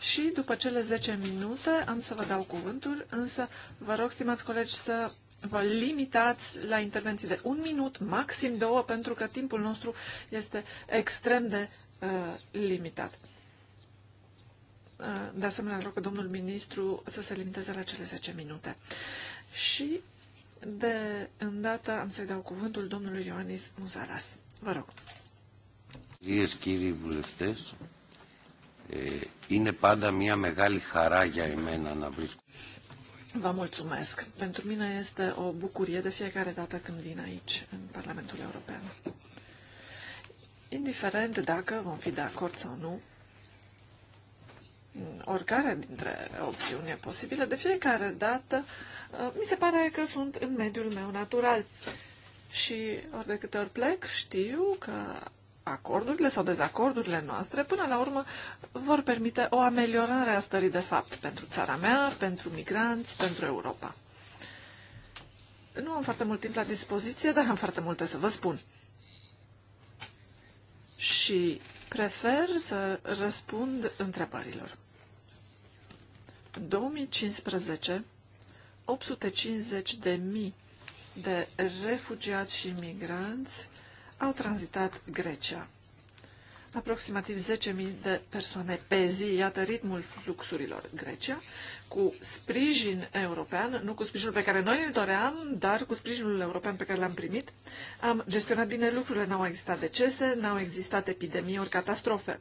și după cele 10 minute am să vă dau cuvântul, însă vă rog, stimați colegi, să vă limitați la intervenții de un minut, maxim două, pentru că timpul nostru este extrem de uh, limitat. Uh, de asemenea, rog domnul ministru să se limiteze la cele 10 minute. Și de îndată am să-i dau cuvântul domnului Ioanis Muzaras. Vă rog. Κυρίες, κύριοι βουλευτές, είναι πάντα μια μεγάλη χαρά για εμένα να βρίσκω. Vă mulțumesc. Pentru mine este o bucurie de fiecare dată când vin aici, în Parlamentul European. Indiferent dacă vom fi de acord sau nu, oricare dintre opțiuni e posibilă, de fiecare dată uh, mi se pare că sunt în mediul meu natural. Și ori de câte ori plec, știu că acordurile sau dezacordurile noastre, până la urmă, vor permite o ameliorare a stării de fapt pentru țara mea, pentru migranți, pentru Europa. Nu am foarte mult timp la dispoziție, dar am foarte multe să vă spun. Și prefer să răspund întrebărilor. 2015, 850 de mii de refugiați și migranți au tranzitat Grecia. Aproximativ 10.000 de persoane pe zi, iată ritmul fluxurilor Grecia, cu sprijin european, nu cu sprijinul pe care noi îl doream, dar cu sprijinul european pe care l-am primit, am gestionat bine lucrurile, n-au existat decese, n-au existat epidemii ori catastrofe.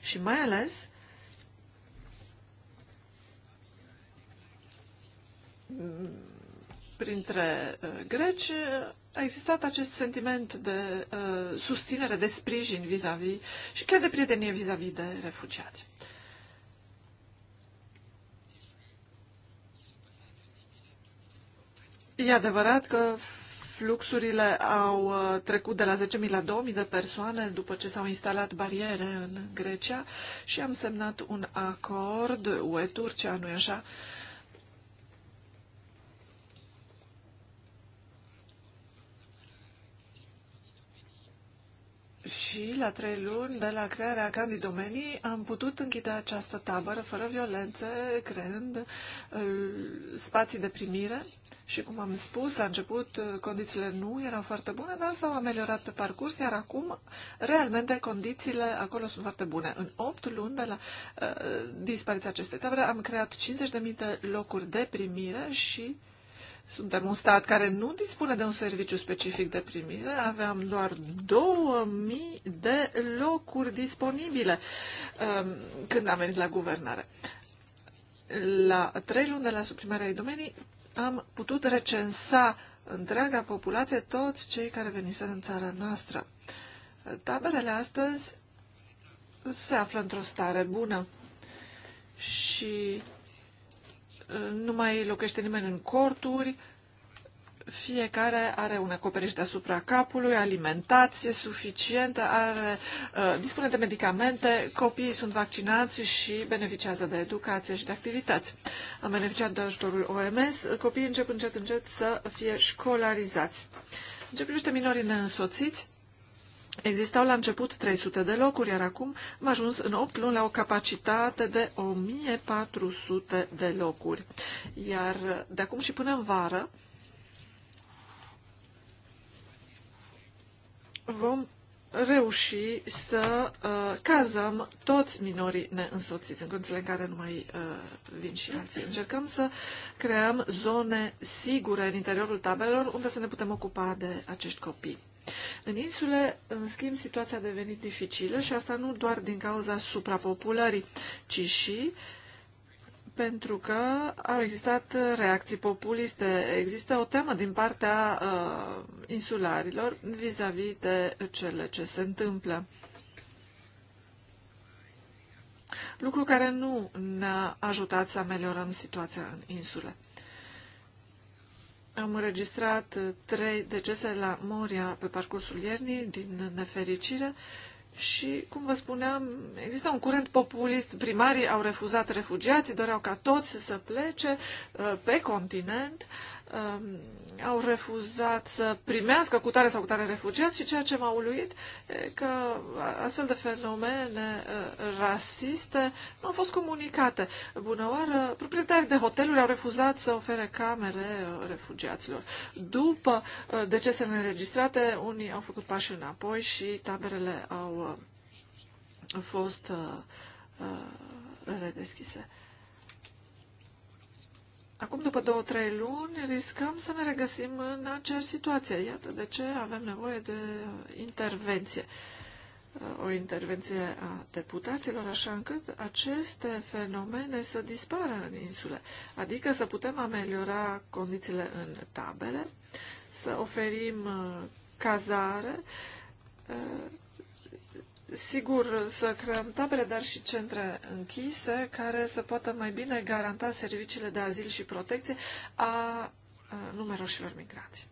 Și mai ales, printre uh, greci a existat acest sentiment de uh, susținere, de sprijin vis-a-vis -vis, și chiar de prietenie vis-a-vis -vis de refugiați. E adevărat că fluxurile au uh, trecut de la 10.000 la 2.000 de persoane după ce s-au instalat bariere în Grecia și am semnat un acord UE-Turcia, nu-i așa? Uh, și la trei luni de la crearea Domenii am putut închide această tabără fără violențe, creând uh, spații de primire și, cum am spus, la început uh, condițiile nu erau foarte bune, dar s-au ameliorat pe parcurs, iar acum realmente condițiile acolo sunt foarte bune. În 8 luni de la uh, dispariția acestei tabere am creat 50.000 de locuri de primire și suntem un stat care nu dispune de un serviciu specific de primire, aveam doar 2000 de locuri disponibile um, când am venit la guvernare. La trei luni de la suprimarea ei domenii am putut recensa întreaga populație, toți cei care veniseră în țara noastră. Taberele astăzi se află într-o stare bună și nu mai locuiește nimeni în corturi, fiecare are un acoperiș deasupra capului, alimentație suficientă, are, uh, dispune de medicamente, copiii sunt vaccinați și beneficiază de educație și de activități. Am beneficiat de ajutorul OMS, copiii încep încet încet să fie școlarizați. În ce privește minorii neînsoțiți, Existau la început 300 de locuri, iar acum am ajuns în 8 luni la o capacitate de 1400 de locuri. Iar de acum și până în vară vom reuși să uh, cazăm toți minorii neînsoțiți, în condițiile în care nu mai uh, vin și alții. Încercăm să creăm zone sigure în interiorul tabelor unde să ne putem ocupa de acești copii. În insule, în schimb, situația a devenit dificilă și asta nu doar din cauza suprapopulării, ci și pentru că au existat reacții populiste. Există o temă din partea uh, insularilor vis-a-vis -vis de cele ce se întâmplă. Lucru care nu ne-a ajutat să ameliorăm situația în insule. Am înregistrat trei decese la Moria pe parcursul iernii, din nefericire, și, cum vă spuneam, există un curent populist. Primarii au refuzat refugiații, doreau ca toți să plece uh, pe continent. Uh, Um, au refuzat să primească cu tare sau cu tare refugiați și ceea ce m-a uluit e că astfel de fenomene uh, rasiste nu au fost comunicate. Bună oară, proprietarii de hoteluri au refuzat să ofere camere uh, refugiaților. După uh, decesele înregistrate, unii au făcut pași înapoi și taberele au fost redeschise. Acum, după două, trei luni, riscăm să ne regăsim în aceeași situație. Iată de ce avem nevoie de intervenție. O intervenție a deputaților, așa încât aceste fenomene să dispară în insule. Adică să putem ameliora condițiile în tabele, să oferim uh, cazare uh, sigur, să creăm tabele, dar și centre închise care să poată mai bine garanta serviciile de azil și protecție a numeroșilor migrați.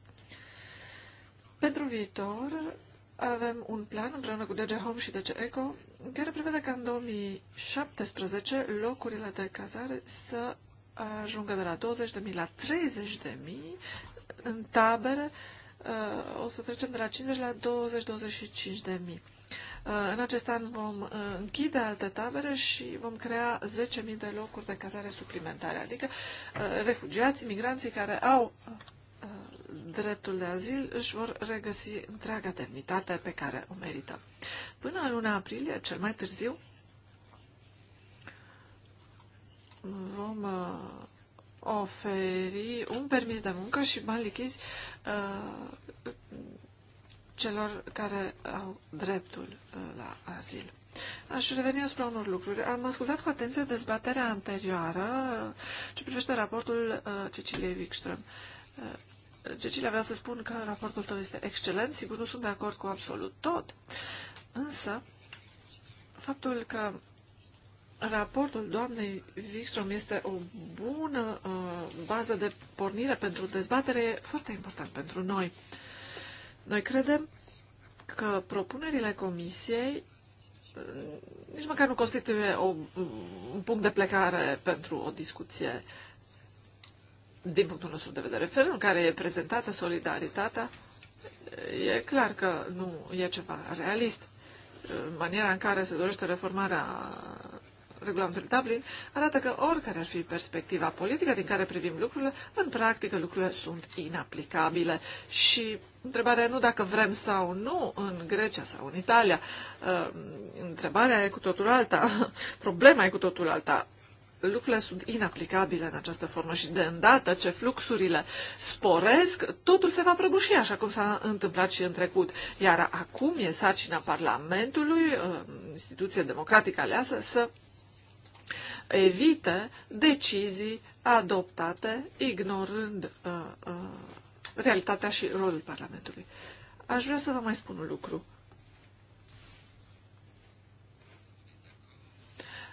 Pentru viitor avem un plan împreună cu DG Home și DG Eco care prevede că în 2017 locurile de cazare să ajungă de la 20.000 la 30.000 în tabere uh, o să trecem de la 50 la 20-25 de mii. În acest an vom uh, închide alte tabere și vom crea 10.000 de locuri de cazare suplimentare, adică uh, refugiații, migranții care au uh, dreptul de azil își vor regăsi întreaga demnitate pe care o merită. Până în luna aprilie, cel mai târziu, vom oferi un permis de muncă și bani lichizi celor care au dreptul uh, la azil. Aș reveni asupra unor lucruri. Am ascultat cu atenție dezbaterea anterioară uh, ce privește raportul uh, Ceciliei Wikström. Uh, Cecilia, vreau să spun că raportul tău este excelent. Sigur, nu sunt de acord cu absolut tot, însă faptul că raportul doamnei Wikström este o bună uh, bază de pornire pentru dezbatere e foarte important pentru noi. Uh, noi credem că propunerile Comisiei mm, nici măcar nu constituie o, mm, un punct de plecare pentru o discuție din punctul nostru de vedere. Felul în care e prezentată solidaritatea e clar că nu e ceva realist. Maniera în care se dorește reformarea regulamentul Dublin arată că oricare ar fi perspectiva politică din care privim lucrurile, în practică lucrurile sunt inaplicabile. Și întrebarea nu dacă vrem sau nu în Grecia sau în Italia, ehm, întrebarea e cu totul alta, problema e cu totul alta lucrurile sunt inaplicabile în această formă și de îndată ce fluxurile sporesc, totul se va prăbuși, așa cum s-a întâmplat și în trecut. Iar acum e sarcina Parlamentului, ehm, instituție democratică aleasă, să evite decizii adoptate ignorând uh, uh, realitatea și rolul Parlamentului. Aș vrea să vă mai spun un lucru.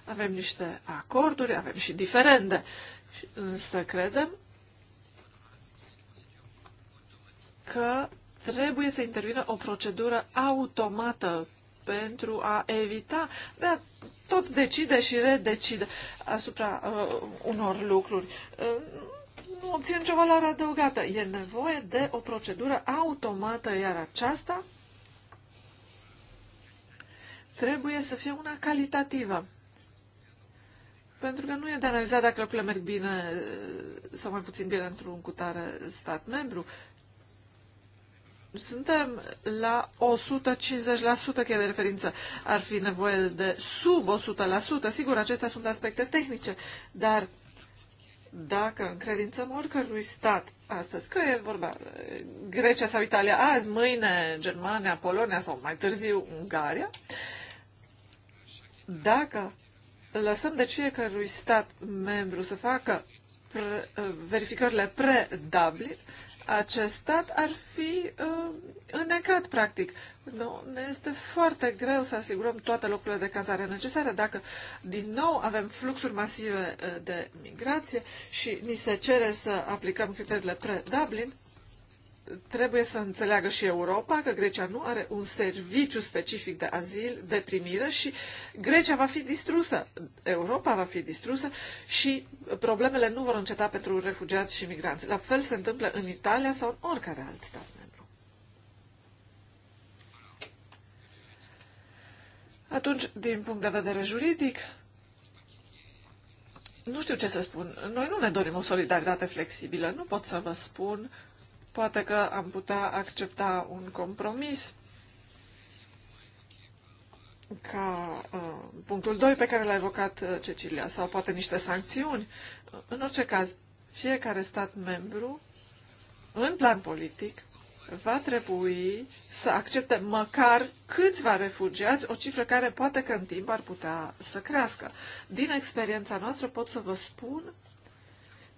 Avem niște acorduri, avem și diferende, însă credem că trebuie să intervină o procedură automată pentru a evita tot decide și redecide asupra uh, unor lucruri. Uh, nu obțin la valoare adăugată. E nevoie de o procedură automată, iar aceasta trebuie să fie una calitativă. Pentru că nu e de analizat dacă lucrurile merg bine uh, sau mai puțin bine într-un cutare stat membru, suntem la 150% chiar de referință. Ar fi nevoie de sub 100%. Sigur, acestea sunt aspecte tehnice, dar dacă încredințăm oricărui stat astăzi, că e vorba Grecia sau Italia azi, mâine Germania, Polonia sau mai târziu Ungaria, dacă lăsăm de fiecărui stat membru să facă pre, verificările pre-Dublin, acest stat ar fi uh, înnecat, practic. Nu, ne este foarte greu să asigurăm toate locurile de cazare necesare dacă, din nou, avem fluxuri masive uh, de migrație și ni se cere să aplicăm criteriile pre-Dublin, trebuie să înțeleagă și Europa că Grecia nu are un serviciu specific de azil, de primire și Grecia va fi distrusă, Europa va fi distrusă și problemele nu vor înceta pentru refugiați și migranți. La fel se întâmplă în Italia sau în oricare alt stat membru. Atunci, din punct de vedere juridic, nu știu ce să spun. Noi nu ne dorim o solidaritate flexibilă. Nu pot să vă spun uh, Poate că am putea accepta un compromis ca uh, punctul 2 pe care l-a evocat uh, Cecilia, sau poate niște sancțiuni. Uh, în orice caz, fiecare stat membru, în plan politic, va trebui să accepte măcar câțiva refugiați, o cifră care poate că în timp ar putea să crească. Din experiența noastră pot să vă spun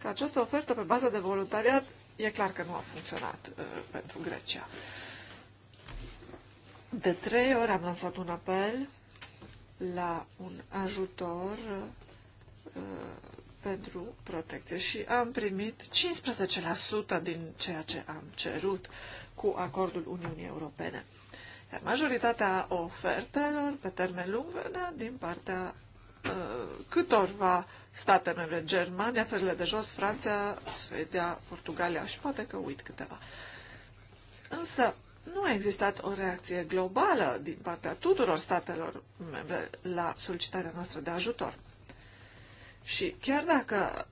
că această ofertă pe bază de voluntariat e clar că nu a funcționat uh, pentru Grecia. De trei ori am lansat un apel la un ajutor uh, pentru protecție și am primit 15% din ceea ce am cerut cu acordul Uniunii Europene. Iar majoritatea ofertelor pe termen lung venea din partea Uh, câtorva state membre, Germania, țările de jos, Franța, Suedia, Portugalia și poate că uit câteva. Însă nu a existat o reacție globală din partea tuturor statelor membre la solicitarea noastră de ajutor. Și chiar dacă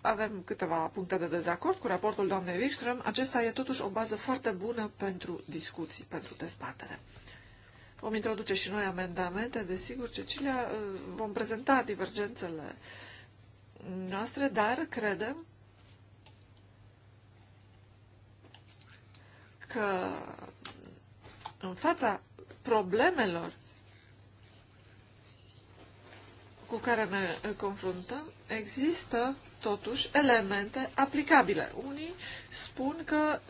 avem câteva puncte de dezacord cu raportul doamnei Wikström, acesta e totuși o bază foarte bună pentru discuții, pentru dezbatere. Vom introduce și noi amendamente, desigur, Cecilia, uh, vom prezenta divergențele noastre, dar credem că în fața problemelor cu care ne confruntăm, există totuși elemente aplicabile. Unii spun că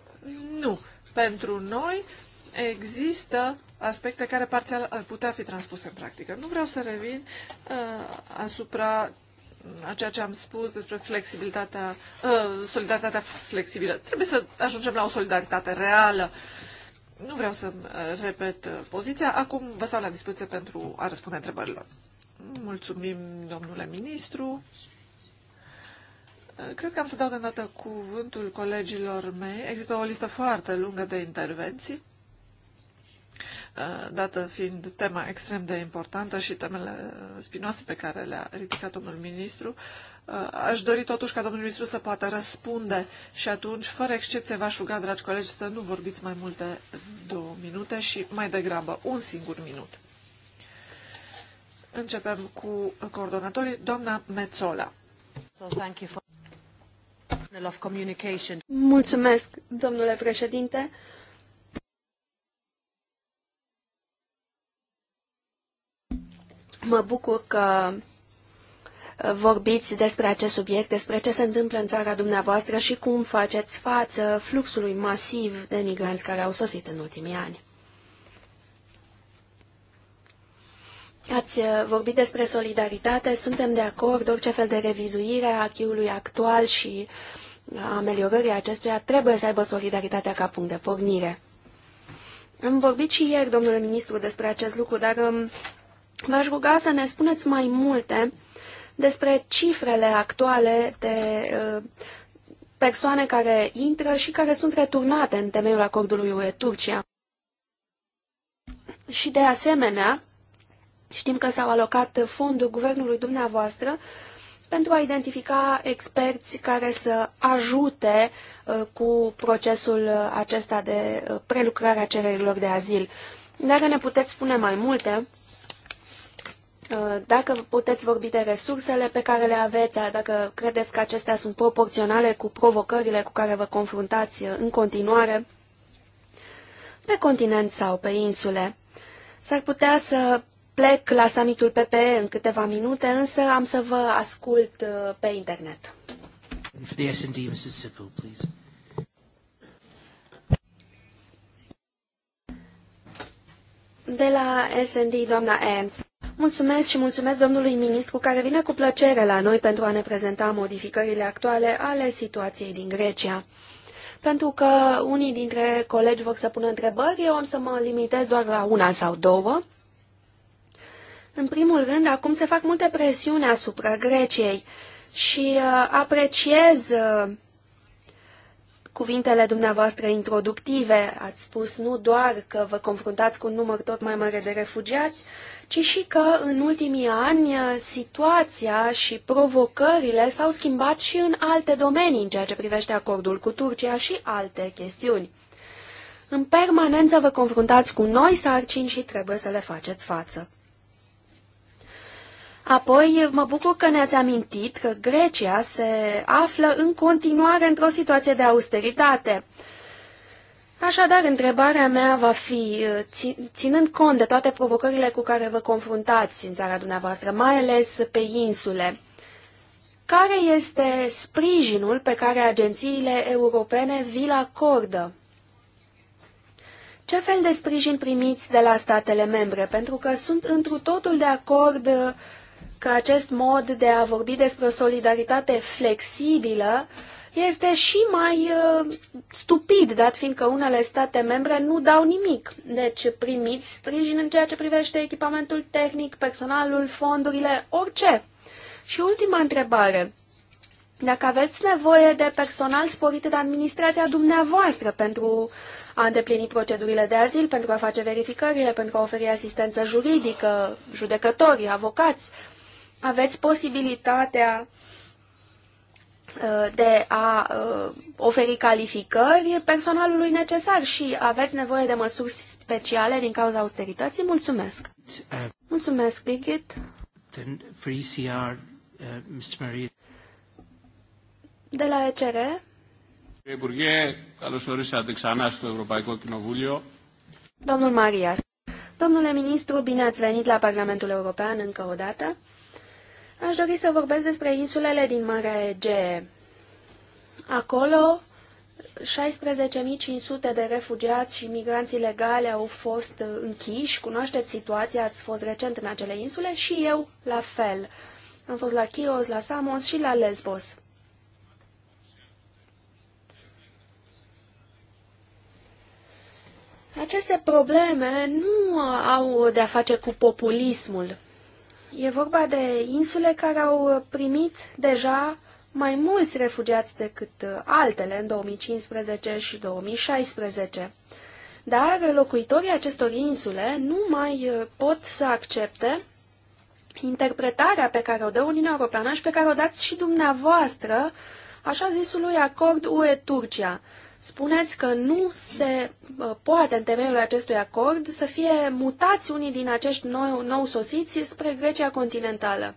nu. Pentru noi există aspecte care parțial ar putea fi transpuse în practică. Nu vreau să revin uh, asupra mm, a ceea ce am spus despre flexibilitatea, uh, solidaritatea flexibilă. Trebuie să ajungem la o solidaritate reală. Nu vreau să uh, repet uh, poziția. Acum vă stau la dispoziție pentru a răspunde întrebărilor. Mulțumim, domnule ministru. Uh, cred că am să dau de dată cuvântul colegilor mei. Există o listă foarte lungă de intervenții. Eh, dată fiind tema extrem de importantă și temele eh, spinoase pe care le-a ridicat domnul ministru, eh, aș dori totuși ca domnul ministru să poată răspunde și atunci, fără excepție, v-aș ruga, dragi colegi, să nu vorbiți mai mult de două minute și mai degrabă un singur minut. Începem cu coordonatorii, doamna Mețola. Mulțumesc, domnule președinte. Mă bucur că uh, vorbiți despre acest subiect, despre ce se întâmplă în țara dumneavoastră și cum faceți față fluxului masiv de migranți care au sosit în ultimii ani. Ați uh, vorbit despre solidaritate, suntem de acord, orice fel de revizuire a chiului actual și a ameliorării acestuia trebuie să aibă solidaritatea ca punct de pornire. Am vorbit și ieri, domnule ministru, despre acest lucru, dar um, V-aș ruga să ne spuneți mai multe despre cifrele actuale de uh, persoane care intră și care sunt returnate în temeiul acordului UE-Turcia. Și de asemenea, știm că s-au alocat fonduri guvernului dumneavoastră pentru a identifica experți care să ajute uh, cu procesul acesta de uh, prelucrare a cererilor de azil. Dacă ne puteți spune mai multe, Uh, dacă puteți vorbi de resursele pe care le aveți, uh, dacă credeți că acestea sunt proporționale cu provocările cu care vă confruntați uh, în continuare, pe continent sau pe insule. S-ar putea să plec la summitul PPE în câteva minute, însă am să vă ascult pe internet. De la S&D, doamna Ernst. Mulțumesc și mulțumesc domnului ministru care vine cu plăcere la noi pentru a ne prezenta modificările actuale ale situației din Grecia. Pentru că unii dintre colegi vor să pună întrebări, eu am să mă limitez doar la una sau două. În primul rând, acum se fac multe presiuni asupra Greciei și uh, apreciez uh, cuvintele dumneavoastră introductive. Ați spus nu doar că vă confruntați cu un număr tot mai mare de refugiați, ci și că în ultimii ani uh, situația și provocările s-au schimbat și în alte domenii în ceea ce privește acordul cu Turcia și alte chestiuni. În permanență vă confruntați cu noi sarcini și trebuie să le faceți față. Apoi, mă bucur că ne-ați amintit că Grecia se află în continuare într-o situație de austeritate. Așadar, întrebarea mea va fi, uh, ținând cont de toate provocările cu care vă confruntați în țara dumneavoastră, mai ales pe insule, care este sprijinul pe care agențiile europene vi-l acordă? Ce fel de sprijin primiți de la statele membre? Pentru că sunt întru totul de acord uh, că acest mod de a vorbi despre o solidaritate flexibilă uh, este și mai uh, stupid, dat fiindcă unele state membre nu dau nimic. Deci primiți sprijin în ceea ce privește echipamentul tehnic, personalul, fondurile, orice. Și ultima întrebare. Dacă aveți nevoie de personal sporit de administrația dumneavoastră pentru a îndeplini procedurile de azil, pentru a face verificările, pentru a oferi asistență juridică, judecătorii, avocați, aveți posibilitatea Uh, de a uh, oferi calificări personalului necesar și aveți nevoie de măsuri speciale din cauza austerității? Mulțumesc! Uh, Mulțumesc, Birgit! De la ECR. Domnul Marias. Domnule ministru, bine ați venit la Parlamentul European încă o dată. Aș dori să vorbesc despre insulele din Marea Egee. Acolo, 16.500 de refugiați și migranți ilegale au fost închiși. Cunoașteți situația, ați fost recent în acele insule și eu la fel. Am fost la Chios, la Samos și la Lesbos. Aceste probleme nu au de-a face cu populismul. E vorba de insule care au primit deja mai mulți refugiați decât uh, altele în 2015 și 2016. Dar locuitorii acestor insule nu mai uh, pot să accepte interpretarea pe care o dă Uniunea Europeană și pe care o dați și dumneavoastră, așa zisului acord UE-Turcia, spuneți că nu se uh, poate în temeiul acestui acord să fie mutați unii din acești nou, nou sosiți spre Grecia continentală.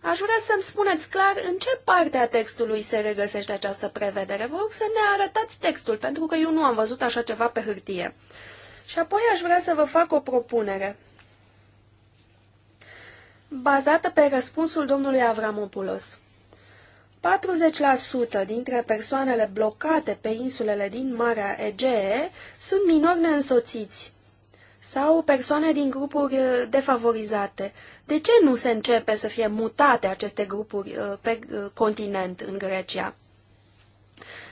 Aș vrea să-mi spuneți clar în ce parte a textului se regăsește această prevedere. Vă rog să ne arătați textul, pentru că eu nu am văzut așa ceva pe hârtie. Și apoi aș vrea să vă fac o propunere bazată pe răspunsul domnului Avramopoulos. 40% dintre persoanele blocate pe insulele din Marea Egee sunt minori neînsoțiți sau persoane din grupuri uh, defavorizate. De ce nu se începe să fie mutate aceste grupuri uh, pe uh, continent în Grecia?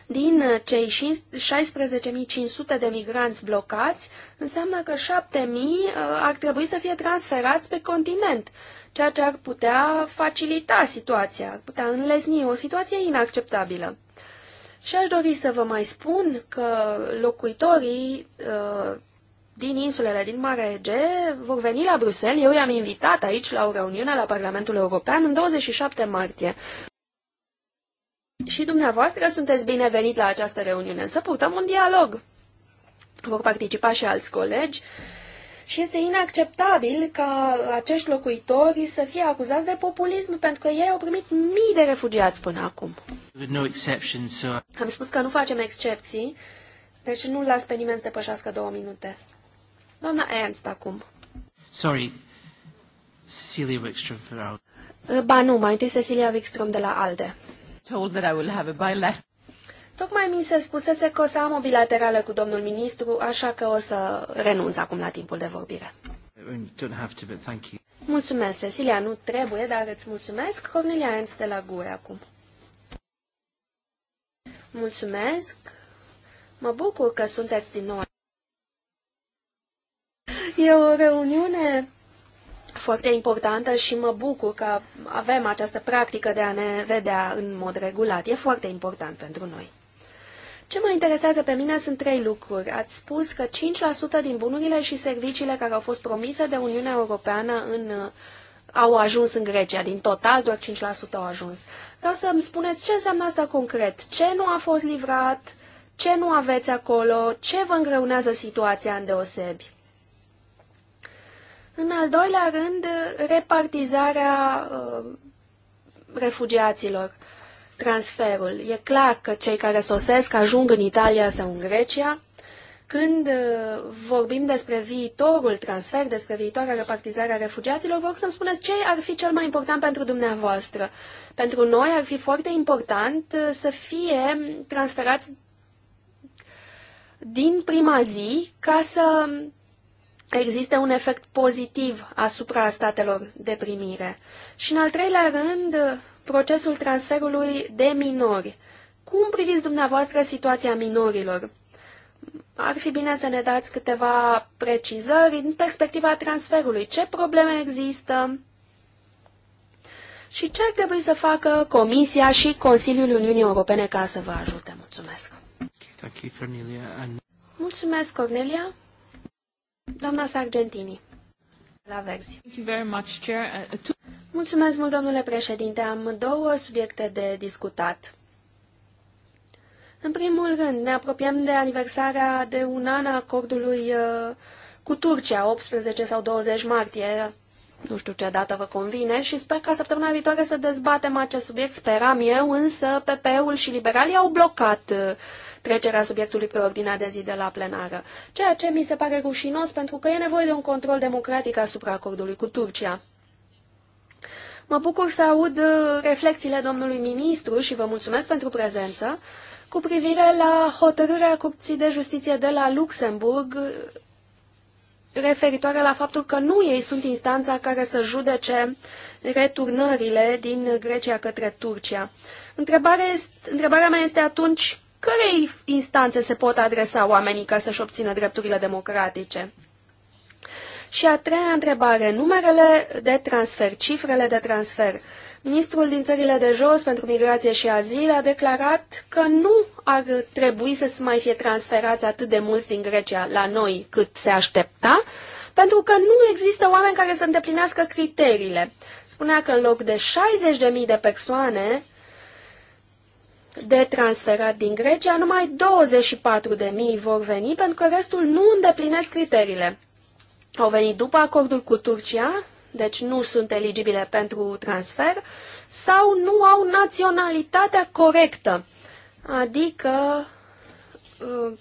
Din cei 16.500 de migranți blocați, înseamnă că 7.000 ar trebui să fie transferați pe continent ceea ce ar putea facilita situația, ar putea înlesni o situație inacceptabilă. Și aș dori să vă mai spun că locuitorii uh, din insulele din Marea Ege vor veni la Bruxelles. Eu i-am invitat aici la o reuniune la Parlamentul European în 27 martie. Și dumneavoastră sunteți binevenit la această reuniune. Să purtăm un dialog. Vor participa și alți colegi. Uh, și este inacceptabil ca acești locuitori să fie acuzați de populism, pentru că ei au primit mii de refugiați până acum. No so... Am spus că nu facem excepții, deci nu las pe nimeni să depășească două minute. Doamna Ernst acum. Sorry, Cecilia Wickstrom for Ba nu, mai întâi Cecilia Wickstrom de la ALDE. Told that I will have a Tocmai mi se spusese că o să am o bilaterală cu domnul ministru, așa că o să renunț acum la timpul de vorbire. Mulțumesc, Cecilia, nu trebuie, dar îți mulțumesc. Cornelia Ernst de la GUE acum. Mulțumesc. Mă bucur că sunteți din nou. E o reuniune foarte importantă și mă bucur că avem această practică de a ne vedea în mod regulat. E foarte important pentru noi. Ce mă interesează pe mine sunt trei lucruri. Ați spus că 5% din bunurile și serviciile care au fost promise de Uniunea Europeană în, uh, au ajuns în Grecia. Din total, doar 5% au ajuns. Vreau să îmi spuneți ce înseamnă asta concret. Ce nu a fost livrat? Ce nu aveți acolo? Ce vă îngreunează situația în deosebi? În al doilea rând, repartizarea uh, refugiaților. Uh, transferul. E clar că cei care sosesc ajung în Italia sau în Grecia. Când uh, vorbim despre viitorul transfer, despre viitoarea repartizare a refugiaților, vă rog să-mi spuneți ce ar fi cel mai important pentru dumneavoastră. Pentru noi ar fi foarte important uh, să fie transferați din prima zi ca să Există un efect pozitiv asupra statelor de primire. Și în al treilea rând, procesul transferului de minori. Cum priviți dumneavoastră situația minorilor? Ar fi bine să ne dați câteva precizări în perspectiva transferului. Ce probleme există? Și ce ar trebui să facă Comisia și Consiliul Uniunii Europene ca să vă ajute? Mulțumesc! Mulțumesc, Cornelia! Doamna Sargentini! la Verzi. Uh, uh, Mulțumesc mult, domnule președinte. Am două subiecte de discutat. În primul rând, ne apropiem de aniversarea de un an a acordului uh, cu Turcia, 18 sau 20 martie, nu știu ce dată vă convine și sper ca săptămâna viitoare să dezbatem acest subiect, speram eu, însă PP-ul și liberalii au blocat trecerea subiectului pe ordinea de zi de la plenară, ceea ce mi se pare rușinos pentru că e nevoie de un control democratic asupra acordului cu Turcia. Mă bucur să aud uh, reflexiile domnului ministru și vă mulțumesc pentru prezență cu privire la hotărârea Curții de Justiție de la Luxemburg uh, referitoare la faptul că nu ei sunt instanța care să judece returnările din Grecia către Turcia. Întrebarea, este, întrebarea mea este atunci Cărei instanțe se pot adresa oamenii ca să-și obțină drepturile democratice? Și a treia întrebare, numerele de transfer, cifrele de transfer. Ministrul din țările de jos pentru migrație și azil a declarat că nu ar trebui să mai fie transferați atât de mulți din Grecia la noi cât se aștepta, pentru că nu există oameni care să îndeplinească criteriile. Spunea că în loc de 60.000 de persoane, de transferat din Grecia, numai 24.000 vor veni, pentru că restul nu îndeplinesc criteriile. Au venit după acordul cu Turcia, deci nu sunt eligibile pentru transfer, sau nu au naționalitatea corectă, adică uh,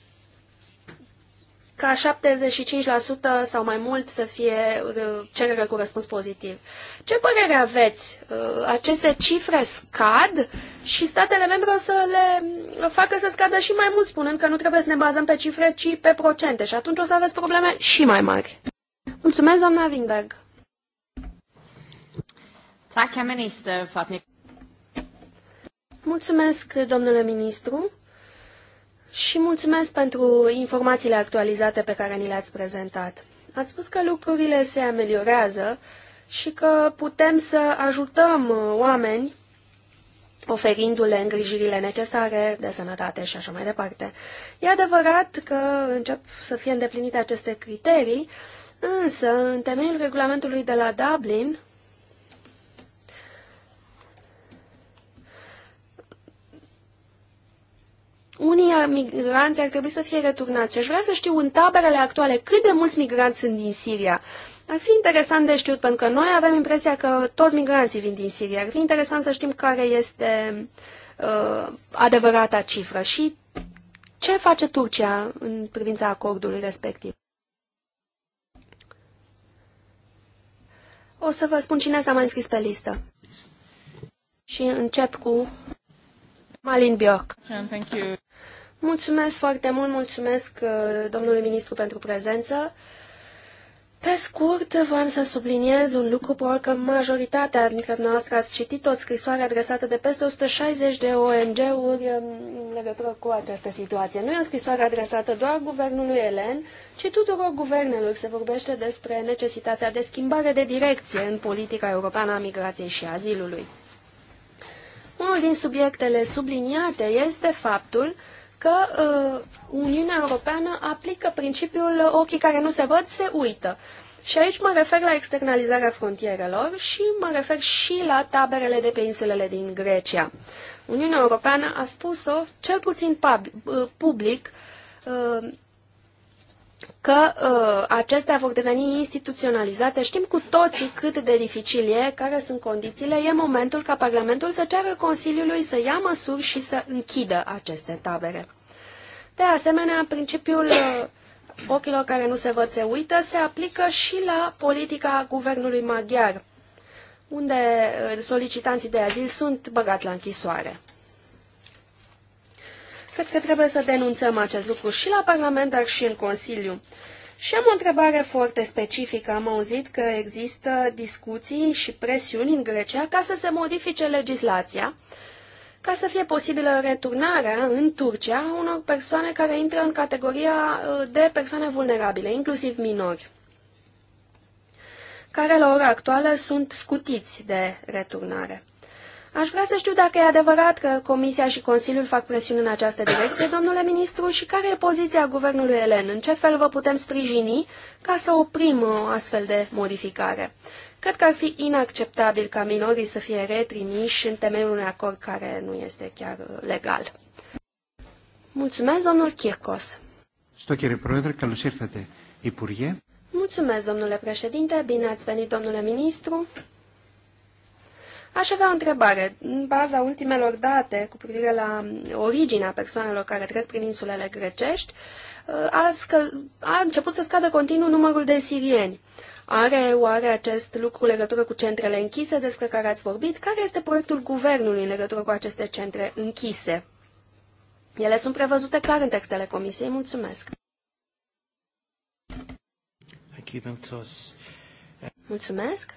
ca 75% sau mai mult să fie uh, cerere cu răspuns pozitiv. Ce părere aveți? Uh, aceste cifre scad și statele membre o să le facă să scadă și mai mult, spunând că nu trebuie să ne bazăm pe cifre, ci pe procente și atunci o să aveți probleme și mai mari. Mulțumesc, doamna Wingberg. Mulțumesc, domnule ministru și mulțumesc pentru informațiile actualizate pe care ni le-ați prezentat. Ați spus că lucrurile se ameliorează și că putem să ajutăm uh, oameni oferindu-le îngrijirile necesare de sănătate și așa mai departe. E adevărat că încep să fie îndeplinite aceste criterii, însă, în temeiul regulamentului de la Dublin, unii migranți ar trebui să fie returnați. Și aș vrea să știu în taberele actuale cât de mulți migranți sunt din Siria. Ar fi interesant de știut, pentru că noi avem impresia că toți migranții vin din Siria. Ar fi interesant să știm care este uh, adevărata cifră și ce face Turcia în privința acordului respectiv. O să vă spun cine s-a mai înscris pe listă. Și încep cu Malin Bjork. Thank you. Mulțumesc foarte mult, mulțumesc uh, domnului ministru pentru prezență. Pe scurt, vreau să subliniez un lucru, probabil că majoritatea dintre noastre ați citit o scrisoare adresată de peste 160 de ONG-uri um, în legătură cu această situație. Nu e o scrisoare adresată doar guvernului Elen, ci tuturor guvernelor. Se vorbește despre necesitatea de schimbare de direcție în politica europeană a migrației și azilului. Unul din subiectele subliniate este faptul că uh, Uniunea Europeană aplică principiul ochii care nu se văd se uită. Și aici mă refer la externalizarea frontierelor și mă refer și la taberele de pe insulele din Grecia. Uniunea Europeană a spus-o, cel puțin uh, public, uh, că uh, acestea vor deveni instituționalizate. Știm cu toții cât de dificil e, care sunt condițiile. E momentul ca Parlamentul să ceară Consiliului să ia măsuri și să închidă aceste tabere. De asemenea, principiul uh, ochilor care nu se văd se uită se aplică și la politica guvernului maghiar, unde uh, solicitanții de azil sunt băgați la închisoare. Cred că trebuie să denunțăm acest lucru și la Parlament, dar și în Consiliu. Și am o întrebare foarte specifică. Am auzit că există discuții și presiuni în Grecia ca să se modifice legislația ca să fie posibilă returnarea în Turcia a unor persoane care intră în categoria uh, de persoane vulnerabile, inclusiv minori, care la ora actuală sunt scutiți de returnare. Aș vrea să știu dacă e adevărat că Comisia și Consiliul fac presiuni în această direcție, domnule ministru, și care e poziția guvernului elen? În ce fel vă putem sprijini ca să oprim o uh, astfel de modificare? Cred că ar fi inacceptabil ca minorii să fie retrimiși în temeiul unui acord care nu este chiar uh, legal. Mulțumesc, domnul Chircos. Mulțumesc, domnule președinte. Bine ați venit, domnule ministru. Aș avea o întrebare. În baza ultimelor date cu privire la um, originea persoanelor care trec prin insulele grecești, uh, a, scă- a început să scadă continuu numărul de sirieni. Are oare acest lucru legătură cu centrele închise despre care ați vorbit? Care este proiectul guvernului în legătură cu aceste centre închise? Ele sunt prevăzute clar în textele Comisiei. Mulțumesc! Mulțumesc!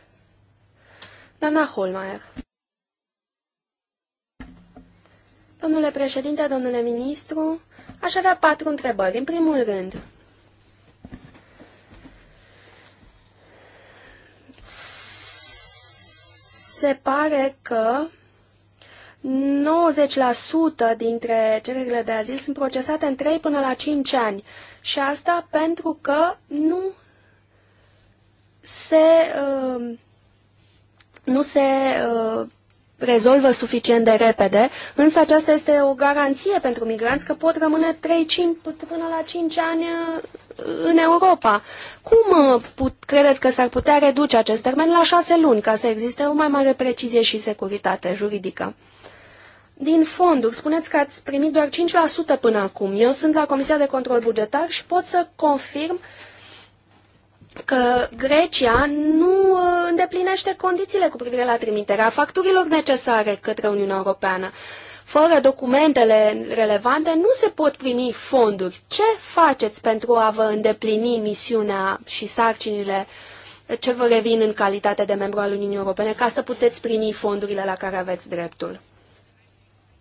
Doamna Holmeier. Domnule președinte, domnule ministru, aș avea patru întrebări. În primul rând, se pare că 90% dintre cererile de azil sunt procesate în 3 până la 5 ani. Și asta pentru că nu se, uh, nu se uh, rezolvă suficient de repede, însă aceasta este o garanție pentru migranți că pot rămâne 3 5, până la 5 ani uh, în Europa. Cum uh, put, credeți că s-ar putea reduce acest termen la 6 luni ca să existe o mai mare precizie și securitate juridică? Din fonduri, spuneți că ați primit doar 5% până acum. Eu sunt la Comisia de Control Bugetar și pot să confirm că Grecia nu uh, îndeplinește condițiile cu privire la trimiterea facturilor necesare către Uniunea Europeană. Fără documentele relevante nu se pot primi fonduri. Ce faceți pentru a vă îndeplini misiunea și sarcinile ce vă revin în calitate de membru al Uniunii Europene ca să puteți primi fondurile la care aveți dreptul?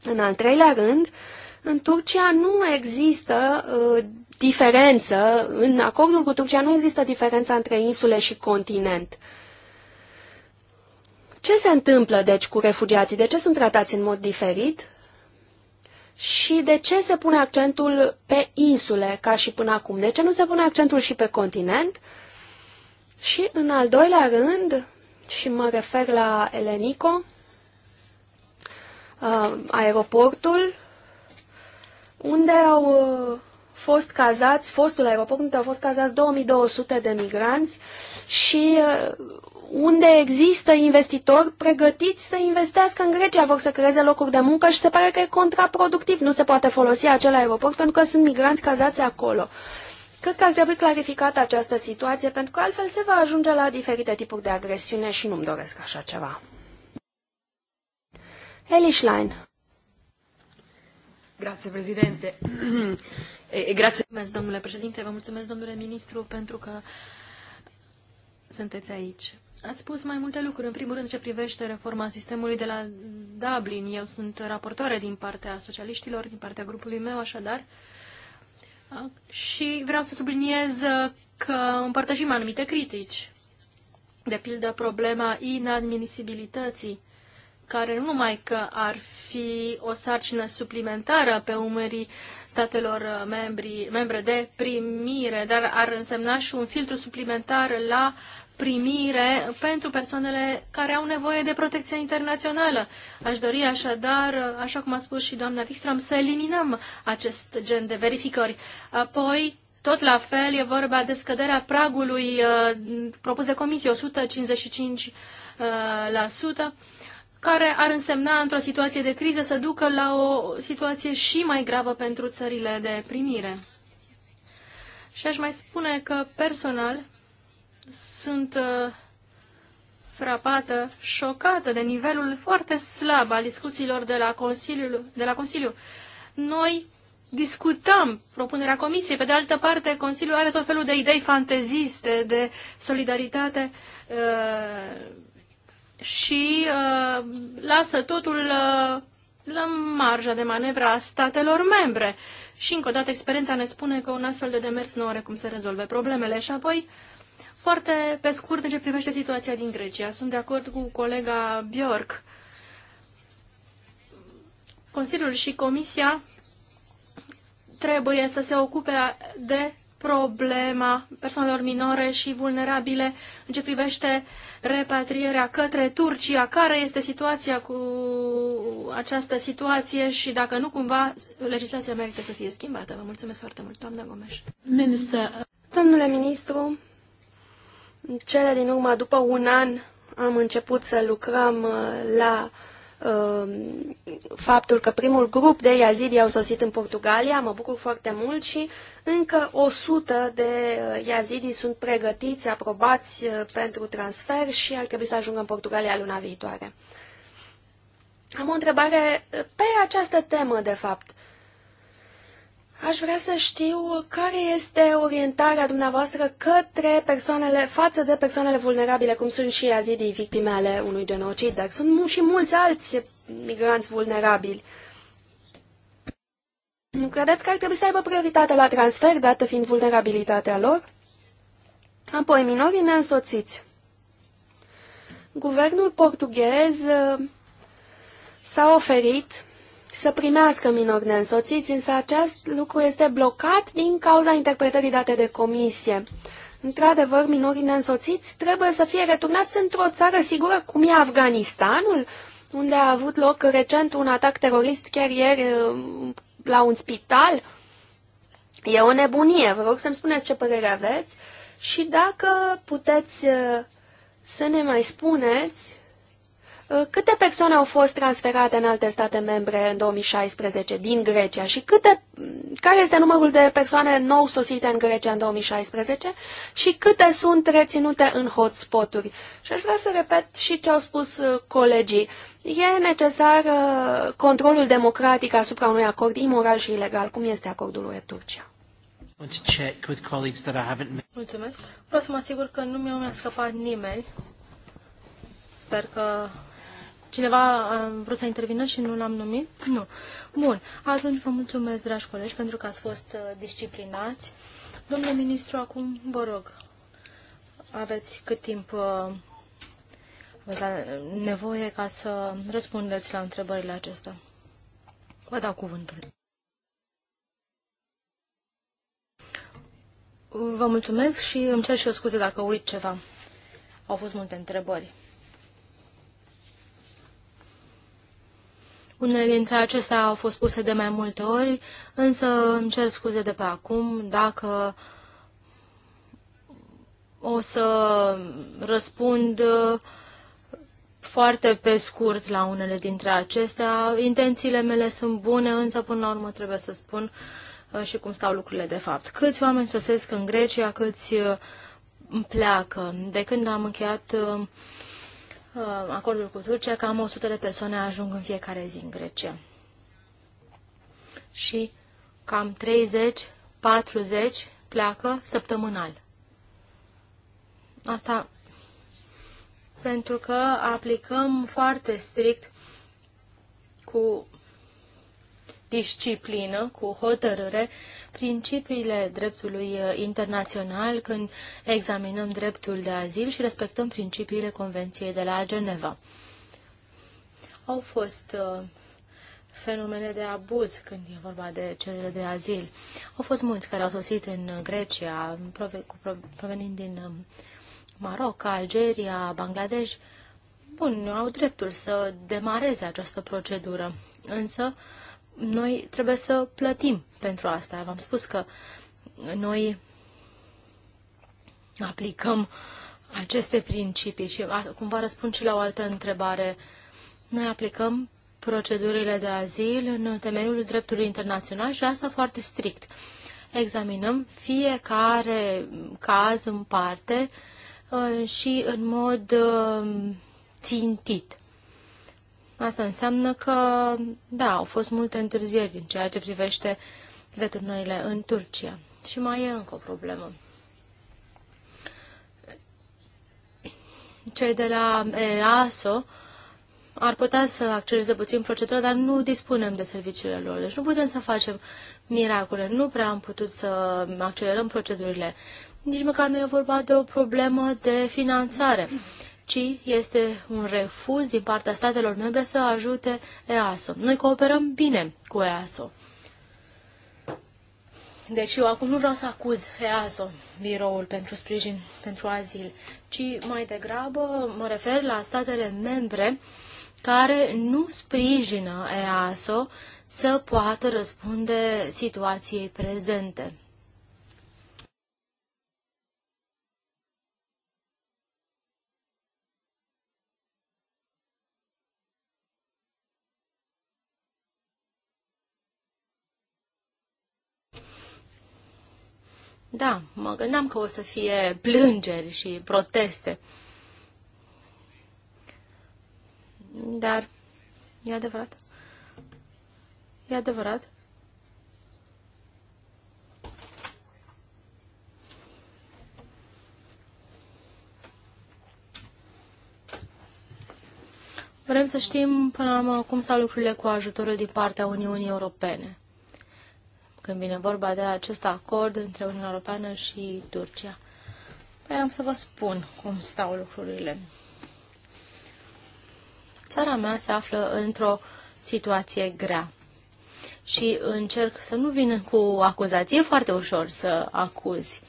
În al treilea rând, uh, în Turcia nu există uh, diferență, în acordul cu Turcia nu există diferența între insule și continent. Ce se întâmplă, deci, cu refugiații? De ce sunt tratați în mod diferit? Și de ce se pune accentul pe insule, ca și până acum? De ce nu se pune accentul și pe continent? Și, în al doilea rând, și mă refer la Elenico, uh, aeroportul unde au uh, fost cazați, fostul aeroport, unde au fost cazați 2200 de migranți și uh, unde există investitori pregătiți să investească în Grecia, vor să creeze locuri de muncă și se pare că e contraproductiv. Nu se poate folosi acel aeroport pentru că sunt migranți cazați acolo. Cred că ar trebui clarificată această situație, pentru că altfel se va ajunge la diferite tipuri de agresiune și nu-mi doresc așa ceva. Eli Schlein. Grazie, E, grazie. Mulțumesc, domnule președinte. Vă mulțumesc, domnule ministru, pentru că sunteți aici. Ați spus mai multe lucruri. În primul rând, ce privește reforma sistemului de la Dublin. Eu sunt raportoare din partea socialiștilor, din partea grupului meu, așadar. Și vreau să subliniez că împărtășim anumite critici. De pildă, problema inadmisibilității care nu numai că ar fi o sarcină suplimentară pe umerii statelor uh, membri, membre de primire, dar ar însemna și un filtru suplimentar la primire pentru persoanele care au nevoie de protecție internațională. Aș dori așadar, uh, așa cum a spus și doamna Wikström, să eliminăm acest gen de verificări. Apoi, tot la fel, e vorba de scăderea pragului uh, propus de comisie, 155%. Uh, la sută care ar însemna într-o situație de criză să ducă la o situație și mai gravă pentru țările de primire. Și aș mai spune că personal sunt uh, frapată, șocată de nivelul foarte slab al discuțiilor de la, Consiliul, de la Consiliu. Noi discutăm propunerea Comisiei, pe de altă parte Consiliul are tot felul de idei fanteziste, de solidaritate uh, și uh, lasă totul uh, la marja de manevră a statelor membre. Și încă o dată experiența ne spune că un astfel de demers nu are cum să rezolve problemele. Și apoi, foarte pe scurt, în ce privește situația din Grecia. Sunt de acord cu colega Bjork. Consiliul și Comisia trebuie să se ocupe de problema persoanelor minore și vulnerabile în ce privește repatrierea către Turcia. Care este situația cu această situație și dacă nu cumva legislația merită să fie schimbată? Vă mulțumesc foarte mult, doamna Gomes. Minister. Domnule ministru, cele din urmă, după un an, am început să lucrăm uh, la uh, Um, faptul că primul grup de iazidi au sosit în Portugalia, mă bucur foarte mult și încă 100 de uh, iazidi sunt pregătiți, aprobați uh, pentru transfer și ar trebui să ajungă în Portugalia luna viitoare. Am o întrebare uh, pe această temă, de fapt. Aș vrea să știu care este orientarea dumneavoastră către persoanele, față de persoanele vulnerabile, cum sunt și azidii, victime ale unui genocid, dar sunt și mulți alți migranți vulnerabili. Nu credeți că ar trebui să aibă prioritate la transfer, dată fiind vulnerabilitatea lor? Apoi, minorii neînsoțiți. Guvernul portughez uh, s-a oferit să primească minori neînsoțiți, însă acest lucru este blocat din cauza interpretării date de comisie. Într-adevăr, minorii neînsoțiți trebuie să fie returnați într-o țară sigură, cum e Afganistanul, unde a avut loc recent un atac terorist chiar ieri uh, la un spital. E o nebunie. Vă rog să-mi spuneți ce părere aveți și dacă puteți uh, să ne mai spuneți uh, câte persoane au fost transferate în alte state membre în 2016 din Grecia și câte, care este numărul de persoane nou sosite în Grecia în 2016 și câte sunt reținute în hotspoturi. Și aș vrea să repet și ce au spus uh, colegii. E necesar uh, controlul democratic asupra unui acord imoral și ilegal, cum este acordul UE-Turcia. Mulțumesc. Vreau să mă asigur că nu mi-a scăpat nimeni. Sper că Cineva a uh, vrut să intervină și nu l-am numit? Nu. Bun. Atunci vă mulțumesc, dragi colegi, pentru că ați fost uh, disciplinați. Domnule ministru, acum vă rog, aveți cât timp uh, aveți da, nevoie ca să răspundeți la întrebările acestea. Vă dau cuvântul. Vă mulțumesc și îmi cer și o scuze dacă uit ceva. Au fost multe întrebări. Unele dintre acestea au fost puse de mai multe ori, însă îmi cer scuze de pe acum dacă o să răspund uh, foarte pe scurt la unele dintre acestea. Intențiile mele sunt bune, însă până la urmă trebuie să spun uh, și cum stau lucrurile de fapt. Câți oameni sosesc în Grecia, câți uh, pleacă. De când am încheiat Uh, acordul cu Turcia, cam 100 de persoane ajung în fiecare zi în Grecia. Și cam 30-40 pleacă săptămânal. Asta pentru că aplicăm foarte strict cu disciplină, cu hotărâre, principiile dreptului uh, internațional când examinăm dreptul de azil și respectăm principiile Convenției de la Geneva. Au fost uh, fenomene de abuz când e vorba de cerere de azil. Au fost mulți care au sosit în Grecia, provenind din um, Maroc, Algeria, Bangladesh. Bun, au dreptul să demareze această procedură, însă noi trebuie să plătim pentru asta. V-am spus că noi aplicăm aceste principii și cumva răspund și la o altă întrebare. Noi aplicăm procedurile de azil în temeiul dreptului internațional și asta foarte strict. Examinăm fiecare caz în parte uh, și în mod uh, țintit. Asta înseamnă că, da, au fost multe întârzieri din ceea ce privește returnările în Turcia. Și mai e încă o problemă. Cei de la EASO ar putea să acceleze puțin procedura, dar nu dispunem de serviciile lor. Deci nu putem să facem miracole. Nu prea am putut să accelerăm procedurile. Nici măcar nu e vorba de o problemă de finanțare ci este un refuz din partea statelor membre să ajute EASO. Noi cooperăm bine cu EASO. Deci eu acum nu vreau să acuz EASO, biroul pentru sprijin pentru azil, ci mai degrabă mă refer la statele membre care nu sprijină EASO să poată răspunde situației prezente. Da, mă gândeam că o să fie plângeri și proteste. Dar e adevărat. E adevărat. Vrem să știm, până la urmă, cum stau lucrurile cu ajutorul din partea Uniunii Europene când vine vorba de acest acord între Uniunea Europeană și Turcia. Păi am să vă spun cum stau lucrurile. Țara mea se află într-o situație grea și încerc să nu vin cu acuzații. e foarte ușor să acuzi.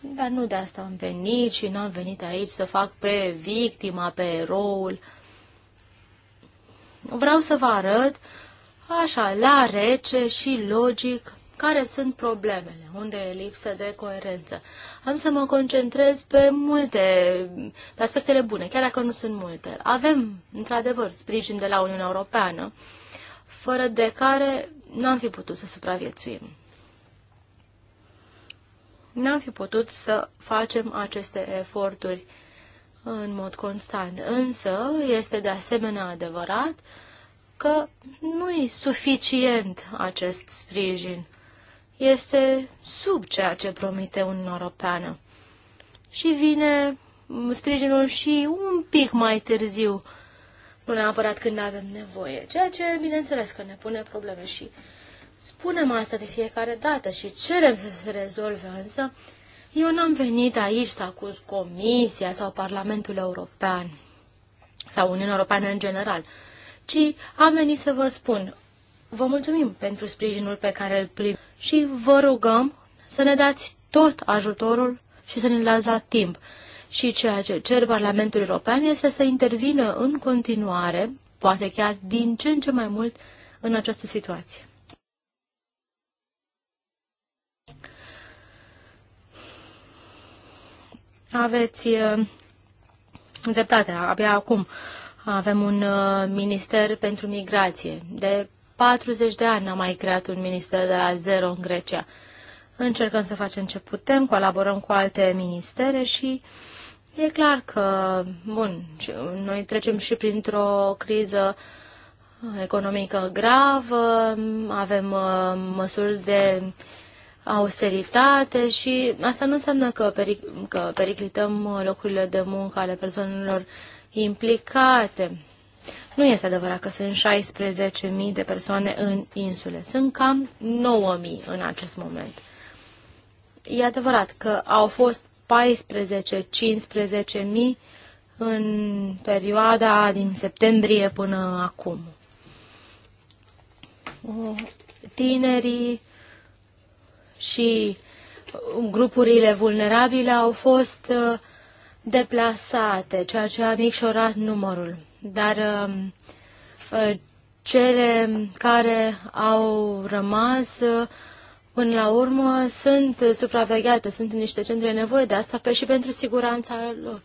Dar nu de asta am venit și nu am venit aici să fac pe victima, pe eroul. Vreau să vă arăt așa, la rece și logic, care sunt problemele, unde e lipsă de coerență. Am să mă concentrez pe multe, pe aspectele bune, chiar dacă nu sunt multe. Avem, într-adevăr, sprijin de la Uniunea Europeană, fără de care nu am fi putut să supraviețuim. Nu am fi putut să facem aceste eforturi în mod constant. Însă, este de asemenea adevărat că nu e suficient acest sprijin. Este sub ceea ce promite Uniunea Europeană. Și vine sprijinul și un pic mai târziu, nu neapărat când avem nevoie, ceea ce, bineînțeles, că ne pune probleme și spunem asta de fiecare dată și cerem să se rezolve, însă eu n-am venit aici să acuz Comisia sau Parlamentul European sau Uniunea Europeană în general ci am venit să vă spun, vă mulțumim pentru sprijinul pe care îl primim și vă rugăm să ne dați tot ajutorul și să ne l la timp. Și ceea ce cer Parlamentul European este să intervină în continuare, poate chiar din ce în ce mai mult, în această situație. Aveți uh, dreptate, abia acum avem un uh, minister pentru migrație. De 40 de ani am mai creat un minister de la zero în Grecia. Încercăm să facem ce putem, colaborăm cu alte ministere și e clar că, bun, noi trecem și printr-o criză economică gravă, avem uh, măsuri de austeritate și asta nu înseamnă că, peric- că periclităm locurile de muncă ale persoanelor uh, implicate. Nu este adevărat că sunt 16.000 de persoane în insule. Sunt cam 9.000 în acest moment. E adevărat că au fost 14-15.000 în perioada din septembrie până acum. Tinerii și grupurile vulnerabile au fost uh, deplasate, ceea ce a micșorat numărul. Dar um, uh, cele care au rămas uh, până la urmă sunt supravegheate, sunt în niște centre nevoie de asta pe și pentru siguranța lor.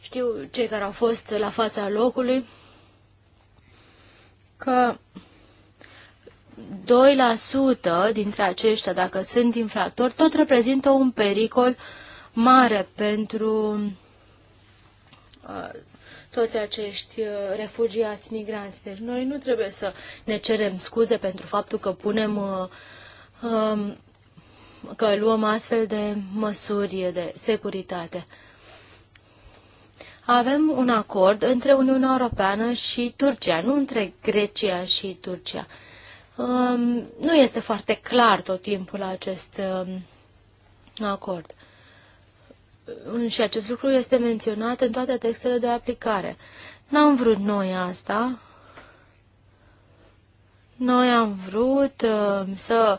Știu cei care au fost la fața locului că 2% dintre aceștia, dacă sunt infractori, tot reprezintă un pericol uh, mare pentru uh, toți acești uh, refugiați migranți. Deci noi nu trebuie să ne cerem scuze pentru faptul că punem uh, um, că luăm astfel de măsuri de securitate. Avem un acord între Uniunea Europeană și Turcia, nu între Grecia și Turcia. Um, nu este foarte clar tot timpul acest um, acord și acest lucru este menționat în toate textele de aplicare. N-am vrut noi asta. Noi am vrut uh, să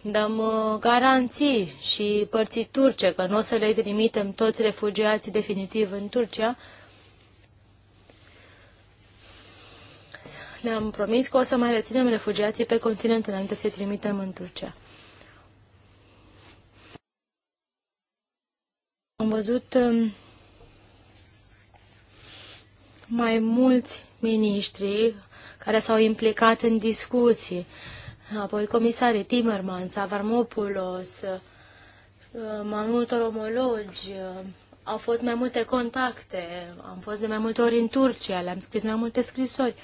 dăm uh, garanții și părții turce că nu o să le trimitem toți refugiații definitiv în Turcia. Le-am promis că o să mai reținem refugiații pe continent înainte să-i trimitem în Turcia. Am văzut um, mai mulți miniștri care s-au implicat în discuții, apoi comisare Timmermans, Avarmopoulos, um, mai multor omologi, um, au fost mai multe contacte, am fost de mai multe ori în Turcia, le-am scris mai multe scrisori.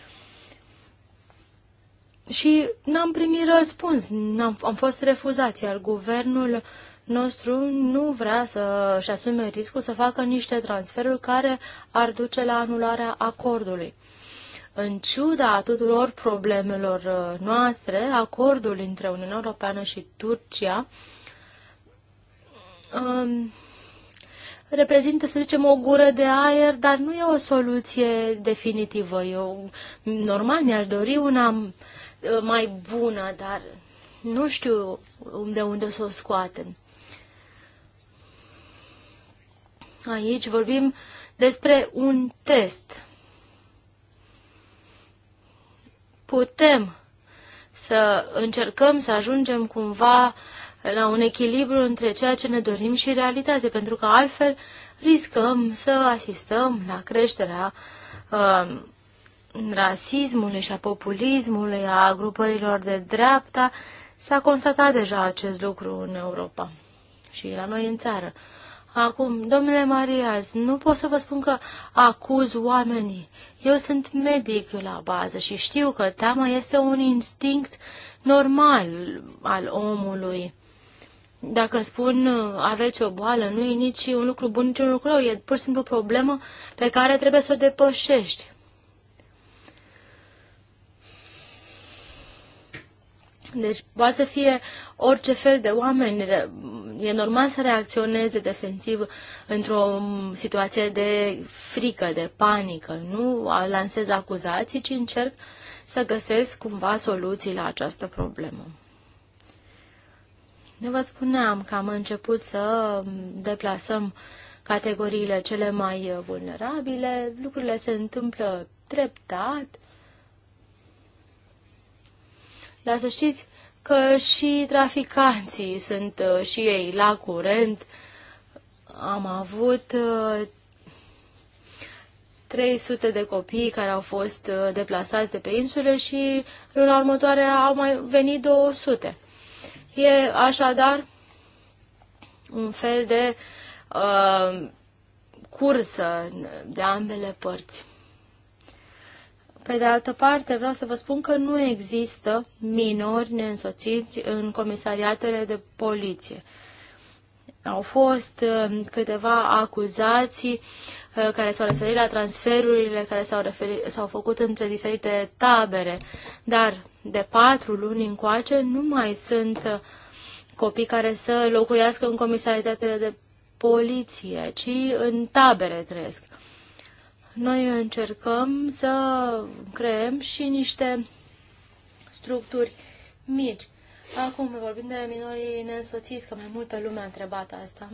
Și n-am primit răspuns, -am, am fost refuzați, iar guvernul uh, nostru nu vrea să-și asume riscul să facă niște transferuri care ar duce la anularea acordului. În ciuda tuturor problemelor uh, noastre, acordul între Uniunea Europeană și Turcia um, reprezintă, să zicem, o gură de aer, dar nu e o soluție definitivă. Eu, normal, mi-aș dori una uh, mai bună, dar nu știu de unde să o scoatem. Aici vorbim despre un test. Putem să încercăm să ajungem cumva la un echilibru între ceea ce ne dorim și realitate, pentru că altfel riscăm să asistăm la creșterea uh, rasismului și a populismului, a grupărilor de dreapta. S-a constatat deja acest lucru în Europa și la noi în țară. Acum, domnule Marias, nu pot să vă spun că acuz oamenii. Eu sunt medic la bază și știu că teama este un instinct normal al omului. Dacă spun aveți o boală, nu e nici un lucru bun, nici un lucru rău, e pur și simplu o problemă pe care trebuie să o depășești. Deci poate să fie orice fel de oameni. E normal să reacționeze defensiv într-o situație de frică, de panică. Nu lansez acuzații, ci încerc să găsesc cumva soluții la această problemă. Ne vă spuneam că am început să deplasăm categoriile cele mai vulnerabile, lucrurile se întâmplă treptat, dar să știți că și traficanții sunt uh, și ei la curent. Am avut 300 uh, de copii care au fost uh, deplasați de pe insule și luna următoare au mai venit 200. E așadar un fel de uh, cursă de ambele părți. Pe de altă parte, vreau să vă spun că nu există minori neînsoțiți în comisariatele de poliție. Au fost uh, câteva acuzații uh, care s-au referit la transferurile care s-au, referit, s-au făcut între diferite tabere, dar de patru luni încoace nu mai sunt uh, copii care să locuiască în comisariatele de poliție, ci în tabere trăiesc noi încercăm să creăm și niște structuri mici. Acum vorbim de minorii neînsoțiți, că mai multă lume a întrebat asta.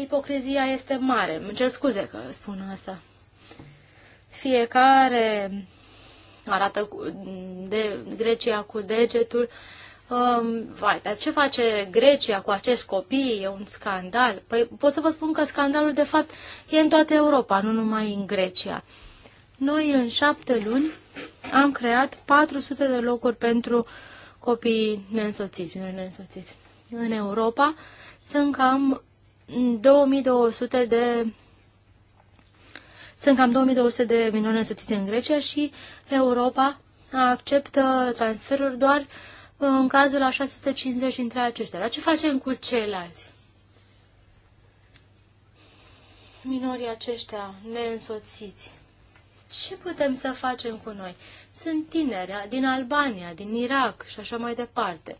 Ipocrizia este mare. Îmi cer scuze că spun asta. Fiecare arată de Grecia cu degetul um, vai, dar ce face Grecia cu acești copii? E un scandal. Păi pot să vă spun că scandalul, de fapt, e în toată Europa, nu numai în Grecia. Noi, în șapte luni, am creat 400 de locuri pentru copiii neînsoțiți, nu neînsoțiți. În Europa sunt cam 2200 de sunt cam 2200 de milioane însoțiți în Grecia și Europa acceptă transferuri doar uh, în cazul a 650 dintre aceștia. Dar ce facem cu ceilalți? Minorii aceștia neînsoțiți. Ce putem să facem cu noi? Sunt tineri din Albania, din Irak și așa mai departe.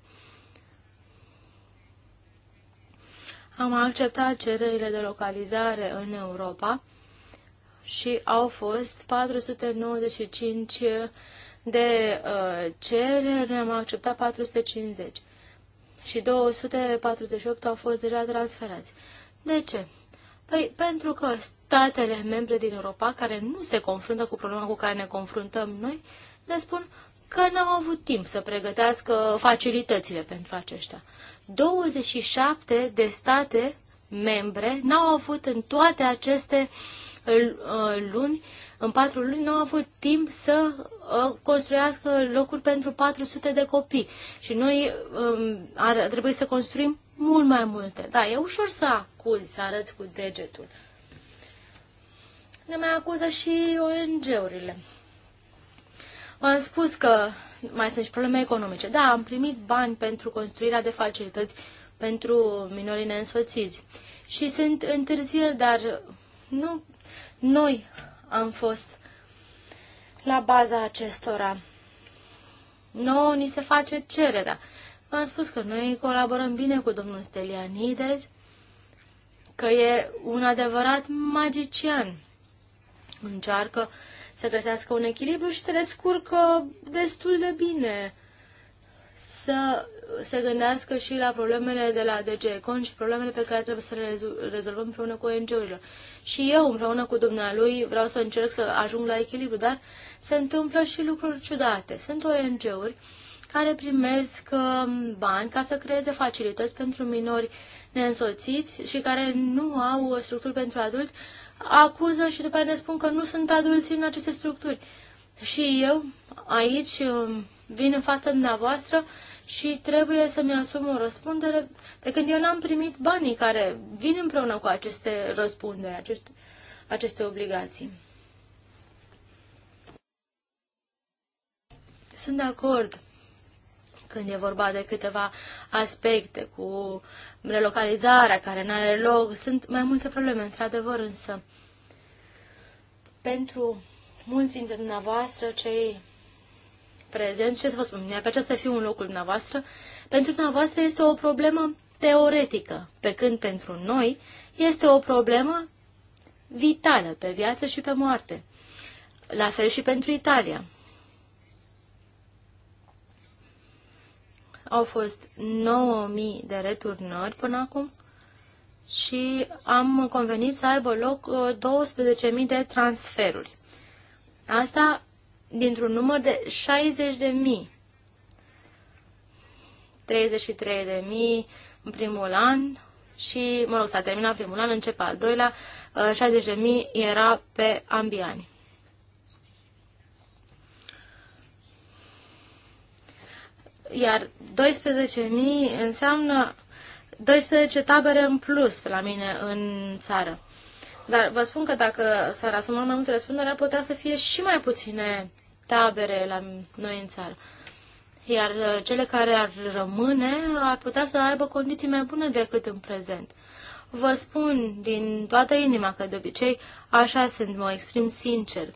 Am acceptat cererile de localizare în Europa și au fost 495 de uh, cereri, am acceptat 450 și 248 au fost deja transferați. De ce? Păi pentru că statele membre din Europa, care nu se confruntă cu problema cu care ne confruntăm noi, ne spun că n-au avut timp să pregătească facilitățile pentru aceștia. 27 de state membre n-au avut în toate aceste uh, Uh, luni, în patru luni, nu au avut timp să uh, construiască locuri pentru 400 de copii. Și noi um, ar trebui să construim mult mai multe. Da, e ușor să acuzi, să arăți cu degetul. Ne mai acuză și ONG-urile. V-am spus că mai sunt și probleme economice. Da, am primit bani pentru construirea de facilități pentru minorii neînsoțiți. Și sunt întârzieri, dar nu noi am fost la baza acestora. Nouă ni se face cererea. V-am spus că noi colaborăm bine cu domnul Stelianides, că e un adevărat magician. Încearcă să găsească un echilibru și se descurcă destul de bine să se gândească și la problemele de la DGECON și problemele pe care trebuie să le rezolvăm împreună cu ONG-urile. Și eu, împreună cu dumnealui, vreau să încerc să ajung la echilibru, dar se întâmplă și lucruri ciudate. Sunt ONG-uri care primesc um, bani ca să creeze facilități pentru minori neînsoțiți și care nu au o structură pentru adulți, acuză și după aceea ne spun că nu sunt adulți în aceste structuri. Și eu aici um, vin în fața dumneavoastră și trebuie să-mi asum o răspundere de când eu n-am primit banii care vin împreună cu aceste răspundere, aceste, aceste obligații. Sunt de acord când e vorba de câteva aspecte cu relocalizarea care nu are loc. Sunt mai multe probleme, într-adevăr, însă pentru mulți dintre dumneavoastră, cei prezenți, ce să vă spun, mi-ar plăcea să fiu în locul dumneavoastră, pentru dumneavoastră este o problemă teoretică, pe când pentru noi este o problemă vitală, pe viață și pe moarte. La fel și pentru Italia. Au fost 9000 de returnări până acum și am convenit să aibă loc 12.000 uh, de transferuri. Asta dintr-un număr de 60 de mii. 33 de mii în primul an și, mă rog, s-a terminat primul an, începe al doilea, 60 uh, de mii era pe ambii ani. Iar 12.000 înseamnă 12 tabere în plus pe la mine în țară. Dar vă spun că dacă s-ar asuma mai multe răspundere, ar putea să fie și mai puține tabere la noi în țară. Iar uh, cele care ar rămâne ar putea să aibă condiții mai bune decât în prezent. Vă spun din toată inima că de obicei așa sunt, mă exprim sincer.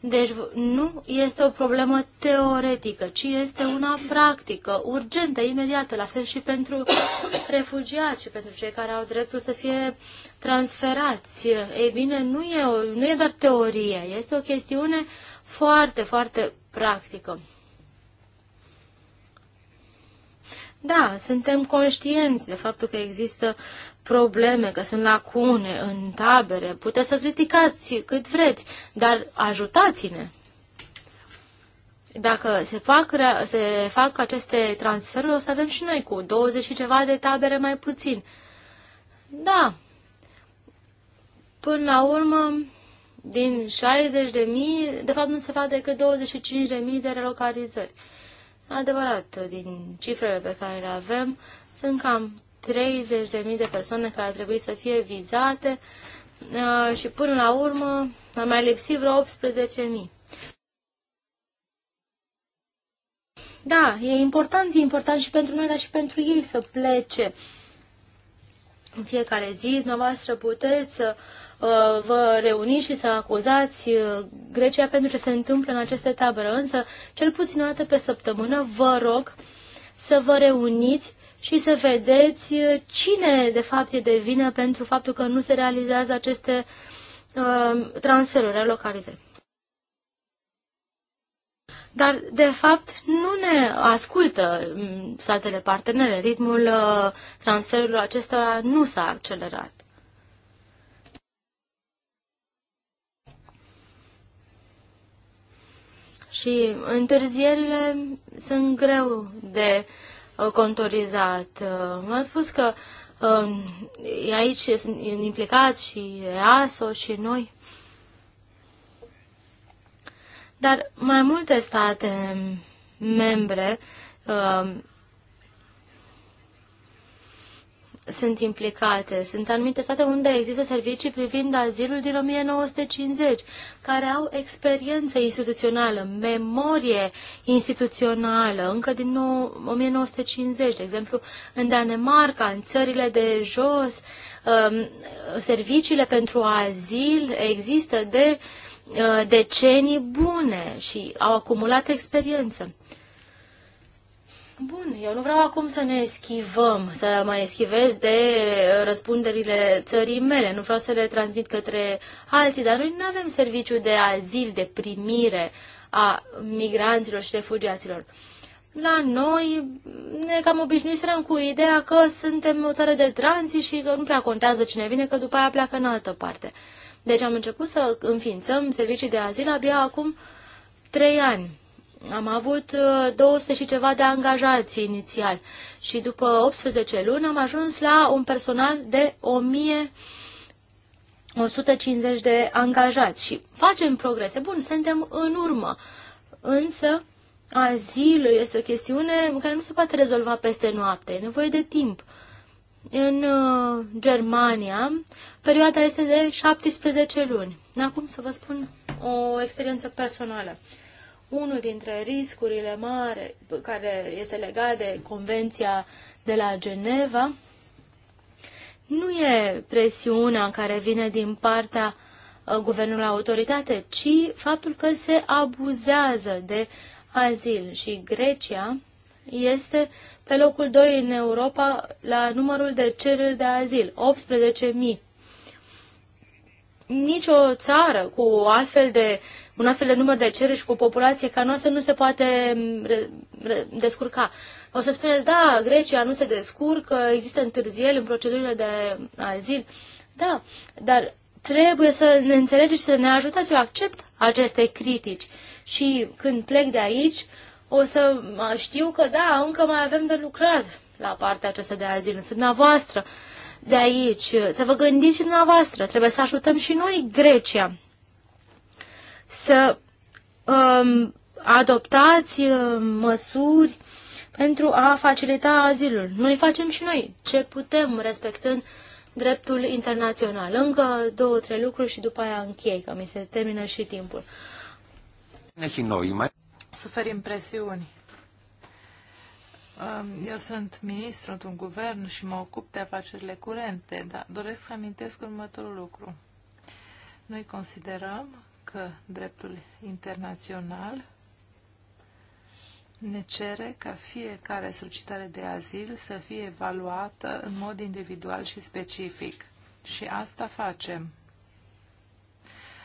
Deci nu este o problemă teoretică, ci este una practică, urgentă, imediată, la fel și pentru refugiați și pentru cei care au dreptul să fie transferați. Ei bine, nu e, o, nu e doar teorie, este o chestiune foarte, foarte practică. Da, suntem conștienți de faptul că există probleme, că sunt lacune în tabere. Puteți să criticați cât vreți, dar ajutați-ne. Dacă se fac, se fac aceste transferuri, o să avem și noi cu 20 și ceva de tabere mai puțin. Da, până la urmă, din 60.000, de de fapt nu se fac decât 25.000 de de relocalizări. Adevărat, din cifrele pe care le avem, sunt cam 30.000 de persoane care ar trebui să fie vizate și până la urmă a mai lipsit vreo 18.000. Da, e important, e important și pentru noi, dar și pentru ei să plece. În fiecare zi, dumneavoastră puteți să uh, Uh, vă reuniți și să acuzați uh, Grecia pentru ce se întâmplă în aceste tabere, însă cel puțin o dată pe săptămână vă rog să vă reuniți și să vedeți uh, cine de fapt e de vină pentru faptul că nu se realizează aceste uh, transferuri, relocalizări. Dar, de fapt, nu ne ascultă mm, statele partenere. Ritmul uh, transferului acestora nu s-a accelerat. și întârzierile sunt greu de uh, contorizat. m uh, am spus că um, aici sunt implicați și EASO și noi. Dar mai multe state membre um, sunt implicate. Sunt anumite state unde există servicii privind azilul din 1950, care au experiență instituțională, memorie instituțională, încă din 1950. De exemplu, în Danemarca, în țările de jos, um, serviciile pentru azil există de uh, decenii bune și au acumulat experiență. Bun, eu nu vreau acum să ne eschivăm, să mai eschivez de răspunderile țării mele. Nu vreau să le transmit către alții, dar noi nu avem serviciu de azil, de primire a migranților și refugiaților. La noi ne cam obișnuiserăm cu ideea că suntem o țară de tranzit și că nu prea contează cine vine, că după aia pleacă în altă parte. Deci am început să înființăm servicii de azil abia acum trei ani. Am avut 200 uh, și ceva de angajați inițial și după 18 luni am ajuns la un personal de 1000 150 de angajați și facem progrese. Bun, suntem în urmă, însă azilul este o chestiune care nu se poate rezolva peste noapte, e nevoie de timp. În uh, Germania, perioada este de 17 luni. Acum să vă spun o experiență personală. Unul dintre riscurile mari care este legat de Convenția de la Geneva nu e presiunea care vine din partea uh, guvernul autoritate, ci faptul că se abuzează de azil și Grecia este pe locul 2 în Europa la numărul de cereri de azil, 18.000. Nici o țară cu astfel de un astfel de număr de cereri și cu o populație ca noastră nu se poate mm, descurca. O să spuneți, da, Grecia nu se descurcă, există întârzieri în procedurile de azil. Da, dar trebuie să ne înțelegeți și să ne ajutați. Eu accept aceste critici și când plec de aici o să știu că da, încă mai avem de lucrat la partea aceasta de azil. Însă dumneavoastră de aici, să vă gândiți și dumneavoastră, trebuie să ajutăm și noi Grecia să um, adoptați um, măsuri pentru a facilita azilul. Noi facem și noi ce putem respectând dreptul internațional. Încă două, trei lucruri și după aia închei, că mi se termină și timpul. Suferim presiuni. Um, eu sunt ministru într-un guvern și mă ocup de afacerile curente, dar doresc să amintesc următorul lucru. Noi considerăm că dreptul internațional ne cere ca fiecare solicitare de azil să fie evaluată în mod individual și specific. Și asta facem.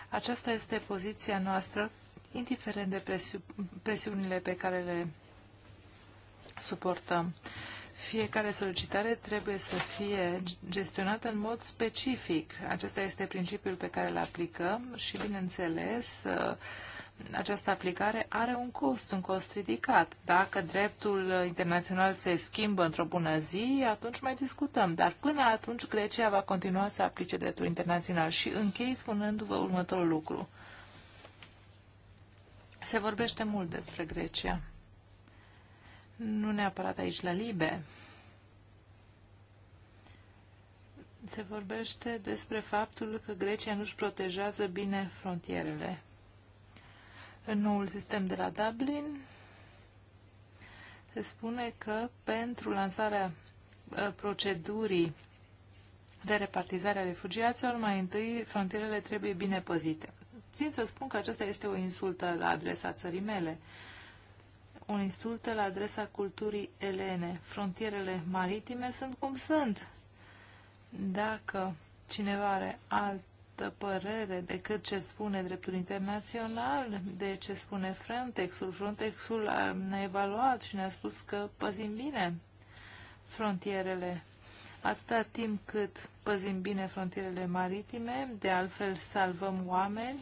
Aceasta este poziția noastră, indiferent de presiunile pe care le suportăm. Fiecare solicitare trebuie să fie gestionată în mod specific. Acesta este principiul pe care îl aplicăm și, bineînțeles, această aplicare are un cost, un cost ridicat. Dacă dreptul internațional se schimbă într-o bună zi, atunci mai discutăm. Dar până atunci Grecia va continua să aplice dreptul internațional. Și închei spunându-vă următorul lucru. Se vorbește mult despre Grecia nu neapărat aici la Libe. Se vorbește despre faptul că Grecia nu-și protejează bine frontierele. În noul sistem de la Dublin se spune că pentru lansarea uh, procedurii de repartizare a refugiaților, mai întâi frontierele trebuie bine păzite. Țin să spun că aceasta este o insultă la adresa țării mele o insultă la adresa culturii elene. Frontierele maritime sunt cum sunt. Dacă cineva are altă părere decât ce spune dreptul internațional, de ce spune Frontexul, Frontexul ne-a evaluat și ne-a spus că păzim bine frontierele atâta timp cât păzim bine frontierele maritime, de altfel salvăm oameni,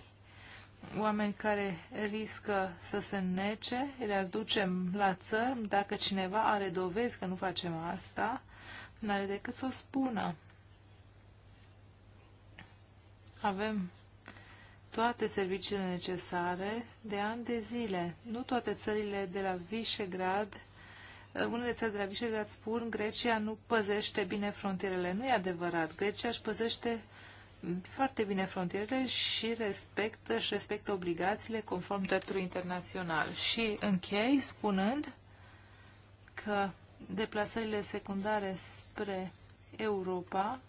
oameni care riscă să se nece, le aducem la țărm. Dacă cineva are dovezi că nu facem asta, n-are decât să o spună. Avem toate serviciile necesare de ani de zile. Nu toate țările de la Visegrad, unele țări de la Visegrad spun Grecia nu păzește bine frontierele. Nu e adevărat. Grecia își păzește foarte bine frontierele și respectă, și respectă obligațiile conform dreptului internațional. Și închei spunând că deplasările secundare spre Europa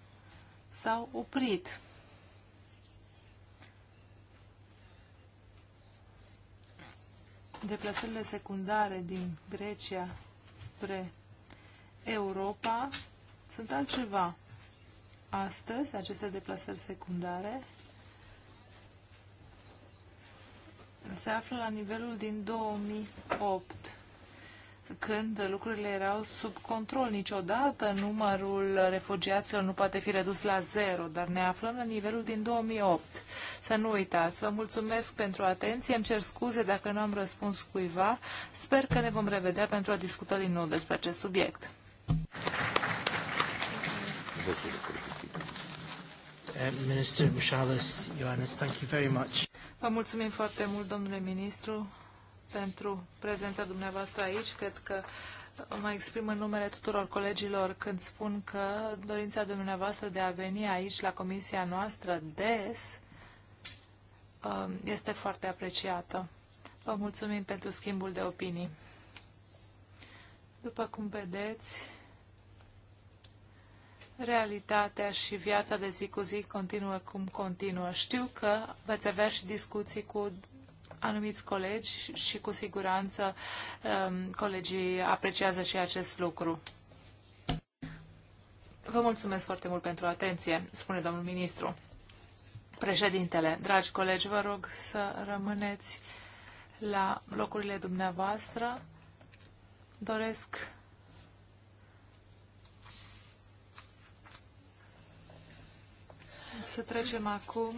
s-au oprit. Deplasările secundare din Grecia spre Europa sunt altceva astăzi aceste deplasări secundare se află la nivelul din 2008, când lucrurile erau sub control. Niciodată numărul refugiaților nu poate fi redus la zero, dar ne aflăm la nivelul din 2008. Să nu uitați, vă mulțumesc pentru atenție, îmi cer scuze dacă nu am răspuns cuiva. Sper că ne vom revedea pentru a discuta din nou despre acest subiect. Mulțumesc. Um, Minister Mushalis Ioannis, thank you very much. Vă mulțumim foarte mult, domnule ministru, pentru prezența dumneavoastră aici. Cred că mă exprim în numele tuturor colegilor când spun că dorința dumneavoastră de a veni aici la comisia noastră des um, este foarte apreciată. Vă mulțumim pentru schimbul de opinii. După cum vedeți, realitatea și viața de zi cu zi continuă cum continuă. Știu că veți avea și discuții cu anumiți colegi și cu siguranță um, colegii apreciază și acest lucru. Vă mulțumesc foarte mult pentru atenție, spune domnul ministru. Președintele, dragi colegi, vă rog să rămâneți la locurile dumneavoastră. Doresc Să trecem acum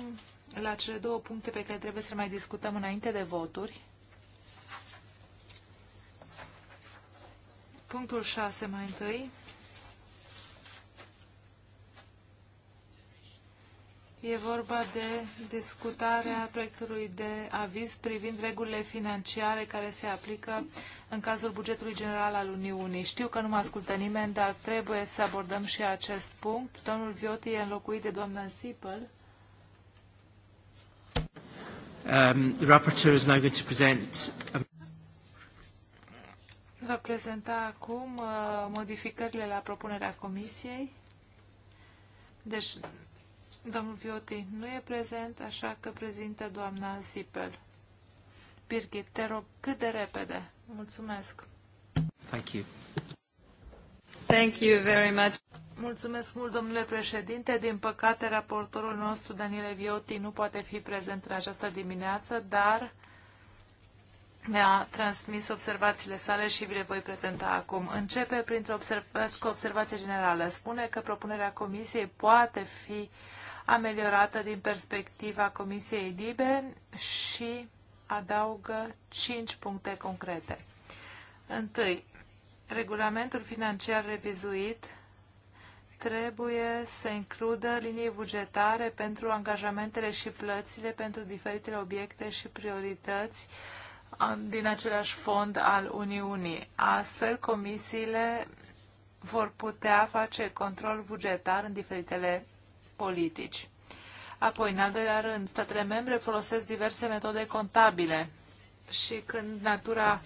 la cele două puncte pe care trebuie să mai discutăm înainte de voturi. Punctul 6 mai întâi. E vorba de discutarea proiectului de aviz privind regulile financiare care se aplică în cazul bugetului general al Uniunii. Știu că nu mă ascultă nimeni, dar trebuie să abordăm și acest punct. Domnul Vioti e înlocuit de doamna Sipăl. Um, Va prezenta acum uh, modificările la propunerea Comisiei. Deci, Domnul Vioti nu e prezent, așa că prezintă doamna Zipel. Birgit, te rog cât de repede. Mulțumesc. Thank you. Thank you very much. Mulțumesc mult, domnule președinte. Din păcate, raportorul nostru, Daniele Vioti, nu poate fi prezent în această dimineață, dar mi-a transmis observațiile sale și vi le voi prezenta acum. Începe printr-o observa- observație generală. Spune că propunerea comisiei poate fi uh, ameliorată din perspectiva Comisiei Libe și adaugă cinci puncte concrete. Întâi, regulamentul financiar revizuit trebuie să includă linii bugetare pentru angajamentele și plățile pentru diferitele obiecte și priorități din același fond al Uniunii. Astfel, comisiile vor putea face control bugetar în diferitele politici. Apoi, în al doilea rând, statele membre folosesc diverse metode contabile și când natura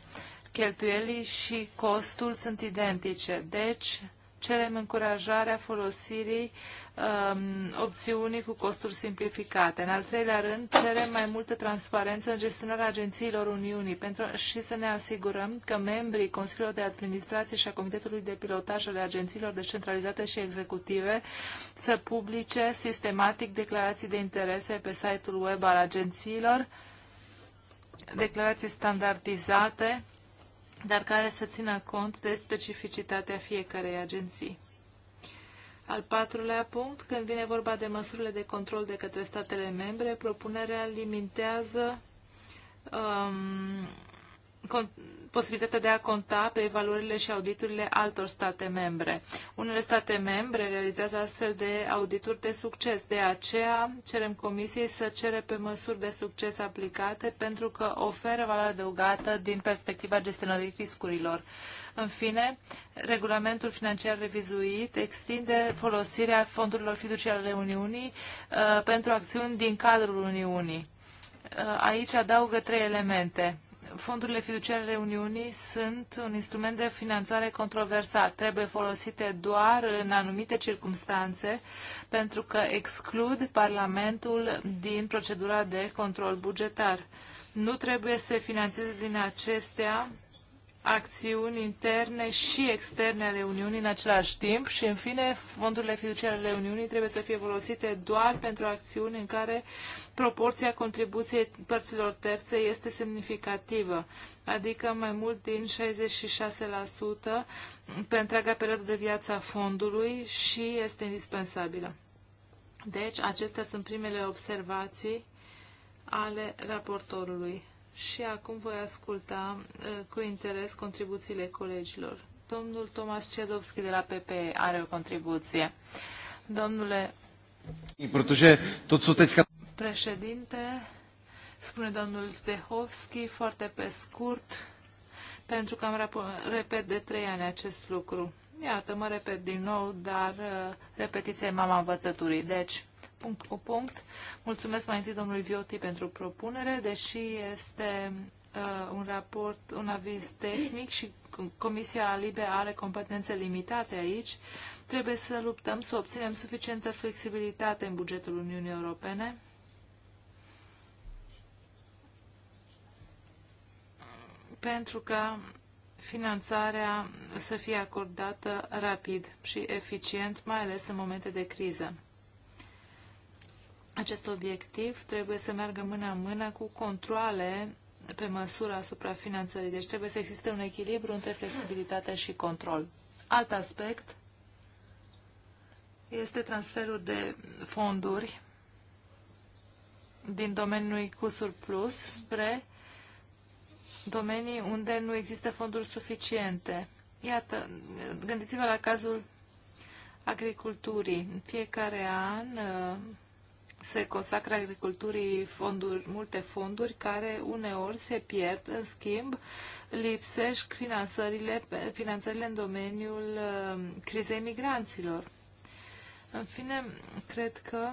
cheltuielii și costul sunt identice. Deci, cerem încurajarea folosirii um, opțiunii cu costuri simplificate. În al treilea rând, cerem mai multă transparență în gestionarea agențiilor Uniunii pentru, și să ne asigurăm că membrii Consiliului de Administrație și a Comitetului de Pilotaj ale agențiilor descentralizate și executive să publice sistematic declarații de interese pe site-ul web al agențiilor, declarații standardizate dar care să țină cont de specificitatea fiecarei agenții. Al patrulea punct, când vine vorba de măsurile de control de către statele membre, propunerea limitează um, posibilitatea de a conta pe evaluările și auditurile altor state membre. Unele state membre realizează astfel de audituri de succes. De aceea cerem Comisiei să cere pe măsuri de succes aplicate pentru că oferă valoare adăugată din perspectiva gestionării fiscurilor. În fine, regulamentul financiar revizuit extinde folosirea fondurilor fiduciare ale Uniunii uh, pentru acțiuni din cadrul Uniunii. Uh, aici adaugă trei elemente fondurile fiduciare ale Uniunii sunt un instrument de finanțare controversat. Trebuie folosite doar în anumite circunstanțe, pentru că exclud Parlamentul din procedura de control bugetar. Nu trebuie să finanțeze din acestea acțiuni interne și externe ale Uniunii în același timp și, în fine, fondurile fiduciare ale Uniunii trebuie să fie folosite doar pentru acțiuni în care proporția contribuției părților terțe este semnificativă, adică mai mult din 66% pe întreaga perioadă de viață a fondului și este indispensabilă. Deci, acestea sunt primele observații ale raportorului și acum voi asculta uh, cu interes contribuțiile colegilor. Domnul Tomas Cedovski de la PPE are o contribuție. Domnule președinte, spune domnul Zdehovski, foarte pe scurt, pentru că am repet de trei ani acest lucru. Iată, mă repet din nou, dar uh, repetiția e mama învățăturii. Deci, punct cu punct. Mulțumesc mai întâi domnului Vioti pentru propunere, deși este uh, un raport, un aviz tehnic și Comisia Libe are competențe limitate aici. Trebuie să luptăm să obținem suficientă flexibilitate în bugetul Uniunii Europene. pentru ca finanțarea să fie acordată rapid și eficient, mai ales în momente de criză. Acest obiectiv trebuie să meargă mână în mână cu controle pe măsură asupra finanțării. Deci trebuie să existe un echilibru între flexibilitate și control. Alt aspect este transferul de fonduri din domeniul cu surplus spre domenii unde nu există fonduri suficiente. Iată, gândiți-vă la cazul agriculturii. În fiecare an uh, se consacră agriculturii fonduri, multe fonduri care uneori se pierd, în schimb lipsești finanțările, finanțările în domeniul uh, crizei migranților. În fine, cred că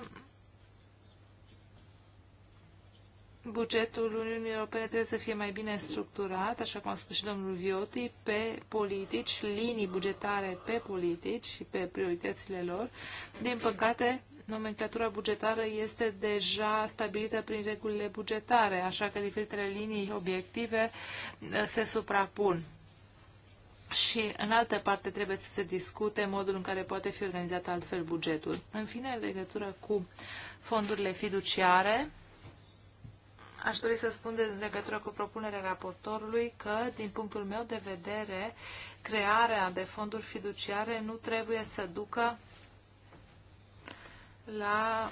bugetul Uniunii Europene trebuie să fie mai bine structurat, așa cum a spus și domnul Vioti, pe politici, linii bugetare pe politici și pe prioritățile lor. Din păcate, Nomenclatura bugetară este deja stabilită prin regulile bugetare, așa că diferitele linii obiective eh, se suprapun. Și în altă parte trebuie să se discute modul în care poate fi organizat altfel bugetul. În fine, în legătură cu fondurile fiduciare, aș dori să spun de legătură cu propunerea raportorului că, din punctul meu de vedere, crearea de fonduri fiduciare nu trebuie să ducă la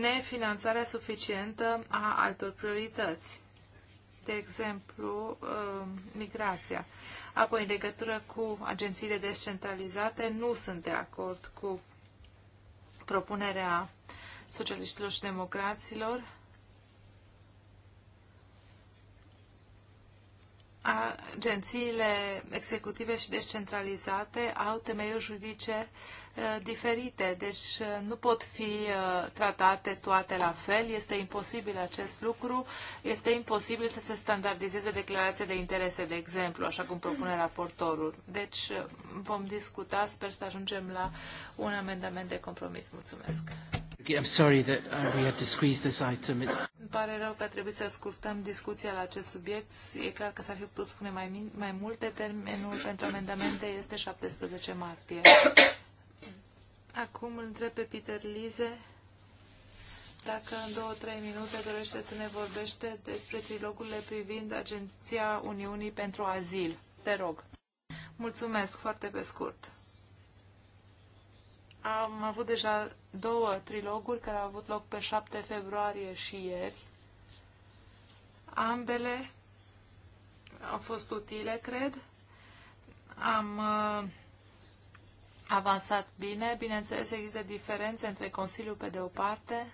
nefinanțarea suficientă a altor priorități, de exemplu, uh, migrația. Apoi, în legătură cu agențiile descentralizate, nu sunt de acord cu propunerea socialiștilor și democraților agențiile executive și descentralizate au temeiuri juridice diferite, deci nu pot fi tratate toate la fel, este imposibil acest lucru, este imposibil să se standardizeze declarația de interese, de exemplu, așa cum propune raportorul. Deci vom discuta, sper să ajungem la un amendament de compromis. Mulțumesc! I'm sorry that uh, we had to squeeze this item. It's... Îmi pare rău că trebuie să scurtăm discuția la acest subiect. E clar că s-ar fi putut spune mai, mai multe. Termenul pentru amendamente este 17 martie. Acum îl întreb pe Peter Lize dacă în două-trei minute dorește să ne vorbește despre trilogurile privind Agenția Uniunii pentru Azil. Te rog. Mulțumesc foarte pe scurt. Am avut deja două triloguri care au avut loc pe 7 februarie și ieri. Ambele au fost utile, cred. Am uh, avansat bine. Bineînțeles, există diferențe între Consiliul pe de o parte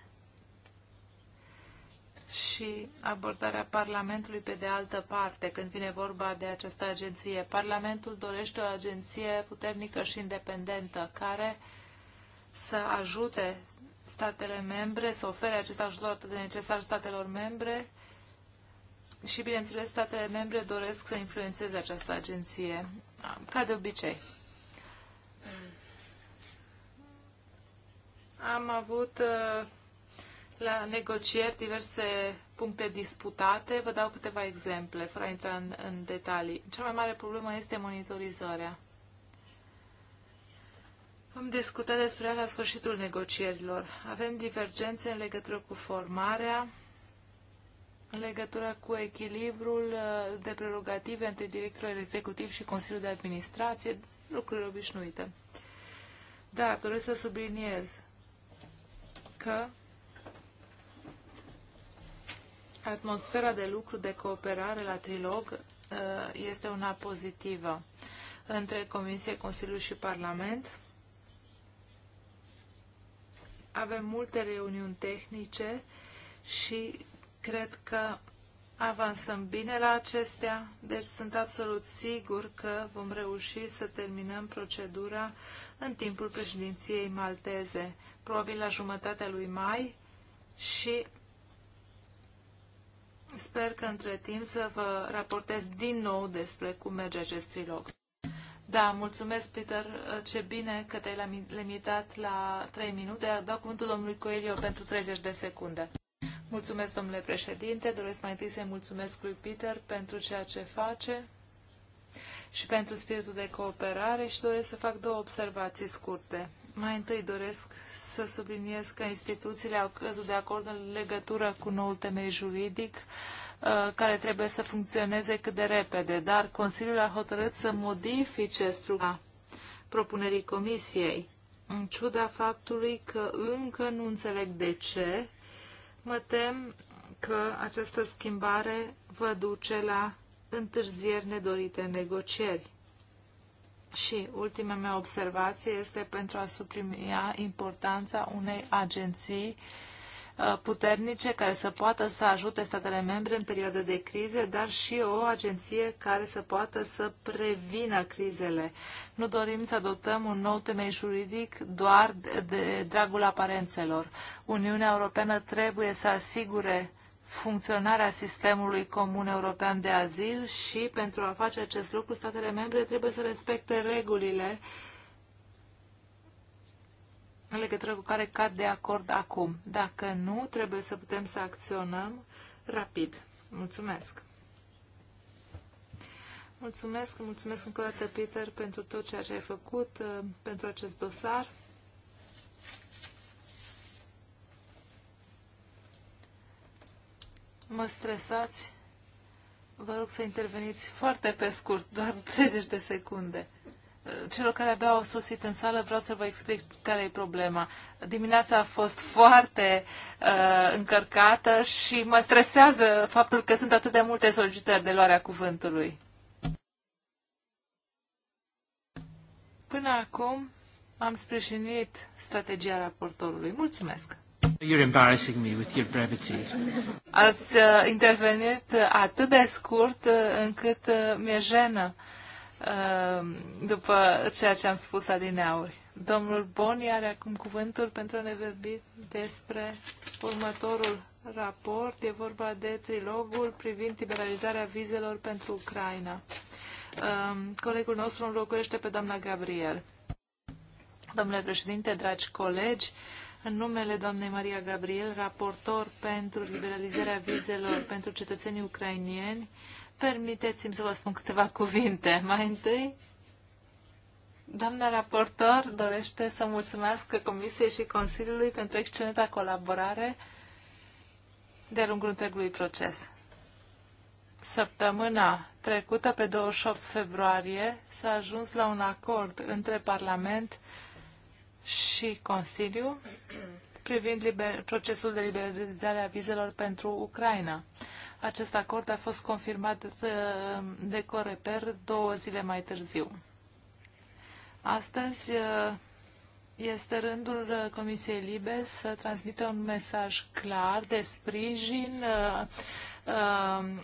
și abordarea Parlamentului pe de altă parte, când vine vorba de această agenție. Parlamentul dorește o agenție puternică și independentă, care uh, să ajute statele membre, să ofere acest ajutor atât de necesar statelor membre și, bineînțeles, statele membre doresc să influențeze această agenție, ca de obicei. Am avut uh, la negocieri diverse puncte disputate. Vă dau câteva exemple, fără a intra în, în detalii. Cea mai mare problemă este monitorizarea. Am discutat despre la sfârșitul negocierilor. Avem divergențe în legătură cu formarea, în legătură cu echilibrul uh, de prerogative între directorul executiv și Consiliul de Administrație, lucruri obișnuite. Dar doresc să subliniez că atmosfera de lucru, de cooperare la trilog uh, este una pozitivă între Comisie, Consiliu și Parlament avem multe reuniuni tehnice și cred că avansăm bine la acestea, deci sunt absolut sigur că vom reuși să terminăm procedura în timpul președinției malteze, probabil la jumătatea lui mai și sper că între timp să vă raportez din nou despre cum merge acest trilog. Da, mulțumesc, Peter. Ce bine că te-ai limitat la 3 minute. Dau cuvântul domnului Coelho pentru 30 de secunde. Mulțumesc, domnule președinte. Doresc mai întâi să-i mulțumesc lui Peter pentru ceea ce face și pentru spiritul de cooperare și doresc să fac două observații scurte. Mai întâi doresc să subliniez că instituțiile au căzut de acord în legătură cu noul temei juridic uh, Uh, care trebuie să funcționeze cât de repede, dar Consiliul a hotărât să modifice structura propunerii Comisiei, în ciuda faptului că încă nu înțeleg de ce, mă tem că această schimbare vă duce la întârzieri nedorite în negocieri. Și ultima mea observație este pentru a suprimia importanța unei agenții uh, Uh, puternice care să poată să ajute statele membre în perioade de crize, dar și o agenție care să poată să prevină crizele. Nu dorim să adoptăm un nou temei juridic doar de dragul aparențelor. Uniunea Europeană trebuie să asigure funcționarea sistemului comun european de azil și pentru a face acest lucru statele membre trebuie să respecte regulile uh, în legătură cu care cad de acord acum. Dacă nu, trebuie să putem să acționăm rapid. Mulțumesc! Mulțumesc, mulțumesc încă o dată, Peter, pentru tot ceea ce ai făcut uh, pentru acest dosar. Mă stresați. Vă rog să interveniți foarte pe scurt, doar 30 de secunde celor care abia au sosit în sală, vreau să vă explic care e problema. Dimineața a fost foarte uh, încărcată și mă stresează faptul că sunt atât de multe solicitări de luarea cuvântului. Până acum am sprijinit strategia raportorului. Mulțumesc! You're embarrassing me with your brevity. Ați uh, intervenit atât de scurt uh, încât uh, mi-e jenă. Ehm, după ceea ce am spus adineauri. Domnul Boni are acum cuvântul pentru a ne vorbi despre următorul raport. E vorba de trilogul privind liberalizarea vizelor pentru Ucraina. Ehm, colegul nostru înlocuiește pe doamna Gabriel. Domnule președinte, dragi colegi, în numele doamnei Maria Gabriel, raportor pentru liberalizarea vizelor pentru cetățenii ucrainieni, Permiteți-mi să vă spun câteva cuvinte. Mai întâi, doamna raportor dorește să mulțumesc Comisiei și Consiliului pentru excelenta colaborare de-a lungul întregului proces. Săptămâna trecută, pe 28 februarie, s-a ajuns la un acord între Parlament și Consiliu privind liber, procesul de liberalizare a vizelor pentru Ucraina. Acest acord a fost confirmat uh, de Coreper două zile mai târziu. Astăzi uh, este rândul uh, Comisiei Libe să transmită un mesaj clar de sprijin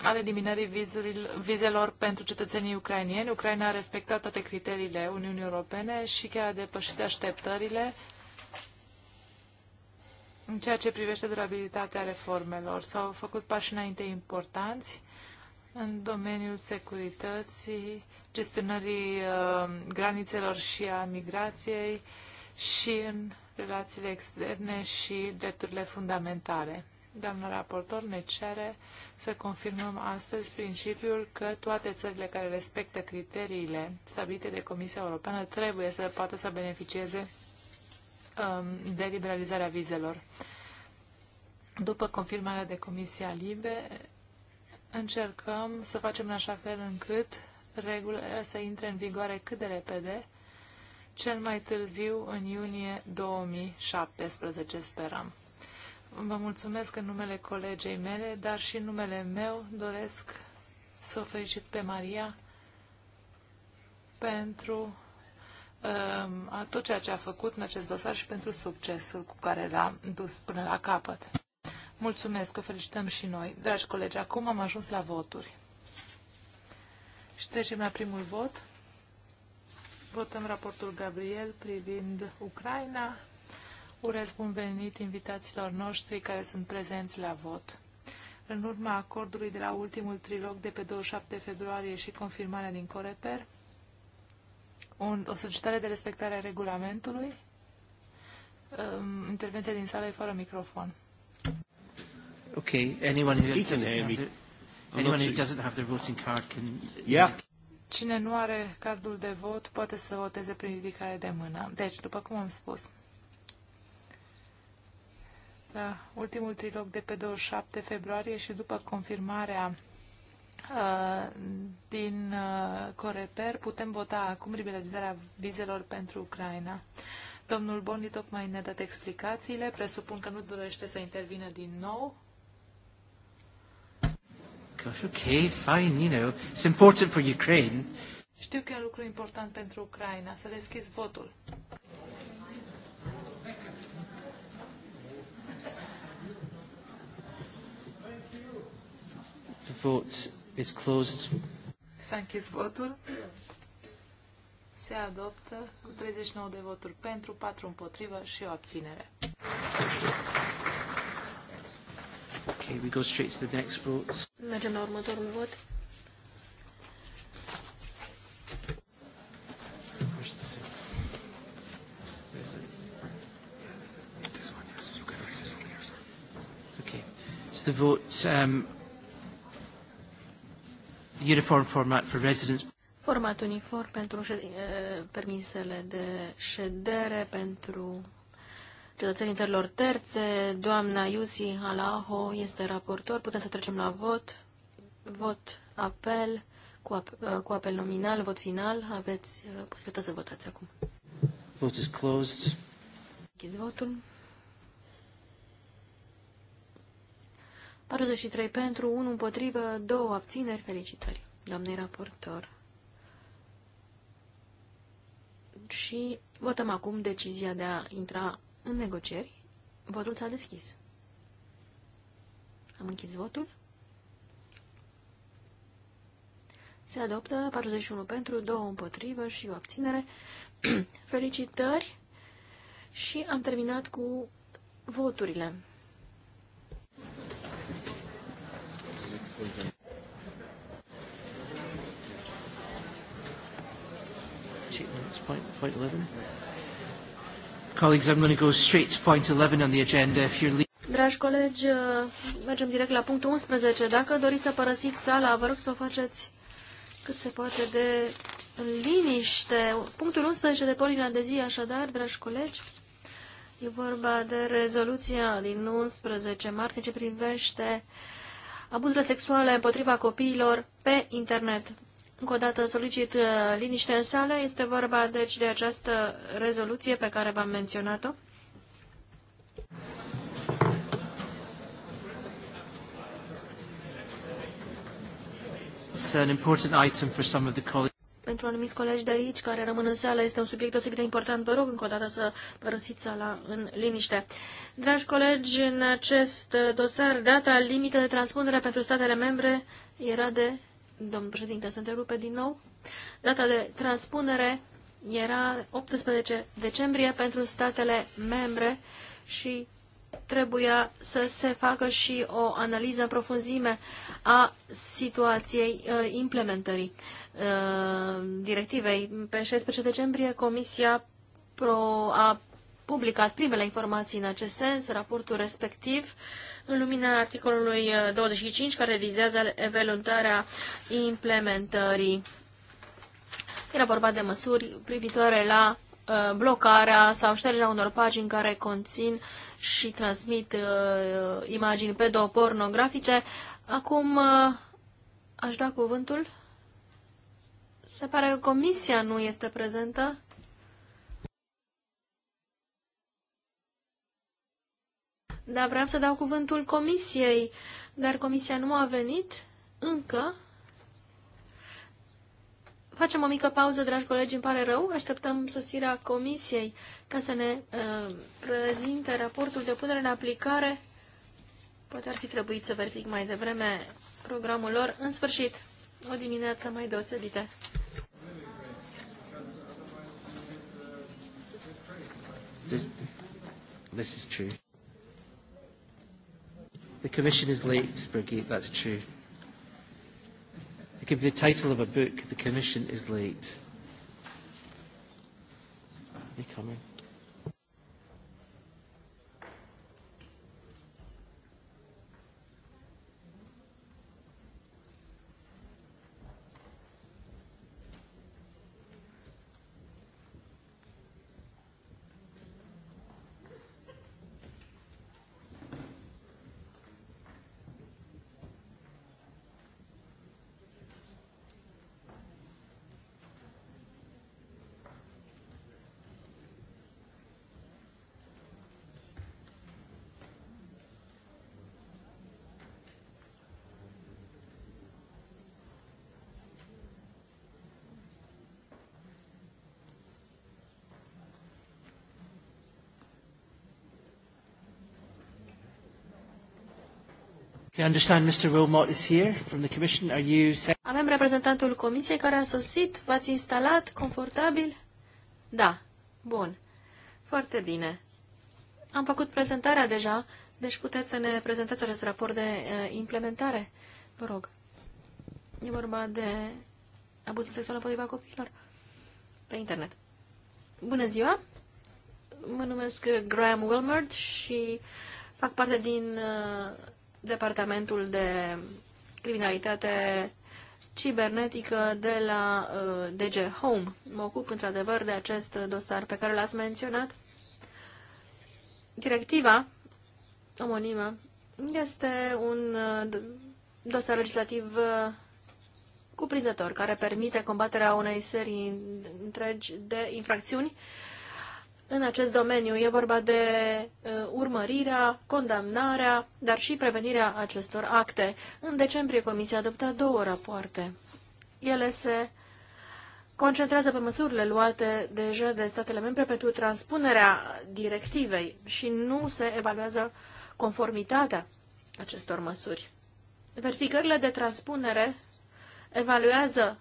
al eliminării vizelor pentru cetățenii ucrainieni. Ucraina a respectat toate criteriile Uniunii Europene și chiar a depășit așteptările în ceea ce privește durabilitatea reformelor, s-au făcut pași înainte importanți în domeniul securității, gestionării uh, granițelor și a migrației și în relațiile externe și drepturile fundamentale. Doamna raportor ne cere să confirmăm astăzi principiul că toate țările care respectă criteriile stabilite de Comisia Europeană trebuie să poată să beneficieze Um, de liberalizare a vizelor. După confirmarea de Comisia Libe, încercăm să facem în așa fel încât regulile să intre în vigoare cât de repede, cel mai târziu în iunie 2017, sperăm. Vă mulțumesc în numele colegei mele, dar și în numele meu doresc să o felicit pe Maria pentru Um, a tot ceea ce a făcut în acest dosar și pentru succesul cu care l-a dus până la capăt. Mulțumesc, o felicităm și noi. Dragi colegi, acum am ajuns la voturi. Și trecem la primul vot. Votăm raportul Gabriel privind Ucraina. Urez bun venit invitaților noștri care sunt prezenți la vot. În urma acordului de la ultimul trilog de pe 27 februarie și confirmarea din Coreper, un, o solicitare de respectare a regulamentului. Um, intervenția din sală e fără microfon. Ok, anyone who, doesn't have, their, anyone who doesn't have their voting card can... Yeah. Cine nu are cardul de vot poate să voteze prin ridicare de mână. Deci, după cum am spus, la ultimul trilog de pe 27 februarie și după confirmarea Uh, din uh, Coreper putem vota acum liberalizarea vizelor pentru Ucraina. Domnul Boni tocmai ne-a dat explicațiile. Presupun că nu dorește să intervină din nou. Ok, okay, fine, you know, it's important for Ukraine. Știu că e un lucru important pentru Ucraina. Să deschizi votul. The vote is closed. S-a închis votul. Se adoptă cu 39 de voturi pentru, 4 împotrivă și o abținere. Okay, we go straight to the next vote. Mergem la următorul vot. Okay. So the vote um, uniform format for residents. Format uniform pentru eh, permisele de ședere pentru cetățenii țărilor terțe. Doamna Iusi Halaho este raportor. Putem să trecem la vot. Vot apel cu, ap eh, cu apel nominal, vot final. Aveți eh, posibilitatea să votați acum. Vote is closed. Închis votul. 43 pentru, 1 împotrivă, 2 abțineri. Felicitări, doamnei raportor. Și votăm acum decizia de a intra în negocieri. Votul s-a deschis. Am închis votul. Se adoptă 41 pentru, 2 împotrivă și o abținere. Felicitări și am terminat cu voturile. Dragi colegi, uh, mergem direct la punctul 11. Dacă doriți să părăsiți sala, vă rog să o faceți cât se poate de în liniște. Punctul 11 de polina de zi, așadar, dragi colegi, e vorba de rezoluția din 11 martie ce privește uh, abuzurile sexuale împotriva copiilor pe internet. Încă o dată solicit uh, liniște în sală. Este vorba deci de această rezoluție pe care v-am menționat-o. It's an important item for some of the colleagues. Pentru anumiți colegi de aici care rămân în sală, este un subiect deosebit de important. Vă rog încă o dată să părăsiți sala în liniște. Dragi colegi, în acest dosar, data limită de transpunere pentru statele membre era de... Domnul președinte, să întrerupe din nou. Data de transpunere era 18 decembrie pentru statele membre și trebuia să se facă și o analiză în profunzime a situației uh, implementării uh, directivei. Pe 16 decembrie, Comisia Pro a publicat primele informații în acest sens, raportul respectiv, în lumina articolului 25, uh, care vizează evaluarea implementării. Era vorba de măsuri privitoare la blocarea sau ștergerea unor pagini care conțin uh, și transmit uh, imagini pedopornografice. Acum uh, aș da cuvântul. Se pare că comisia nu este prezentă. Da, vreau să dau cuvântul comisiei, dar comisia nu a venit încă. Facem o mică pauză, dragi colegi, îmi pare rău. Așteptăm sosirea comisiei ca să ne uh, prezinte raportul de punere în aplicare. Poate ar fi trebuit să verific mai devreme programul lor. În sfârșit, o dimineață mai deosebită. This, this is true. The commission is late, Brigitte, that's true. It could be the title of a book, The Commission is Late. Are they coming? Avem reprezentantul Comisiei care a sosit. V-ați instalat confortabil? Da. Bun. Foarte bine. Am făcut prezentarea deja, deci puteți să ne prezentați acest raport de uh, implementare. Vă rog. E vorba de abuzul sexual împotriva copiilor pe internet. Bună ziua! Mă numesc Graham Wilmer și fac parte din uh, Departamentul de Criminalitate Cibernetică de la uh, DG Home. Mă ocup într-adevăr de acest dosar pe care l-ați menționat. Directiva omonimă este un uh, dosar legislativ uh, cuprinzător care permite combaterea unei serii întregi de infracțiuni în acest domeniu. E vorba de urmărirea, condamnarea, dar și prevenirea acestor acte. În decembrie Comisia adoptă două rapoarte. Ele se concentrează pe măsurile luate deja de statele membre pentru transpunerea directivei și nu se evaluează conformitatea acestor măsuri. Verificările de transpunere evaluează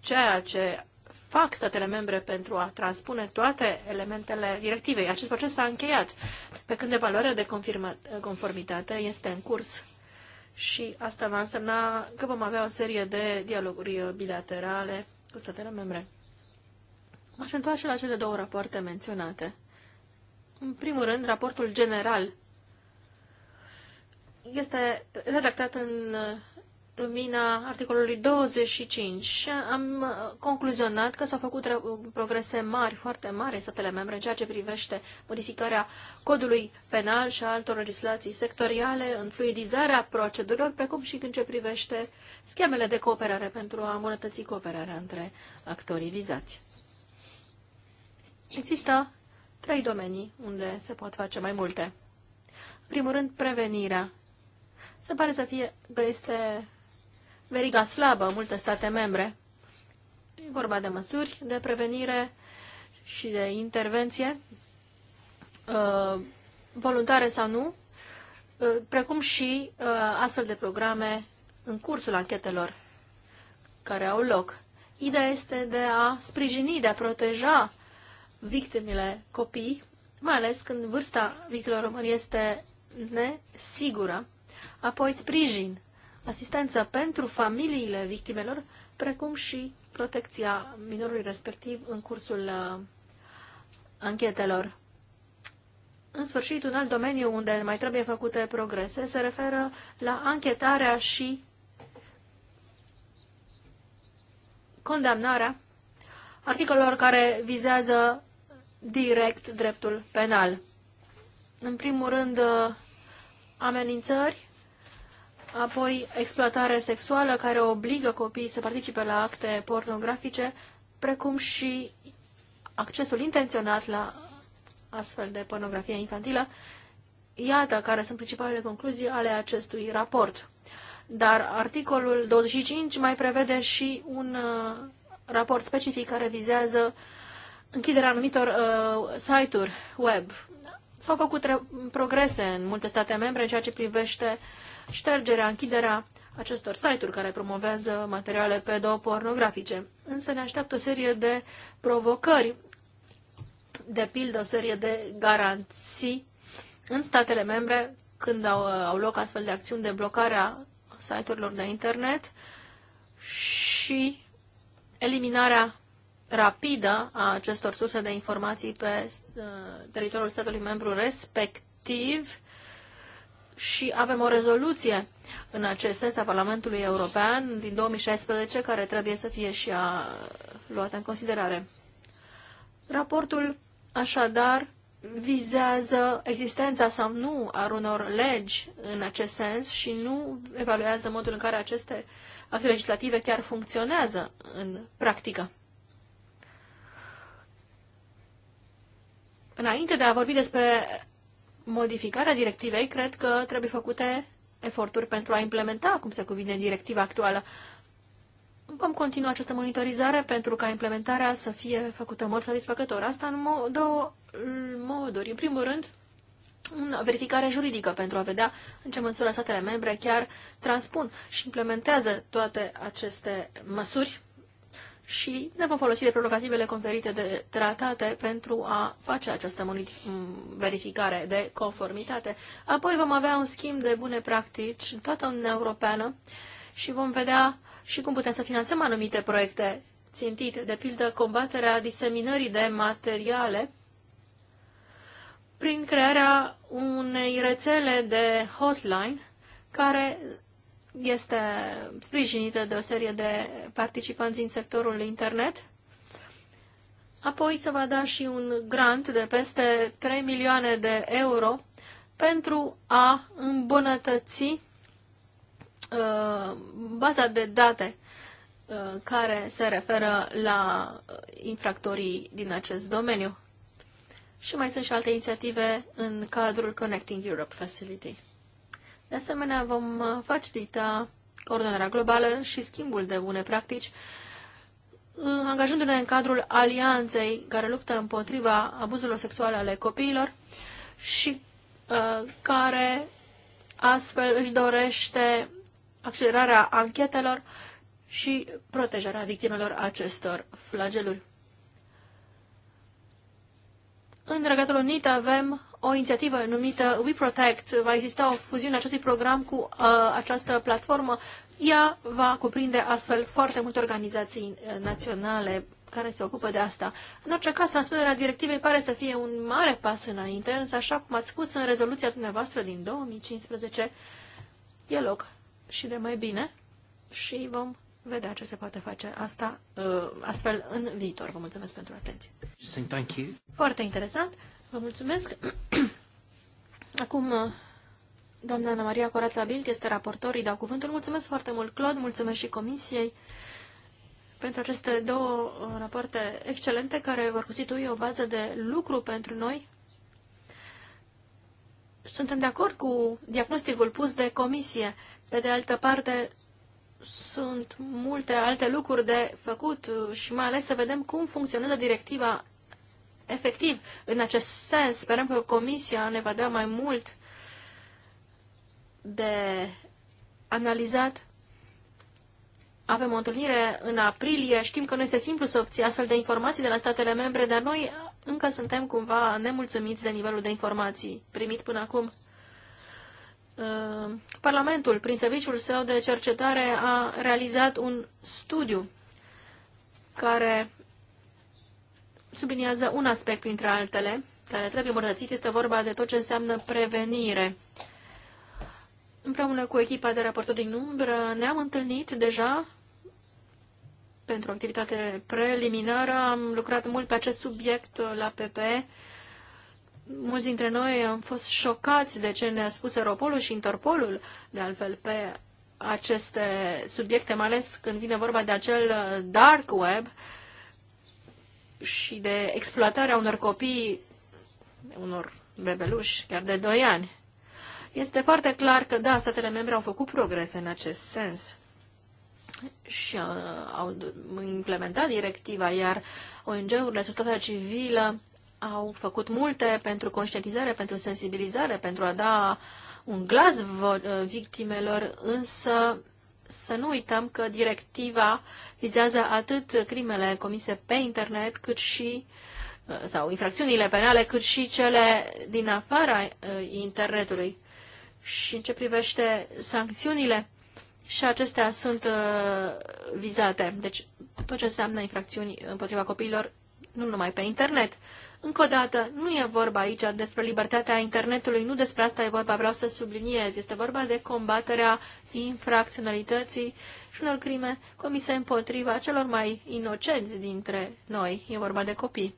ceea ce fac statele membre pentru a transpune toate elementele directivei. Acest proces s-a încheiat, pe când evaluarea de conformitate este în curs și asta va însemna că vom avea o serie de dialoguri bilaterale cu statele membre. M-aș întoarce la cele două rapoarte menționate. În primul rând, raportul general este redactat în lumina articolului 25 și am uh, concluzionat că s-au făcut progrese mari, foarte mari în statele membre în ceea ce privește modificarea codului penal și a altor legislații sectoriale, în fluidizarea procedurilor, precum și în ce privește schemele de cooperare pentru a îmbunătăți cooperarea între actorii vizați. Există trei domenii unde se pot face mai multe. În primul rând, prevenirea se pare să fie că este veriga slabă în multe state membre. E vorba de măsuri de prevenire și de intervenție, uh, voluntare sau nu, uh, precum și uh, astfel de programe în cursul anchetelor care au loc. Ideea este de a sprijini, de a proteja victimele copii, mai ales când vârsta victimelor este nesigură, apoi sprijin asistență pentru familiile victimelor, precum și protecția minorului respectiv în cursul uh, anchetelor. În sfârșit, un alt domeniu unde mai trebuie făcute progrese se referă la anchetarea și condamnarea articolelor care vizează direct dreptul penal. În primul rând, uh, amenințări apoi exploatare sexuală care obligă copiii să participe la acte pornografice, precum și accesul intenționat la astfel de pornografie infantilă. Iată care sunt principalele concluzii ale acestui raport. Dar articolul 25 mai prevede și un uh, raport specific care vizează închiderea anumitor uh, site-uri web. S-au făcut progrese în multe state membre în ceea ce privește uh, ștergerea, închiderea acestor site-uri care promovează materiale pedopornografice. Însă ne așteaptă o serie de provocări, de pildă o serie de garanții în statele membre când au, au loc astfel de acțiuni de blocare a site-urilor de internet și eliminarea rapidă a acestor surse de informații pe uh, teritoriul statului membru respectiv și avem o rezoluție în acest sens a Parlamentului European din 2016 care trebuie să fie și a, luată în considerare. Raportul așadar vizează existența sau nu a unor legi în acest sens și nu evaluează modul în care aceste acte legislative chiar funcționează în practică. Înainte de a vorbi despre modificarea directivei, cred că trebuie făcute eforturi pentru a implementa, cum se cuvine, directiva actuală. Vom continua această monitorizare pentru ca implementarea să fie făcută în mod satisfăcător. Asta în mo- două moduri. În primul rând, o verificare juridică pentru a vedea în ce măsură statele membre chiar transpun și implementează toate aceste măsuri și ne vom folosi de prerogativele conferite de tratate pentru a face această verificare de conformitate. Apoi vom avea un schimb de bune practici în toată Uniunea Europeană și vom vedea și cum putem să finanțăm anumite proiecte țintite, de pildă combaterea diseminării de materiale prin crearea unei rețele de hotline care este sprijinită de o serie de participanți din sectorul internet. Apoi se va da și un grant de peste 3 milioane de euro pentru a îmbunătăți uh, baza de date uh, care se referă la infractorii din acest domeniu. Și mai sunt și alte inițiative în cadrul Connecting Europe Facility. De asemenea, vom uh, facilita coordonarea globală și schimbul de bune practici, uh, angajându-ne în cadrul alianței care luptă împotriva abuzurilor sexuale ale copiilor și uh, care astfel își dorește accelerarea anchetelor și protejarea victimelor acestor flageluri. În Regatul Unit avem o inițiativă numită We Protect. Va exista o fuziune acestui program cu uh, această platformă. Ea va cuprinde astfel foarte multe organizații uh, naționale care se ocupă de asta. În orice caz, transpunerea directivei pare să fie un mare pas înainte, însă, așa cum ați spus în rezoluția dumneavoastră din 2015, e loc și de mai bine și vom vedea ce se poate face asta uh, astfel în viitor. Vă mulțumesc pentru atenție. Thank you. Foarte interesant. Vă mulțumesc. Acum, doamna Ana Maria Corața Bilt este raportor, îi dau cuvântul. Mulțumesc foarte mult, Claude, mulțumesc și comisiei pentru aceste două uh, rapoarte excelente care vor constitui o bază de lucru pentru noi. Suntem de acord cu diagnosticul pus de comisie. Pe de altă parte, sunt multe alte lucruri de făcut uh, și mai ales să vedem cum funcționează directiva efectiv în acest sens. Sperăm că Comisia ne va da mai mult de analizat. Avem o întâlnire în aprilie. Știm că nu este simplu să obții astfel de informații de la statele membre, dar noi încă suntem cumva nemulțumiți de nivelul de informații primit până acum. Uh, Parlamentul, prin serviciul său de cercetare, a realizat un studiu care subliniază un aspect printre altele care trebuie îmbunătățit. Este vorba de tot ce înseamnă prevenire. Împreună cu echipa de raportor din umbră ne-am întâlnit deja pentru o activitate preliminară. Am lucrat mult pe acest subiect la PP. Mulți dintre noi am fost șocați de ce ne-a spus Europolul și Interpolul, de altfel, pe aceste subiecte, mai ales când vine vorba de acel dark web, uh, și de exploatarea unor copii, unor bebeluși, chiar de 2 ani. Este foarte clar că, da, statele membre au făcut progrese în acest sens și uh, au implementat directiva, iar ONG-urile, societatea civilă au făcut multe pentru conștientizare, pentru sensibilizare, pentru a da un glas uh, victimelor, însă să nu uităm că directiva vizează atât crimele comise pe internet, cât și uh, sau infracțiunile penale, cât și cele din afara uh, internetului. Și în ce privește sancțiunile, și acestea sunt uh, vizate. Deci tot ce înseamnă infracțiuni împotriva copiilor, nu numai pe internet. Încă o dată, nu e vorba aici despre libertatea internetului, nu despre asta e vorba, vreau să subliniez. Este vorba de combaterea infracționalității și unor crime comise împotriva celor mai inocenți dintre noi. E vorba de copii.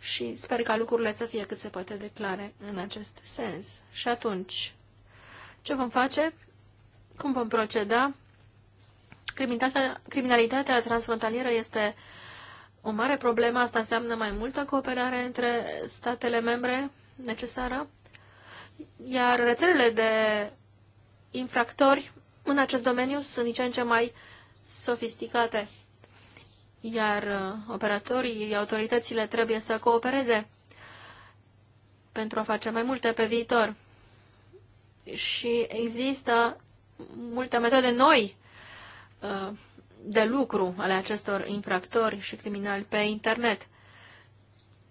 Și sper ca lucrurile să fie cât se poate de clare în acest sens. Și atunci, ce vom face? Cum vom proceda? Criminalitatea, criminalitatea transfrontalieră este uh, o mare problemă. Asta înseamnă mai multă cooperare între statele membre necesară. Iar rețelele de infractori în acest domeniu sunt nici în ce mai sofisticate. Iar uh, operatorii, autoritățile trebuie să coopereze pentru a face mai multe pe viitor. Și există multe metode noi uh, de lucru ale acestor infractori și criminali pe internet.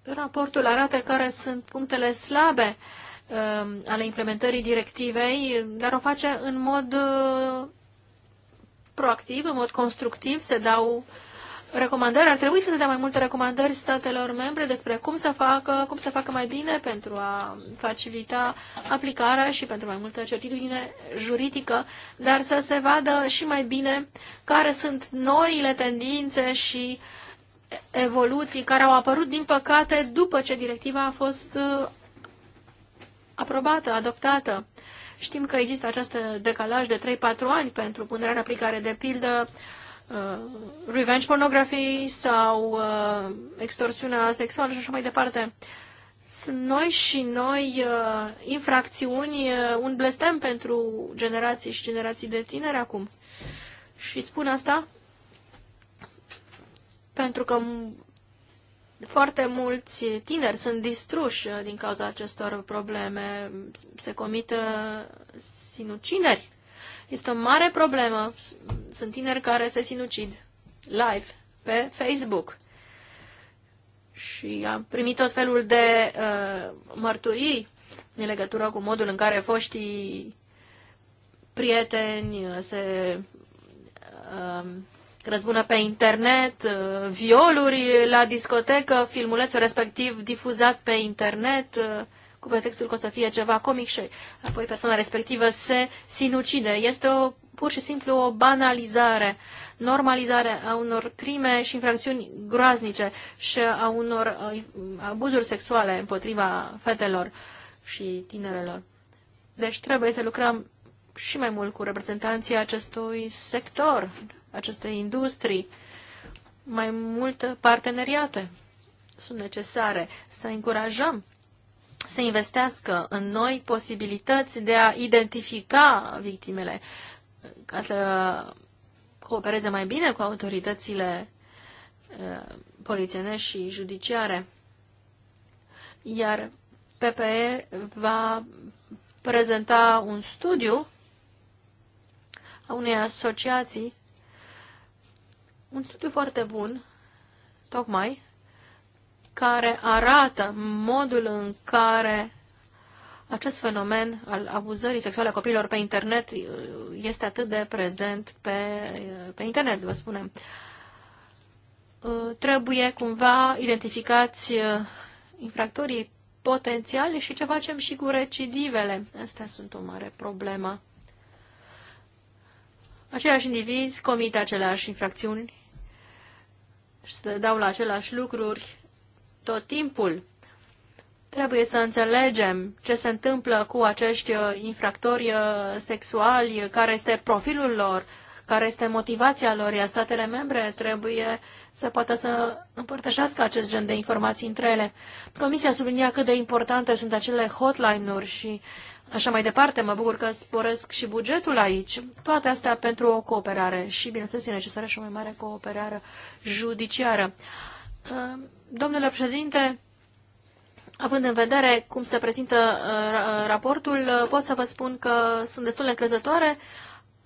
Raportul arată care sunt punctele slabe um, ale implementării directivei, dar o face în mod uh, proactiv, în mod constructiv, se dau uh, recomandări, ar trebui să se dea mai multe recomandări statelor membre despre cum să facă, cum să facă mai bine pentru a facilita aplicarea și pentru mai multă certitudine juridică, dar să se vadă și mai bine care sunt noile tendințe și evoluții care au apărut, din păcate, după ce directiva a fost uh, aprobată, adoptată. Știm că există acest decalaj de 3-4 ani pentru punerea în aplicare de pildă uh, uh, revenge pornography sau uh, extorsiunea sexuală și așa mai departe. Sunt noi și noi uh, infracțiuni, uh, un blestem pentru generații și generații de tineri acum. Și spun asta pentru că foarte mulți tineri sunt distruși uh, din cauza acestor probleme. Se comit sinucineri este o mare problemă. Sunt tineri care se sinucid live pe Facebook. Și am primit tot felul de uh, mărturii în legătură cu modul în care foștii prieteni uh, se uh, răzbună pe internet, uh, violuri la discotecă, filmulețul respectiv difuzat pe internet. Uh, cu pretextul că o să fie ceva comic și apoi persoana respectivă se sinucide. Este o, pur și simplu o banalizare, normalizare a unor crime și infracțiuni groaznice și a unor uh, abuzuri sexuale împotriva fetelor și tinerelor. Deci trebuie să lucrăm și mai mult cu reprezentanții acestui sector, acestei industrii. Mai multe parteneriate sunt necesare să încurajăm să investească în noi posibilități de a identifica victimele ca să coopereze mai bine cu autoritățile uh, polițienești și judiciare. Iar PPE va prezenta un studiu a unei asociații, un studiu foarte bun, tocmai, care arată modul în care acest fenomen al abuzării sexuale a copiilor pe internet uh, este atât de prezent pe, uh, pe internet, vă spunem. Uh, trebuie cumva identificați infractorii potențiali și ce facem și cu recidivele. Astea sunt o mare problemă. Aceiași indivizi comit aceleași infracțiuni și se dau la aceleași lucruri tot timpul. Trebuie să înțelegem ce se întâmplă cu acești uh, infractori uh, sexuali, care este profilul lor, care este motivația lor, iar statele membre trebuie să poată să împărtășească acest gen de informații între ele. Comisia sublinia cât de importante sunt acele hotline-uri și așa mai departe. Mă bucur că sporesc și bugetul aici. Toate astea pentru o cooperare și, bineînțeles, e necesară și o mai mare cooperare judiciară. Ehm, domnule președinte, având în vedere cum se prezintă eh, eh, raportul, eh, pot să vă spun că sunt destul de încrezătoare.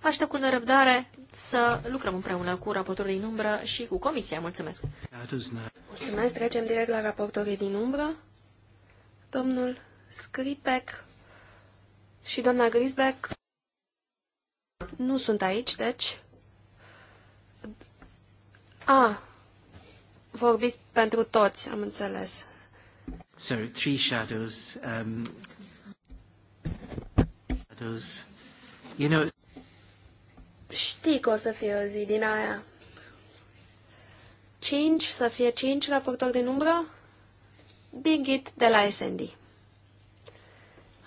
Aștept cu nerăbdare să lucrăm împreună cu raportorii din umbră și cu comisia. Mulțumesc! Mulțumesc! Trecem direct la raportorii din umbră. Domnul Scripec și doamna Grisbeck nu sunt aici, deci... A, Vorbiți pentru toți, am înțeles. So, three shadows. Um, shadows. You know... Știi că o să fie o zi din aia. Cinci, să fie cinci raportori din umbră? Bigit de la SND.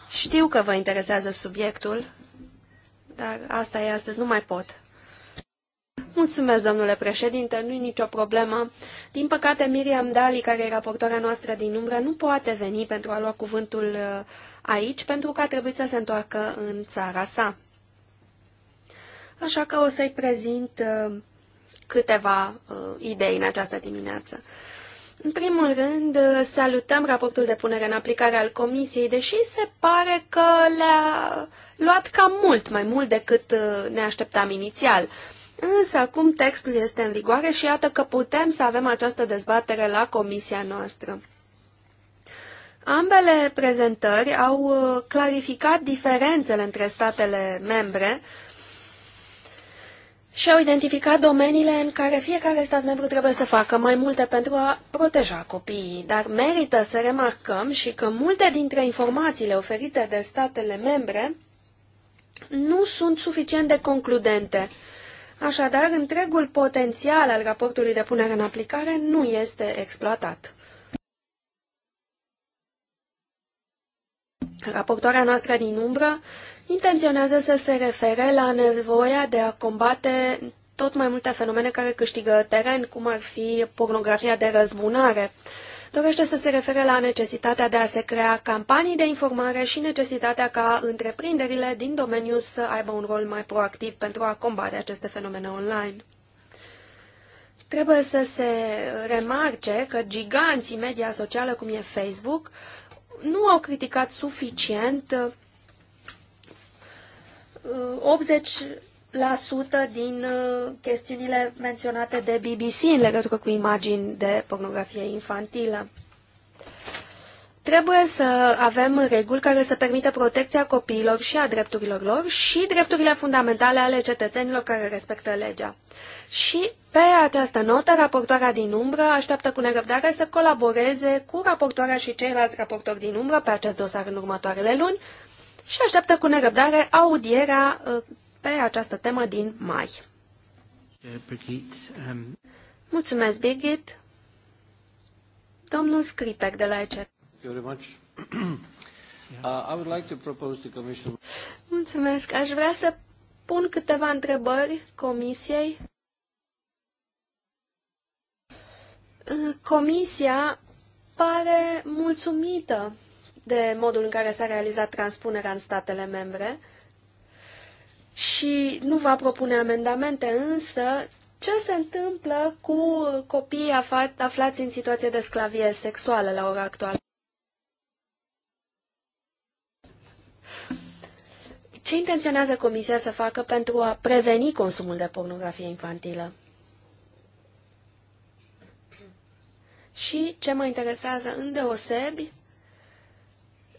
Știu că vă interesează subiectul, dar asta e astăzi, nu mai pot. Mulțumesc, domnule președinte, nu-i nicio problemă. Din păcate, Miriam Dali, care e raportoarea noastră din umbră, nu poate veni pentru a lua cuvântul uh, aici, pentru că a trebuit să se întoarcă în țara sa. Așa că o să-i prezint uh, câteva uh, idei în această dimineață. În primul rând, salutăm raportul de punere în aplicare al Comisiei, deși se pare că le-a luat cam mult, mai mult decât ne așteptam inițial. Însă acum textul este în vigoare și iată că putem să avem această dezbatere la comisia noastră. Ambele prezentări au uh, clarificat diferențele între statele membre și au identificat domeniile în care fiecare stat membru trebuie să facă mai multe pentru a proteja copiii. Dar merită să remarcăm și că multe dintre informațiile oferite de statele membre nu sunt suficient de concludente Așadar, întregul potențial al raportului de punere în aplicare nu este exploatat. Raportoarea noastră din umbră intenționează să se refere la nevoia de a combate tot mai multe fenomene care câștigă teren, cum ar fi pornografia de răzbunare dorește să se refere la necesitatea de a se crea campanii de informare și necesitatea ca întreprinderile din domeniu să aibă un rol mai proactiv pentru a combate aceste fenomene online. Trebuie să se remarce că giganții media socială, cum e Facebook, nu au criticat suficient 80 uh, din uh, chestiunile menționate de BBC în legătură cu imagini de pornografie infantilă. Trebuie să avem reguli care să permită protecția copiilor și a drepturilor lor și drepturile fundamentale ale cetățenilor care respectă legea. Și pe această notă, raportoarea din umbră așteaptă cu nerăbdare să colaboreze cu raportoarea și ceilalți raportori din umbră pe acest dosar în următoarele luni și așteaptă cu nerăbdare audierea uh, pe această temă din mai. Eh, um, Mulțumesc, Birgit. Domnul Scripec de la ECR. Uh, Mulțumesc. Aș vrea să pun câteva întrebări comisiei. Uh, comisia pare mulțumită de modul în care s-a realizat transpunerea în statele membre și nu va propune amendamente, însă ce se întâmplă cu copiii aflați în situație de sclavie sexuală la ora actuală? Ce intenționează Comisia să facă pentru a preveni consumul de pornografie infantilă? Și ce mă interesează îndeosebi,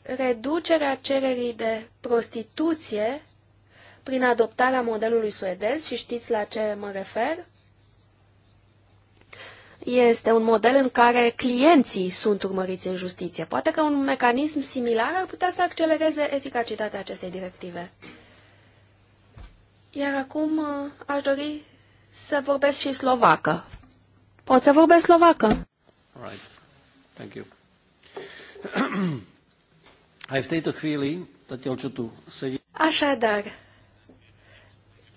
reducerea cererii de prostituție prin adoptarea modelului suedez și știți la ce mă refer? Este un model în care clienții sunt urmăriți în justiție. Poate că un mecanism similar ar putea să accelereze eficacitatea acestei directive. Iar acum uh, aș dori să vorbesc și slovacă. Pot să vorbesc slovacă? Right. Thank you. Așadar,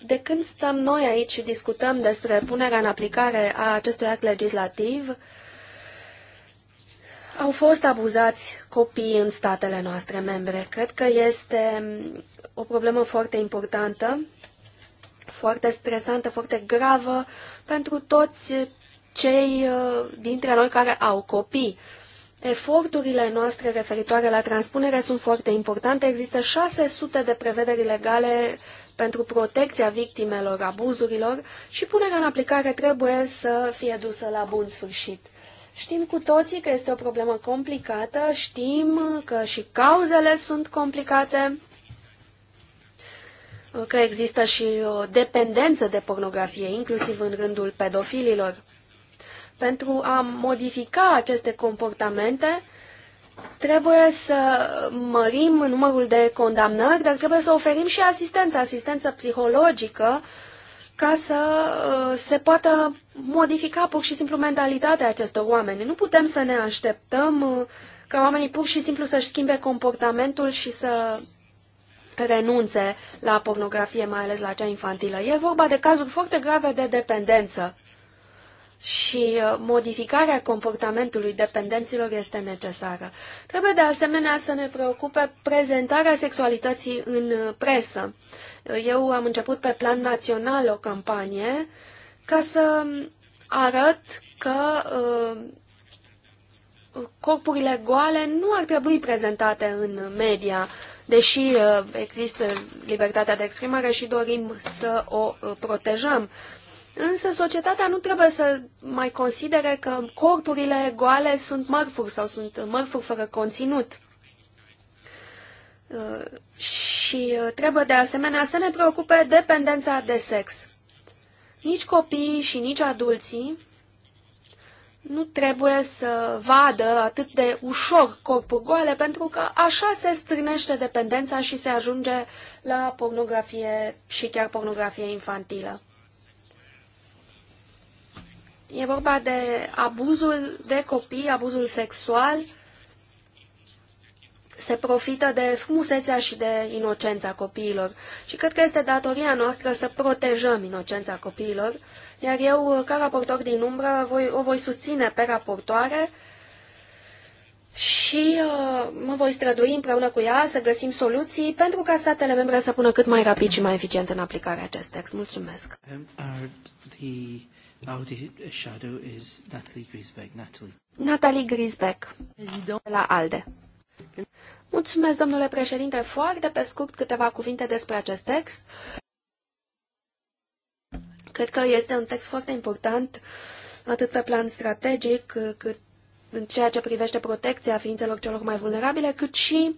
de când stăm noi aici și discutăm despre punerea în aplicare a acestui act legislativ, au fost abuzați copii în statele noastre membre. Cred că este o problemă foarte importantă, foarte stresantă, foarte gravă pentru toți cei uh, dintre noi care au copii. Eforturile noastre referitoare la transpunere sunt foarte importante. Există 600 de prevederi legale pentru protecția victimelor abuzurilor și punerea în aplicare trebuie să fie dusă la bun sfârșit. Știm cu toții că este o problemă complicată, știm că și cauzele sunt complicate, că există și o dependență de pornografie, inclusiv în rândul pedofililor. Pentru a modifica aceste comportamente, Trebuie să mărim numărul de condamnări, dar trebuie să oferim și asistență, asistență psihologică, ca să uh, se poată modifica pur și simplu mentalitatea acestor oameni. Nu putem să ne așteptăm uh, ca oamenii pur și simplu să-și schimbe comportamentul și să renunțe la pornografie, mai ales la cea infantilă. E vorba de cazuri foarte grave de dependență și uh, modificarea comportamentului dependenților este necesară. Trebuie de asemenea să ne preocupe prezentarea sexualității în uh, presă. Uh, eu am început pe plan național o campanie ca să um, arăt că corpurile goale nu ar trebui prezentate în media, deși există libertatea de exprimare și dorim să o protejăm. Însă societatea nu trebuie să mai considere că corpurile goale sunt mărfuri sau sunt mărfuri fără conținut. Uh, și uh, trebuie de asemenea să ne preocupe dependența de sex. Nici copiii și nici adulții nu trebuie să vadă atât de ușor corpuri goale, pentru că așa se strânește dependența și se ajunge la pornografie și chiar pornografie infantilă. E vorba de abuzul de copii, abuzul sexual. Se profită de frumusețea și de inocența copiilor. Și cred că este datoria noastră să protejăm inocența copiilor. Iar eu, ca raportor din umbră, voi, o voi susține pe raportoare și uh, mă voi strădui împreună cu ea să găsim soluții pentru ca statele membre să pună cât mai rapid și mai eficient în aplicare acest text. Mulțumesc! Uh, Audi Shadow is Natalie Griesbeck. Natalie. Natalie Griesbeck, de la ALDE. Mulțumesc, domnule președinte, foarte pe scurt câteva cuvinte despre acest text. Cred că este un text foarte important, atât pe plan strategic, cât în ceea ce privește protecția ființelor celor mai vulnerabile, cât și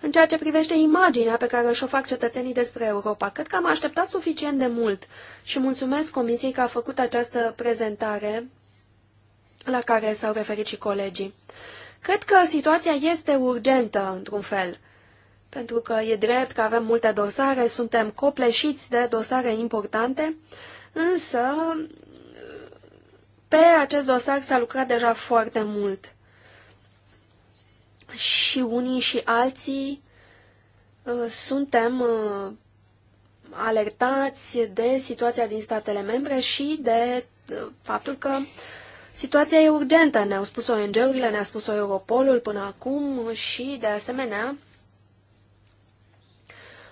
în ceea ce privește imaginea pe care și-o fac cetățenii despre Europa. Cred că am așteptat suficient de mult și mulțumesc Comisiei că a făcut această prezentare la care s-au referit și colegii. Cred că situația este urgentă, într-un fel, pentru că e drept că avem multe dosare, suntem copleșiți de dosare importante, însă pe acest dosar s-a lucrat deja foarte mult. Și unii și alții uh, suntem uh, alertați de situația din statele membre și de uh, faptul că situația e urgentă. Ne-au spus ONG-urile, ne-a spus Europolul până acum și, de asemenea,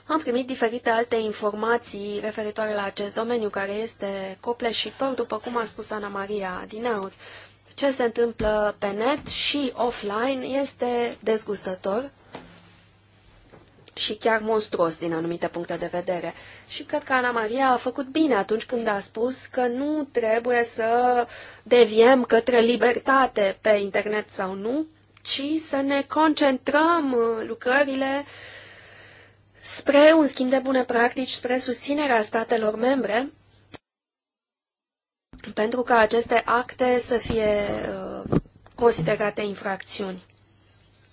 am primit diferite alte informații referitoare la acest domeniu, care este copleșitor, după cum a spus Ana Maria Dinauri. Ce se întâmplă pe net și offline este dezgustător și chiar monstruos din anumite puncte de vedere. Și cred că Ana Maria a făcut bine atunci când a spus că nu trebuie să deviem către libertate pe internet sau nu, ci să ne concentrăm lucrările uh, spre un schimb de bune practici, spre susținerea statelor membre, pentru ca aceste acte să fie uh, considerate infracțiuni.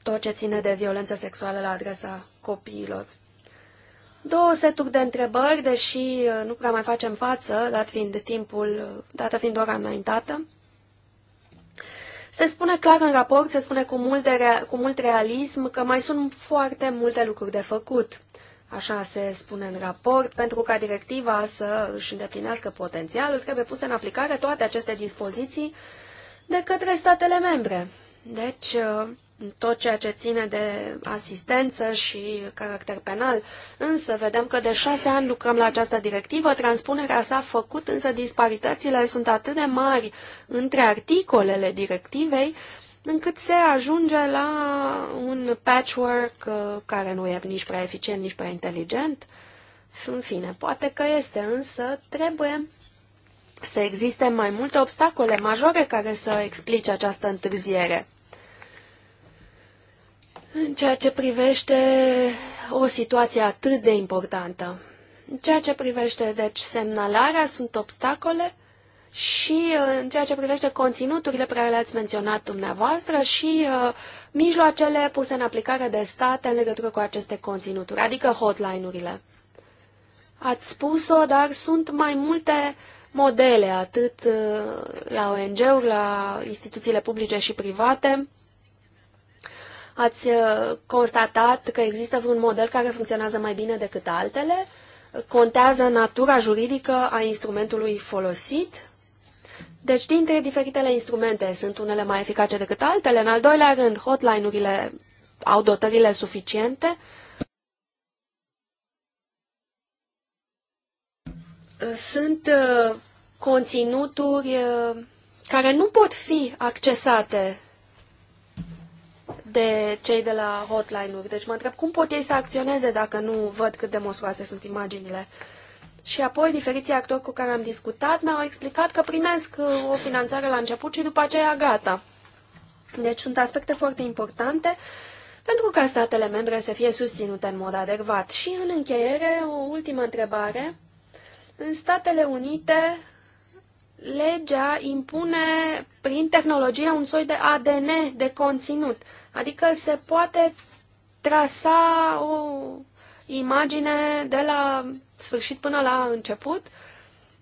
Tot ce ține de violență sexuală la adresa copiilor. Două seturi de întrebări, deși uh, nu prea mai facem față, dat fiind timpul, uh, dată fiind ora înaintată. Se spune clar în raport, se spune cu mult, rea, cu mult realism că mai sunt foarte multe lucruri de făcut. Așa se spune în raport, pentru ca directiva să își îndeplinească potențialul, trebuie puse în aplicare toate aceste dispoziții de către statele membre. Deci, uh, tot ceea ce ține de asistență și caracter penal, însă vedem că de șase ani lucrăm la această directivă, transpunerea s-a făcut, însă disparitățile sunt atât de mari între articolele directivei, încât se ajunge la un patchwork uh, care nu e nici prea eficient, nici prea inteligent. În fine, poate că este, însă trebuie să existe mai multe obstacole majore care să explice această întârziere în ceea ce privește o situație atât de importantă. În ceea ce privește, deci, semnalarea, sunt obstacole și uh, în ceea ce privește conținuturile pe care le-ați menționat dumneavoastră și uh, mijloacele puse în aplicare de state în legătură cu aceste conținuturi, adică hotline-urile. Ați spus-o, dar sunt mai multe modele, atât uh, la ONG-uri, la instituțiile publice și private, Ați uh, constatat că există vreun model care funcționează mai bine decât altele? Contează natura juridică a instrumentului folosit? Deci, dintre diferitele instrumente, sunt unele mai eficace decât altele. În al doilea rând, hotline-urile au dotările suficiente. Sunt uh, conținuturi uh, care nu pot fi accesate de cei de la hotline-uri. Deci mă întreb cum pot ei să acționeze dacă nu văd cât de monstruoase sunt imaginile. Și apoi diferiții actori cu care am discutat mi-au explicat că primesc uh, o finanțare la început și după aceea gata. Deci sunt aspecte foarte importante pentru ca statele membre să fie susținute în mod adecvat. Și în încheiere, o ultimă întrebare. În Statele Unite legea impune prin tehnologie un soi de ADN de conținut, adică se poate trasa o imagine de la sfârșit până la început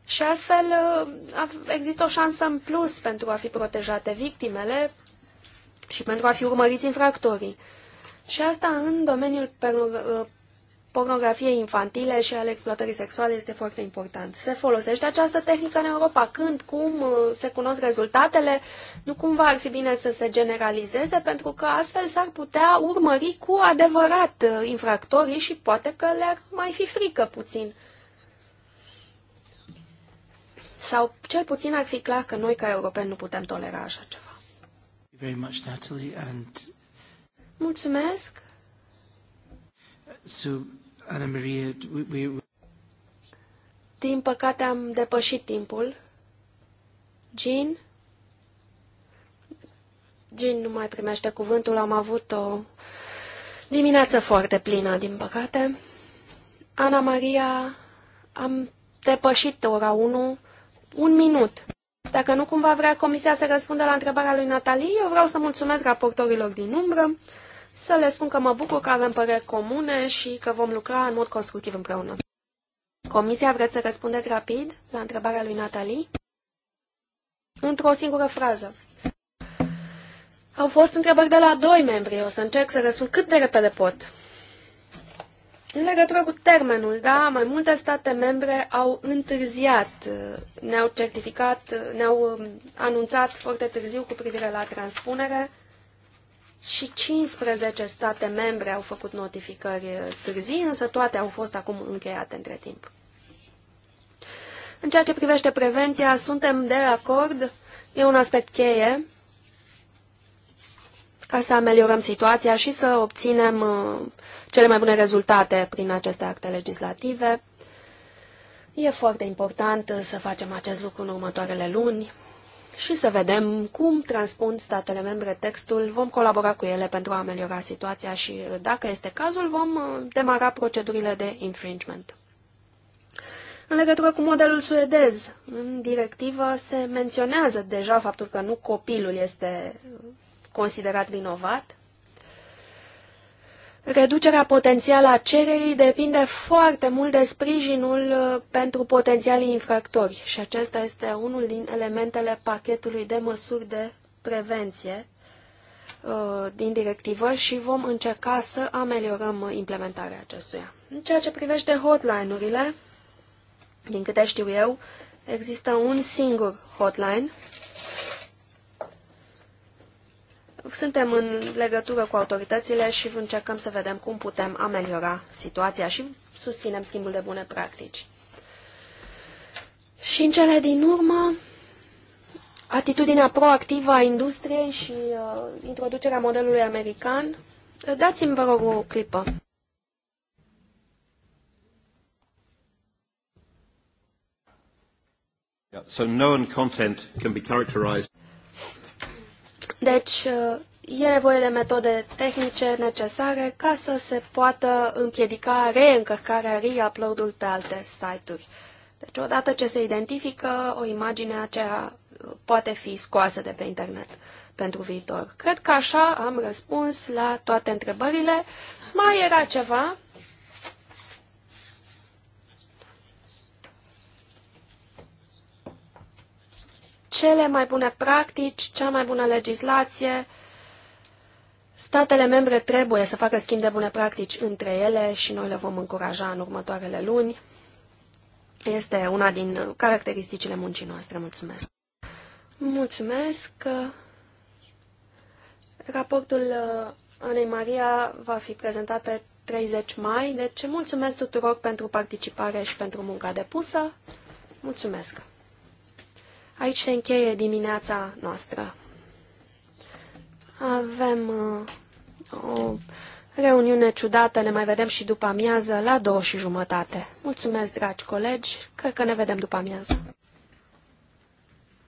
și astfel uh, există o șansă în plus pentru a fi protejate victimele și pentru a fi urmăriți infractorii. Și asta în domeniul uh, pornografiei infantile și ale exploatării sexuale este foarte important. Se folosește această tehnică în Europa? Când? Cum? Uh, se cunosc rezultatele? Nu cumva ar fi bine să se generalizeze? Pentru că astfel s-ar putea urmări cu adevărat uh, infractorii și poate că le-ar mai fi frică puțin. Sau cel puțin ar fi clar că noi ca europeni nu putem tolera așa ceva. Very much, Natalie, and... Mulțumesc! So Ana Maria, we, we... Din păcate am depășit timpul. Jean? Jean nu mai primește cuvântul, am avut o dimineață foarte plină, din păcate. Ana Maria, am depășit ora 1, un minut. Dacă nu cumva vrea comisia să răspundă la întrebarea lui Natalie, eu vreau să mulțumesc raportorilor din umbră să le spun că mă bucur că avem păreri comune și că vom lucra în mod constructiv împreună. Comisia, vreți să răspundeți rapid la întrebarea lui Natalie? Într-o singură frază. Au fost întrebări de la doi membri. O să încerc să răspund cât de repede pot. În legătură cu termenul, da, mai multe state membre au întârziat, ne-au certificat, ne-au um, anunțat foarte târziu cu privire la transpunere și 15 state membre au făcut notificări uh, târzii, însă toate au fost acum încheiate între timp. În ceea ce privește prevenția, suntem de acord, e un aspect cheie ca să ameliorăm situația și să obținem uh, cele mai bune rezultate prin aceste acte legislative. E foarte important uh, să facem acest lucru în următoarele luni și să vedem cum transpun statele membre textul. Vom colabora cu ele pentru a ameliora situația și, uh, dacă este cazul, vom uh, demara procedurile de infringement. În legătură cu modelul suedez, în directivă se menționează deja faptul că nu copilul este uh, considerat vinovat, Reducerea potențială a cererii depinde foarte mult de sprijinul uh, pentru potențialii infractori și acesta este unul din elementele pachetului de măsuri de prevenție uh, din directivă și vom încerca să ameliorăm implementarea acestuia. În ceea ce privește hotline-urile, din câte știu eu, există un singur hotline suntem în legătură cu autoritățile și încercăm să vedem cum putem ameliora situația și susținem schimbul de bune practici. Și în cele din urmă, atitudinea proactivă a industriei și uh, introducerea modelului american. Dați-mi, vă rog, o clipă. So known content can be characterized deci, e nevoie de metode tehnice necesare ca să se poată împiedica reîncărcarea, re-upload-ul pe alte site-uri. Deci, odată ce se identifică o imagine, aceea uh, poate fi scoasă de pe internet pentru viitor. Cred că așa am răspuns la toate întrebările. Mai era ceva cele mai bune practici, cea mai bună legislație. Statele membre trebuie să facă schimb de bune practici între ele și noi le vom încuraja în următoarele luni. Este una din caracteristicile muncii noastre. Mulțumesc! Mulțumesc! Raportul uh, Anei Maria va fi prezentat pe 30 mai, deci mulțumesc tuturor pentru participare și pentru munca depusă. Mulțumesc! Aici se încheie dimineața noastră. Avem uh, o reuniune ciudată, ne mai vedem și după amiază la două și jumătate. Mulțumesc, dragi colegi, cred că ne vedem după amiază.